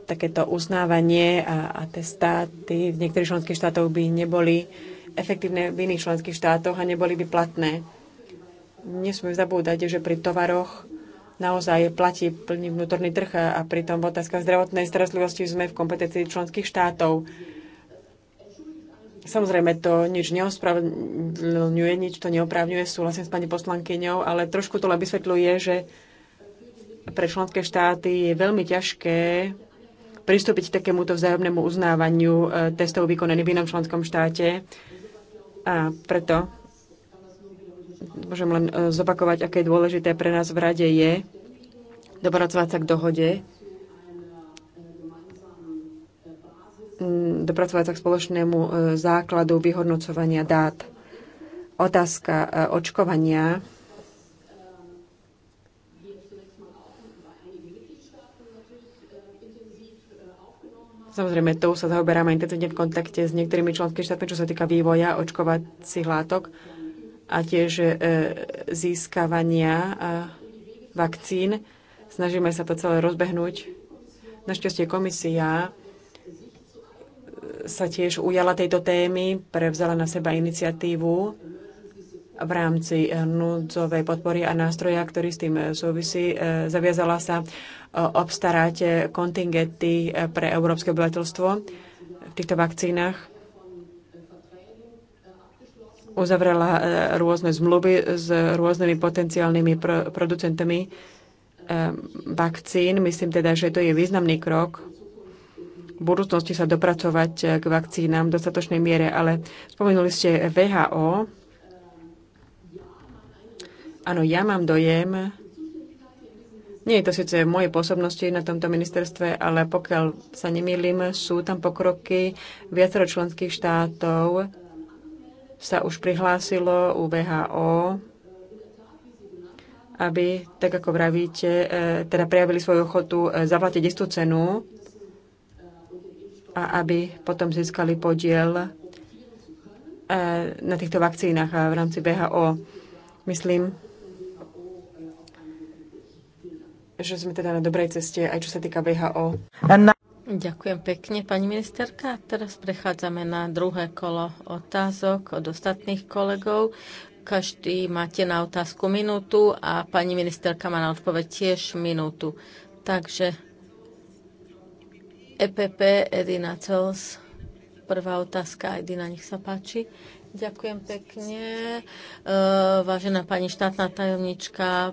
takéto uznávanie a, a testáty v niektorých členských štátoch by neboli efektívne v iných členských štátoch a neboli by platné. Nesmieme zabúdať, že pri tovaroch naozaj platí plný vnútorný trh a pritom v otázkach zdravotnej starostlivosti sme v kompetencii členských štátov. Samozrejme, to nič neospravňuje, nič to neoprávňuje, súhlasím s pani poslankyňou, ale trošku to len vysvetľuje, že pre členské štáty je veľmi ťažké pristúpiť k takémuto vzájomnému uznávaniu e, testov vykonaných v inom členskom štáte. A preto môžem len e, zopakovať, aké dôležité pre nás v rade je dopracovať sa k dohode, dopracovať sa k spoločnému e, základu vyhodnocovania dát. Otázka očkovania Samozrejme, tou sa zaoberáme intenzívne v kontakte s niektorými členskými štátmi, čo sa týka vývoja očkovacích látok a tiež e, získavania e, vakcín. Snažíme sa to celé rozbehnúť. Našťastie komisia e, sa tiež ujala tejto témy, prevzala na seba iniciatívu v rámci eh, núdzovej podpory a nástroja, ktorý s tým eh, súvisí. Eh, zaviazala sa obstarať kontingenty pre európske obyvateľstvo v týchto vakcínach. Uzavrela rôzne zmluvy s rôznymi potenciálnymi producentami vakcín. Myslím teda, že to je významný krok v budúcnosti sa dopracovať k vakcínám v dostatočnej miere, ale spomenuli ste VHO, Áno, ja mám dojem, nie je to síce v mojej pôsobnosti na tomto ministerstve, ale pokiaľ sa nemýlim, sú tam pokroky viacero členských štátov sa už prihlásilo u VHO, aby, tak ako vravíte, e, teda prejavili svoju ochotu e, zaplatiť istú cenu a aby potom získali podiel e, na týchto vakcínach v rámci VHO. Myslím, že sme teda na dobrej ceste, aj čo sa týka VHO. Ďakujem pekne, pani ministerka. Teraz prechádzame na druhé kolo otázok od ostatných kolegov. Každý máte na otázku minútu a pani ministerka má na odpoveď tiež minútu. Takže EPP Edina Cels. Prvá otázka, Edina, nech sa páči. Ďakujem pekne. E, vážená pani štátna tajomnička, e,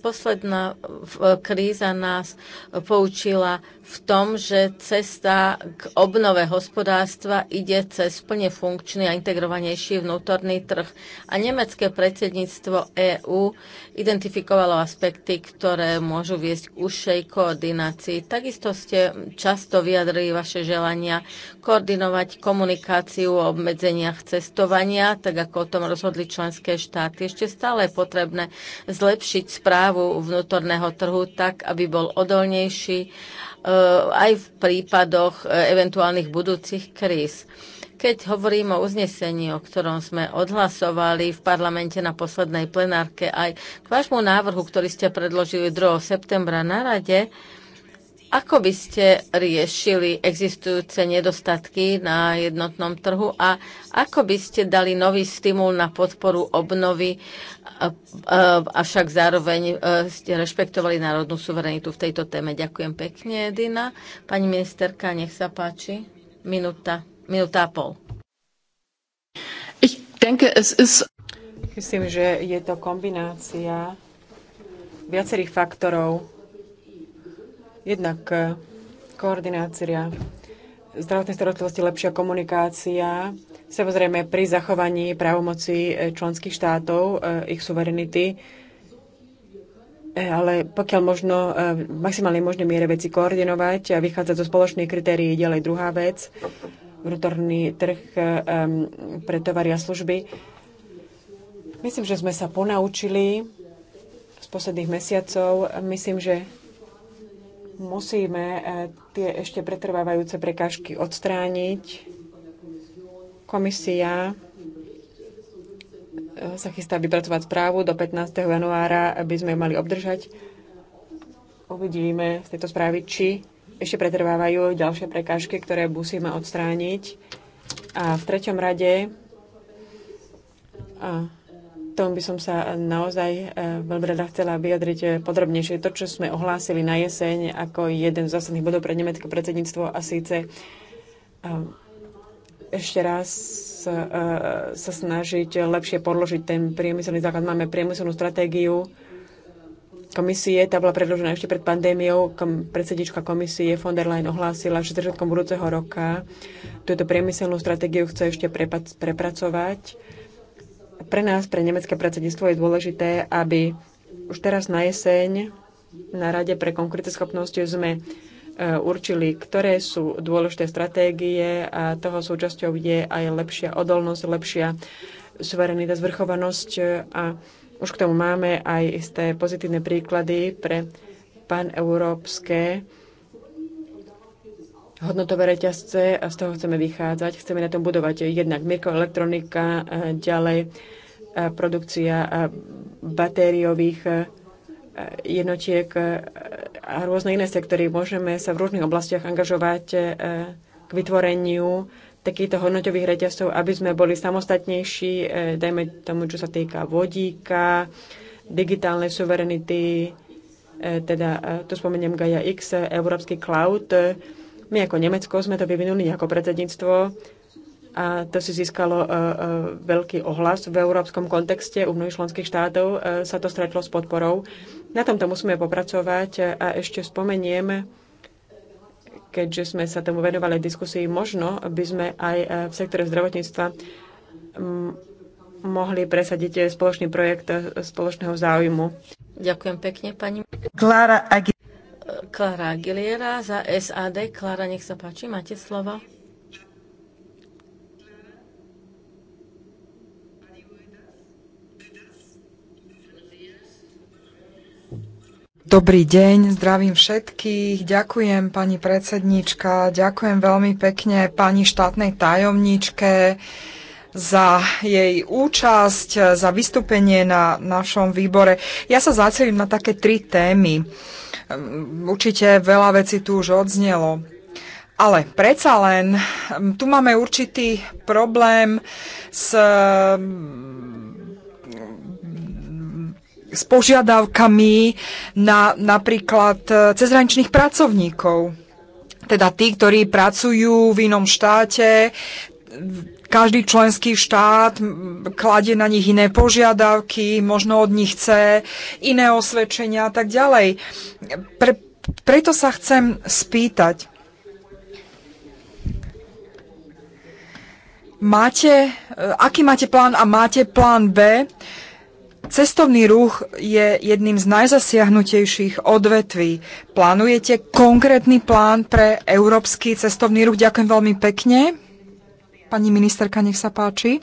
posledná e, kríza nás poučila v tom, že cesta k obnove hospodárstva ide cez plne funkčný a integrovanejší vnútorný trh. A nemecké predsedníctvo EÚ identifikovalo aspekty, ktoré môžu viesť k užšej koordinácii. Takisto ste často vyjadrili vaše želania koordinovať komunikáciu o obmedzeniach cestov testovania, tak ako o tom rozhodli členské štáty. Ešte stále je potrebné zlepšiť správu vnútorného trhu tak, aby bol odolnejší e, aj v prípadoch e, eventuálnych budúcich kríz keď hovorím o uznesení, o ktorom sme odhlasovali v parlamente na poslednej plenárke, aj k vášmu návrhu, ktorý ste predložili 2. septembra na rade, ako by ste riešili existujúce nedostatky na jednotnom trhu a ako by ste dali nový stimul na podporu obnovy, e, e, avšak zároveň e, ste rešpektovali národnú suverenitu v tejto téme? Ďakujem pekne, Dina. Pani ministerka, nech sa páči. Minúta, minúta a pol. Myslím, že je to kombinácia viacerých faktorov, Jednak e, koordinácia zdravotnej starostlivosti, lepšia komunikácia, samozrejme pri zachovaní právomoci e, členských štátov, e, ich suverenity, ale pokiaľ možno v maximálnej možnej miere veci koordinovať a vychádzať zo spoločných kritérií, ďalej druhá vec, vnútorný trh pre tovary a služby. Myslím, že sme sa ponaučili z posledných mesiacov. Myslím, že Musíme e, tie ešte pretrvávajúce prekážky odstrániť. Komisia e, sa chystá vypracovať správu. Do 15. januára aby sme ju mali obdržať. Uvidíme z tejto správy, či ešte pretrvávajú ďalšie prekážky, ktoré musíme odstrániť. A v treťom rade a tom by som sa naozaj e, veľmi rada chcela vyjadriť e, podrobnejšie. To, čo sme ohlásili na jeseň ako jeden z zásadných bodov pre nemecké predsedníctvo a síce e, ešte raz sa snažiť lepšie podložiť ten priemyselný základ. Máme priemyselnú stratégiu komisie, tá bola predložená ešte pred pandémiou. predsednička komisie von der Leyen ohlásila, že začiatkom budúceho roka túto priemyselnú stratégiu chce ešte prepracovať pre nás, pre nemecké predsedníctvo je dôležité, aby už teraz na jeseň na Rade pre konkrétne schopnosti sme e, určili, ktoré sú dôležité stratégie a toho súčasťou je aj lepšia odolnosť, lepšia suverenita, zvrchovanosť a už k tomu máme aj isté pozitívne príklady pre paneurópske európske hodnotové reťazce a z toho chceme vychádzať. Chceme na tom budovať jednak mikroelektronika, ďalej produkcia batériových jednotiek a rôzne iné sektory. Môžeme sa v rôznych oblastiach angažovať e, k vytvoreniu takýchto hodnotových reťazcov, aby sme boli samostatnejší, e, dajme tomu, čo sa týka vodíka, digitálnej suverenity, e, teda tu spomeniem Gaia X, Európsky cloud, my ako Nemecko sme to vyvinuli ako predsedníctvo a to si získalo e, e, veľký ohlas v európskom kontexte. U mnohých členských štátov e, sa to stretlo s podporou. Na tomto musíme popracovať a ešte spomeniem, keďže sme sa tomu venovali v diskusii, možno by sme aj v sektore zdravotníctva mohli presadiť spoločný projekt spoločného záujmu. Ďakujem pekne, pani. Klára Agi. Klara Aguilera za SAD. Klara, nech sa páči, máte slovo. Dobrý deň, zdravím všetkých. Ďakujem pani predsednička, ďakujem veľmi pekne pani štátnej tajomničke za jej účasť, za vystúpenie na našom výbore. Ja sa zacelím na také tri témy. Ehm, určite veľa vecí tu už odznelo. Ale predsa len, ehm, tu máme určitý problém s, ehm, s požiadavkami na napríklad e, cezraničných pracovníkov. Teda tí, ktorí pracujú v inom štáte, každý členský štát kladie na nich iné požiadavky, možno od nich chce iné osvedčenia a tak ďalej pre, preto sa chcem spýtať, máte, e, aký máte plán a máte plán B? Cestovný ruch je jedným z najzasiahnutejších odvetví. Plánujete konkrétny plán pre európsky cestovný ruch? Ďakujem veľmi pekne. Pani ministerka, nech sa páči.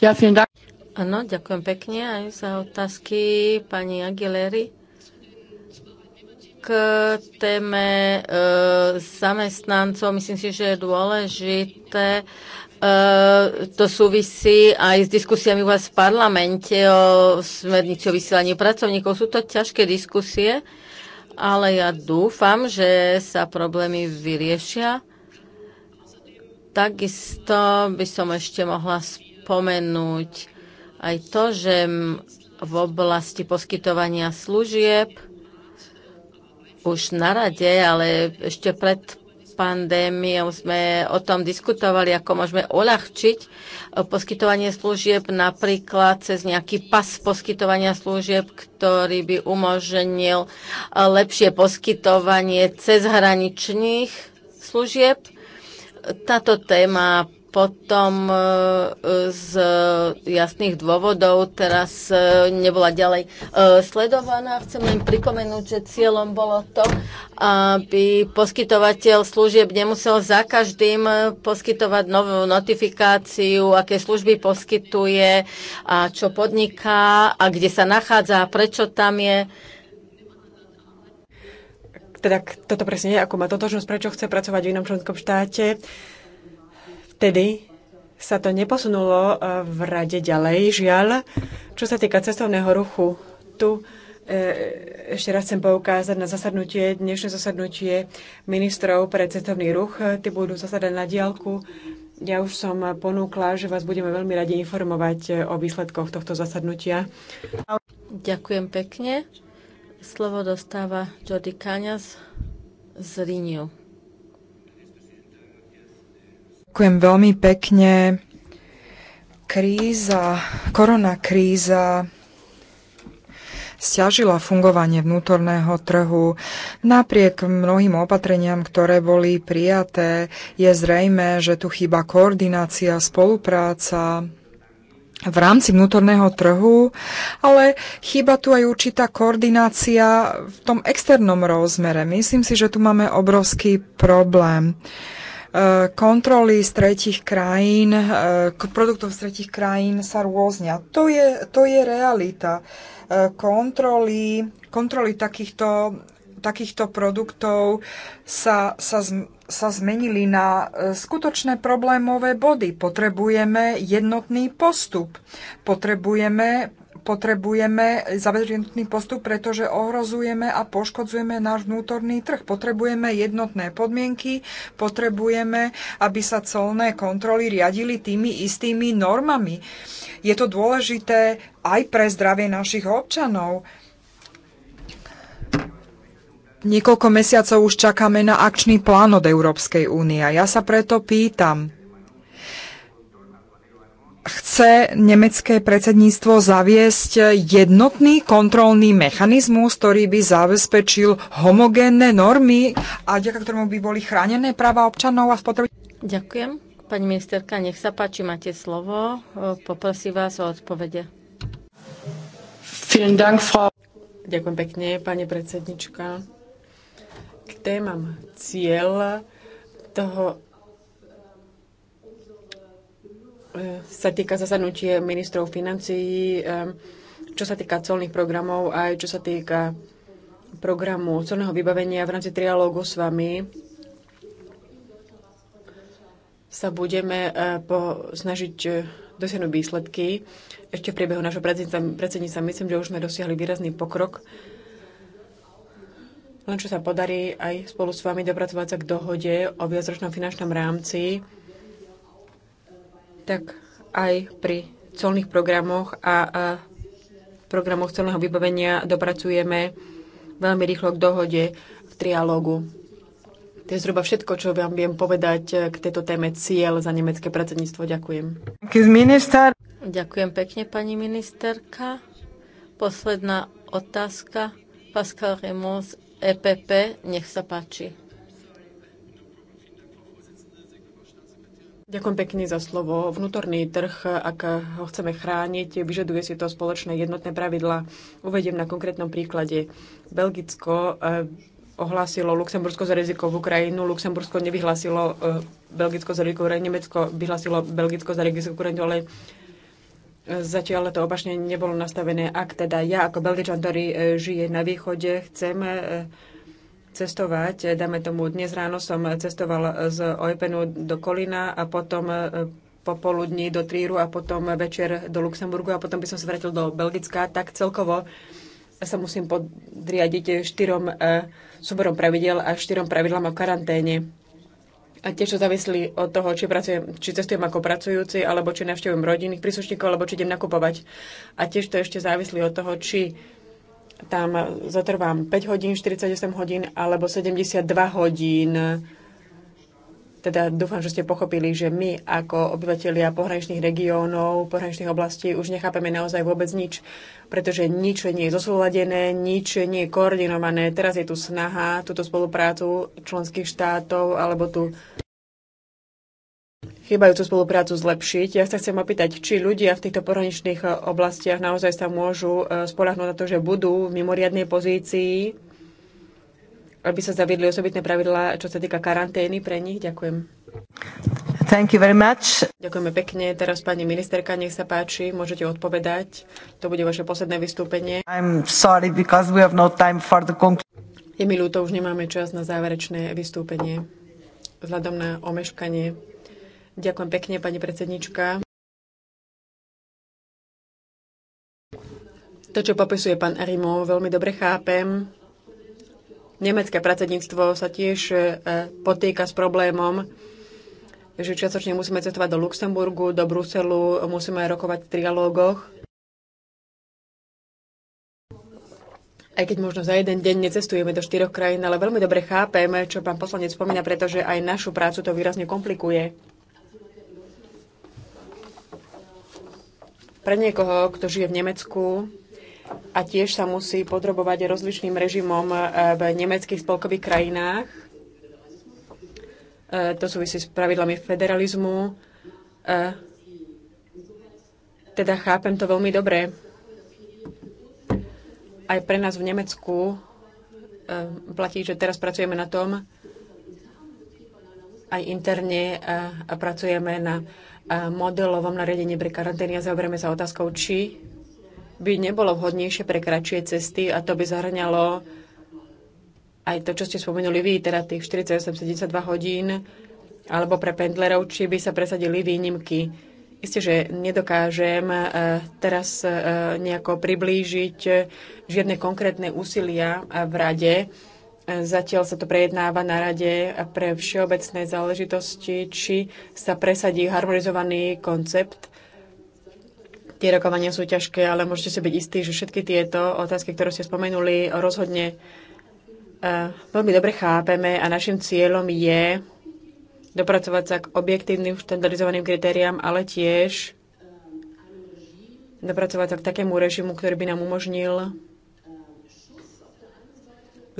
Ja, Áno, ďakujem pekne aj za otázky pani Aguilery k téme e, zamestnancov. Myslím si, že je dôležité. E, to súvisí aj s diskusiami u vás v parlamente o smernici o vysielaní pracovníkov. Sú to ťažké diskusie, ale ja dúfam, že sa problémy vyriešia. Takisto by som ešte mohla spomenúť aj to, že v oblasti poskytovania služieb už na rade, ale ešte pred pandémiou sme o tom diskutovali, ako môžeme uľahčiť e, poskytovanie služieb napríklad cez nejaký pas poskytovania služieb, ktorý by umožnil e, lepšie poskytovanie cezhraničných služieb. Táto téma potom e, e, z jasných dôvodov teraz e, nebola ďalej sledovaná. Chcem len pripomenúť, že cieľom bolo to, aby poskytovateľ služieb nemusel za každým poskytovať novú notifikáciu, aké služby poskytuje a čo podniká a kde sa nachádza a prečo tam je teda toto presne je, ako má totožnosť, prečo chce pracovať v inom členskom štáte. Vtedy sa to neposunulo eh, v rade ďalej, žiaľ. Čo sa týka cestovného ruchu, tu eh, ešte raz chcem poukázať na zasadnutie, dnešné zasadnutie ministrov pre cestovný ruch. Ty budú zasadať na diálku. Ja už som ponúkla, že vás budeme veľmi radi informovať eh, o výsledkoch tohto zasadnutia. Ďakujem pekne. Slovo dostáva Jordi Káňas z Riniu. Ďakujem veľmi pekne. Kríza, kríza stiažila fungovanie vnútorného trhu. Napriek mnohým opatreniam, ktoré boli prijaté, je zrejme, že tu chýba koordinácia, spolupráca v rámci vnútorného trhu, ale chýba tu aj určitá koordinácia v tom externom rozmere. Myslím si, že tu máme obrovský problém. Uh, Eh, kontroly z tretich krajín, eh, produktov z tretich krajín sa rôznia. To je, to je realita. Eh, kontroly, kontroly takýchto, takýchto produktov sa, sa, sa zmenili na skutočné problémové body. Potrebujeme jednotný postup. Potrebujeme potrebujeme zabezpečený postup, pretože ohrozujeme a poškodzujeme náš vnútorný trh. Potrebujeme jednotné podmienky, potrebujeme, aby sa colné kontroly riadili tými istými normami. Je to dôležité aj pre zdravie našich občanov. Niekoľko mesiacov už čakáme na akčný plán od Európskej únie. Ja sa preto pýtam, chce nemecké predsedníctvo zaviesť jednotný kontrolný mechanizmus, ktorý by zabezpečil homogénne normy a ďaká ktorému by boli chránené práva občanov a spotrebiteľov? Ďakujem. Pani ministerka, nech sa páči, máte slovo. E, poprosím vás o odpovede. Ďakujem pekne, pani predsednička. K témam cieľ toho Eh, sa týka zasadnutie ministrov financií, eh, čo sa týka colných programov, aj čo sa týka programu colného vybavenia v rámci trialógu s vami sa budeme eh, po, snažiť dosiahnuť výsledky. Ešte v priebehu našho predsednica myslím, že už sme dosiahli výrazný pokrok. Len čo sa podarí aj spolu s vami dopracovať sa k dohode o viacročnom finančnom rámci, tak aj pri colných programoch a, programoch celného vybavenia dopracujeme veľmi rýchlo k dohode v trialógu. To je zhruba všetko, čo vám viem povedať eh, k tejto téme cieľ za nemecké predsedníctvo. Ďakujem. Minister. Ďakujem pekne, pani ministerka. Posledná otázka. Pascal Remos, EPP, nech sa páči. Ďakujem pekne za slovo. Vnútorný trh, ak ho chceme chrániť, vyžaduje si to spoločné jednotné pravidla. Uvediem na konkrétnom príklade. Belgicko eh, ohlásilo Luxembursko za riziko v Ukrajinu, Luxembursko nevyhlásilo eh, Belgicko za riziko Ukrajinu, Nemecko vyhlásilo Belgicko za riziko Ukrajinu, ale eh, zatiaľ to opačne nebolo nastavené. Ak teda ja ako Belgičan, ktorý žije na východe, chcem cestovať. Dáme tomu, dnes ráno som cestoval z Oepenu do Kolina a potom e, popoludní do Tríru a potom večer do Luxemburgu a potom by som sa vrátil do Belgická, tak celkovo sa musím podriadiť štyrom e, súborom pravidel a štyrom pravidlám o karanténe. A tiež to závislí od toho, či, pracujem, či cestujem ako pracujúci, alebo či navštevujem rodinných príslušníkov, alebo či idem nakupovať. A tiež to ešte závislí od toho, či tam zatrvám 5 hodín, 48 hodín alebo 72 hodín. Teda dúfam, že ste pochopili, že my ako obyvateľia pohraničných regiónov, pohraničných oblastí už nechápeme naozaj vôbec nič, pretože nič nie je zosúladené, nič nie je koordinované. Teraz je tu snaha túto spoluprácu členských štátov alebo tu chýbajúcu spoluprácu zlepšiť. Ja sa chcem opýtať, či ľudia v týchto pohraničných eh, oblastiach naozaj sa môžu eh, spolahnúť na to, že budú v mimoriadnej pozícii, aby sa zaviedli osobitné pravidlá, čo sa týka karantény pre nich. Ďakujem. Thank you very much. Ďakujeme pekne. Teraz pani ministerka, nech sa páči, môžete odpovedať. To bude vaše posledné vystúpenie. I'm sorry because we have no time for the Je mi ľúto, už nemáme čas na záverečné vystúpenie vzhľadom na omeškanie Ďakujem pekne, pani predsednička. To, čo popisuje pán Arimo, veľmi dobre chápem. Nemecké predsedníctvo sa tiež e, potýka s problémom, že čiastočne musíme cestovať do Luxemburgu, do Bruselu, musíme rokovať v trialógoch. Aj keď možno za jeden deň necestujeme do štyroch krajín, ale veľmi dobre chápeme, čo pán poslanec spomína, pretože aj našu prácu to výrazne komplikuje. Pre niekoho, kto žije v Nemecku a tiež sa musí podrobovať rozličným režimom e, v nemeckých spolkových krajinách, e, to súvisí s pravidlami federalizmu, e, teda chápem to veľmi dobre. Aj pre nás v Nemecku platí, že teraz pracujeme na tom, aj interne a, pracujeme na modelovom nariadení pre karantény a zaoberieme sa otázkou, či by nebolo vhodnejšie pre kratšie cesty a to by zahrňalo aj to, čo ste spomenuli vy, teda tých 48-72 hodín, alebo pre pendlerov, či by sa presadili výnimky. Isté, že nedokážem e, teraz e, nejako priblížiť e, žiadne konkrétne úsilia v rade, Zatiaľ sa to prejednáva na Rade pre všeobecné záležitosti, či sa presadí harmonizovaný koncept. Tie rokovania sú ťažké, ale môžete si byť istí, že všetky tieto otázky, ktoré ste spomenuli, rozhodne e, veľmi dobre chápeme a našim cieľom je dopracovať sa k objektívnym štandardizovaným kritériám, ale tiež dopracovať sa k takému režimu, ktorý by nám umožnil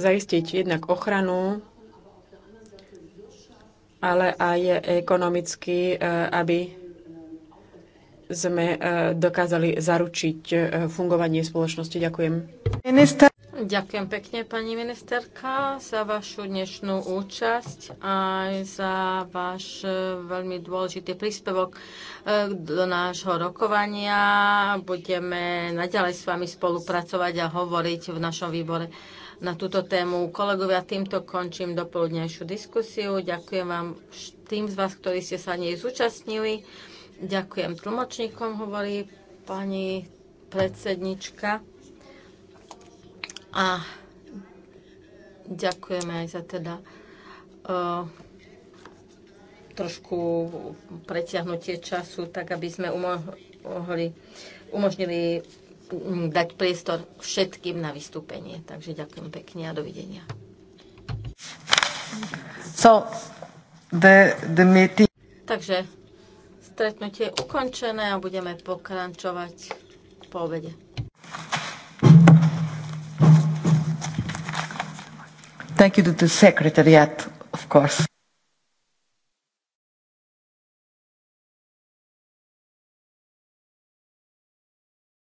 zaistiť jednak ochranu, ale aj ekonomicky, e, aby sme e, dokázali zaručiť e, fungovanie spoločnosti. Ďakujem. Minister. Ďakujem pekne, pani ministerka, za vašu dnešnú účasť aj za váš veľmi dôležitý príspevok do nášho rokovania. Budeme naďalej s vami spolupracovať a hovoriť v našom výbore na túto tému. Kolegovia, týmto končím dopoludnejšiu diskusiu. Ďakujem vám tým z vás, ktorí ste sa nej zúčastnili. Ďakujem tlmočníkom, hovorí pani predsednička. A ďakujeme aj za teda uh, trošku pretiahnutie času, tak aby sme umohli, umožnili dať priestor všetkým na vystúpenie. Takže ďakujem pekne a dovidenia. So, the, the meeting... Takže stretnutie je ukončené a budeme pokračovať po obede. Thank you to the secretariat, of course.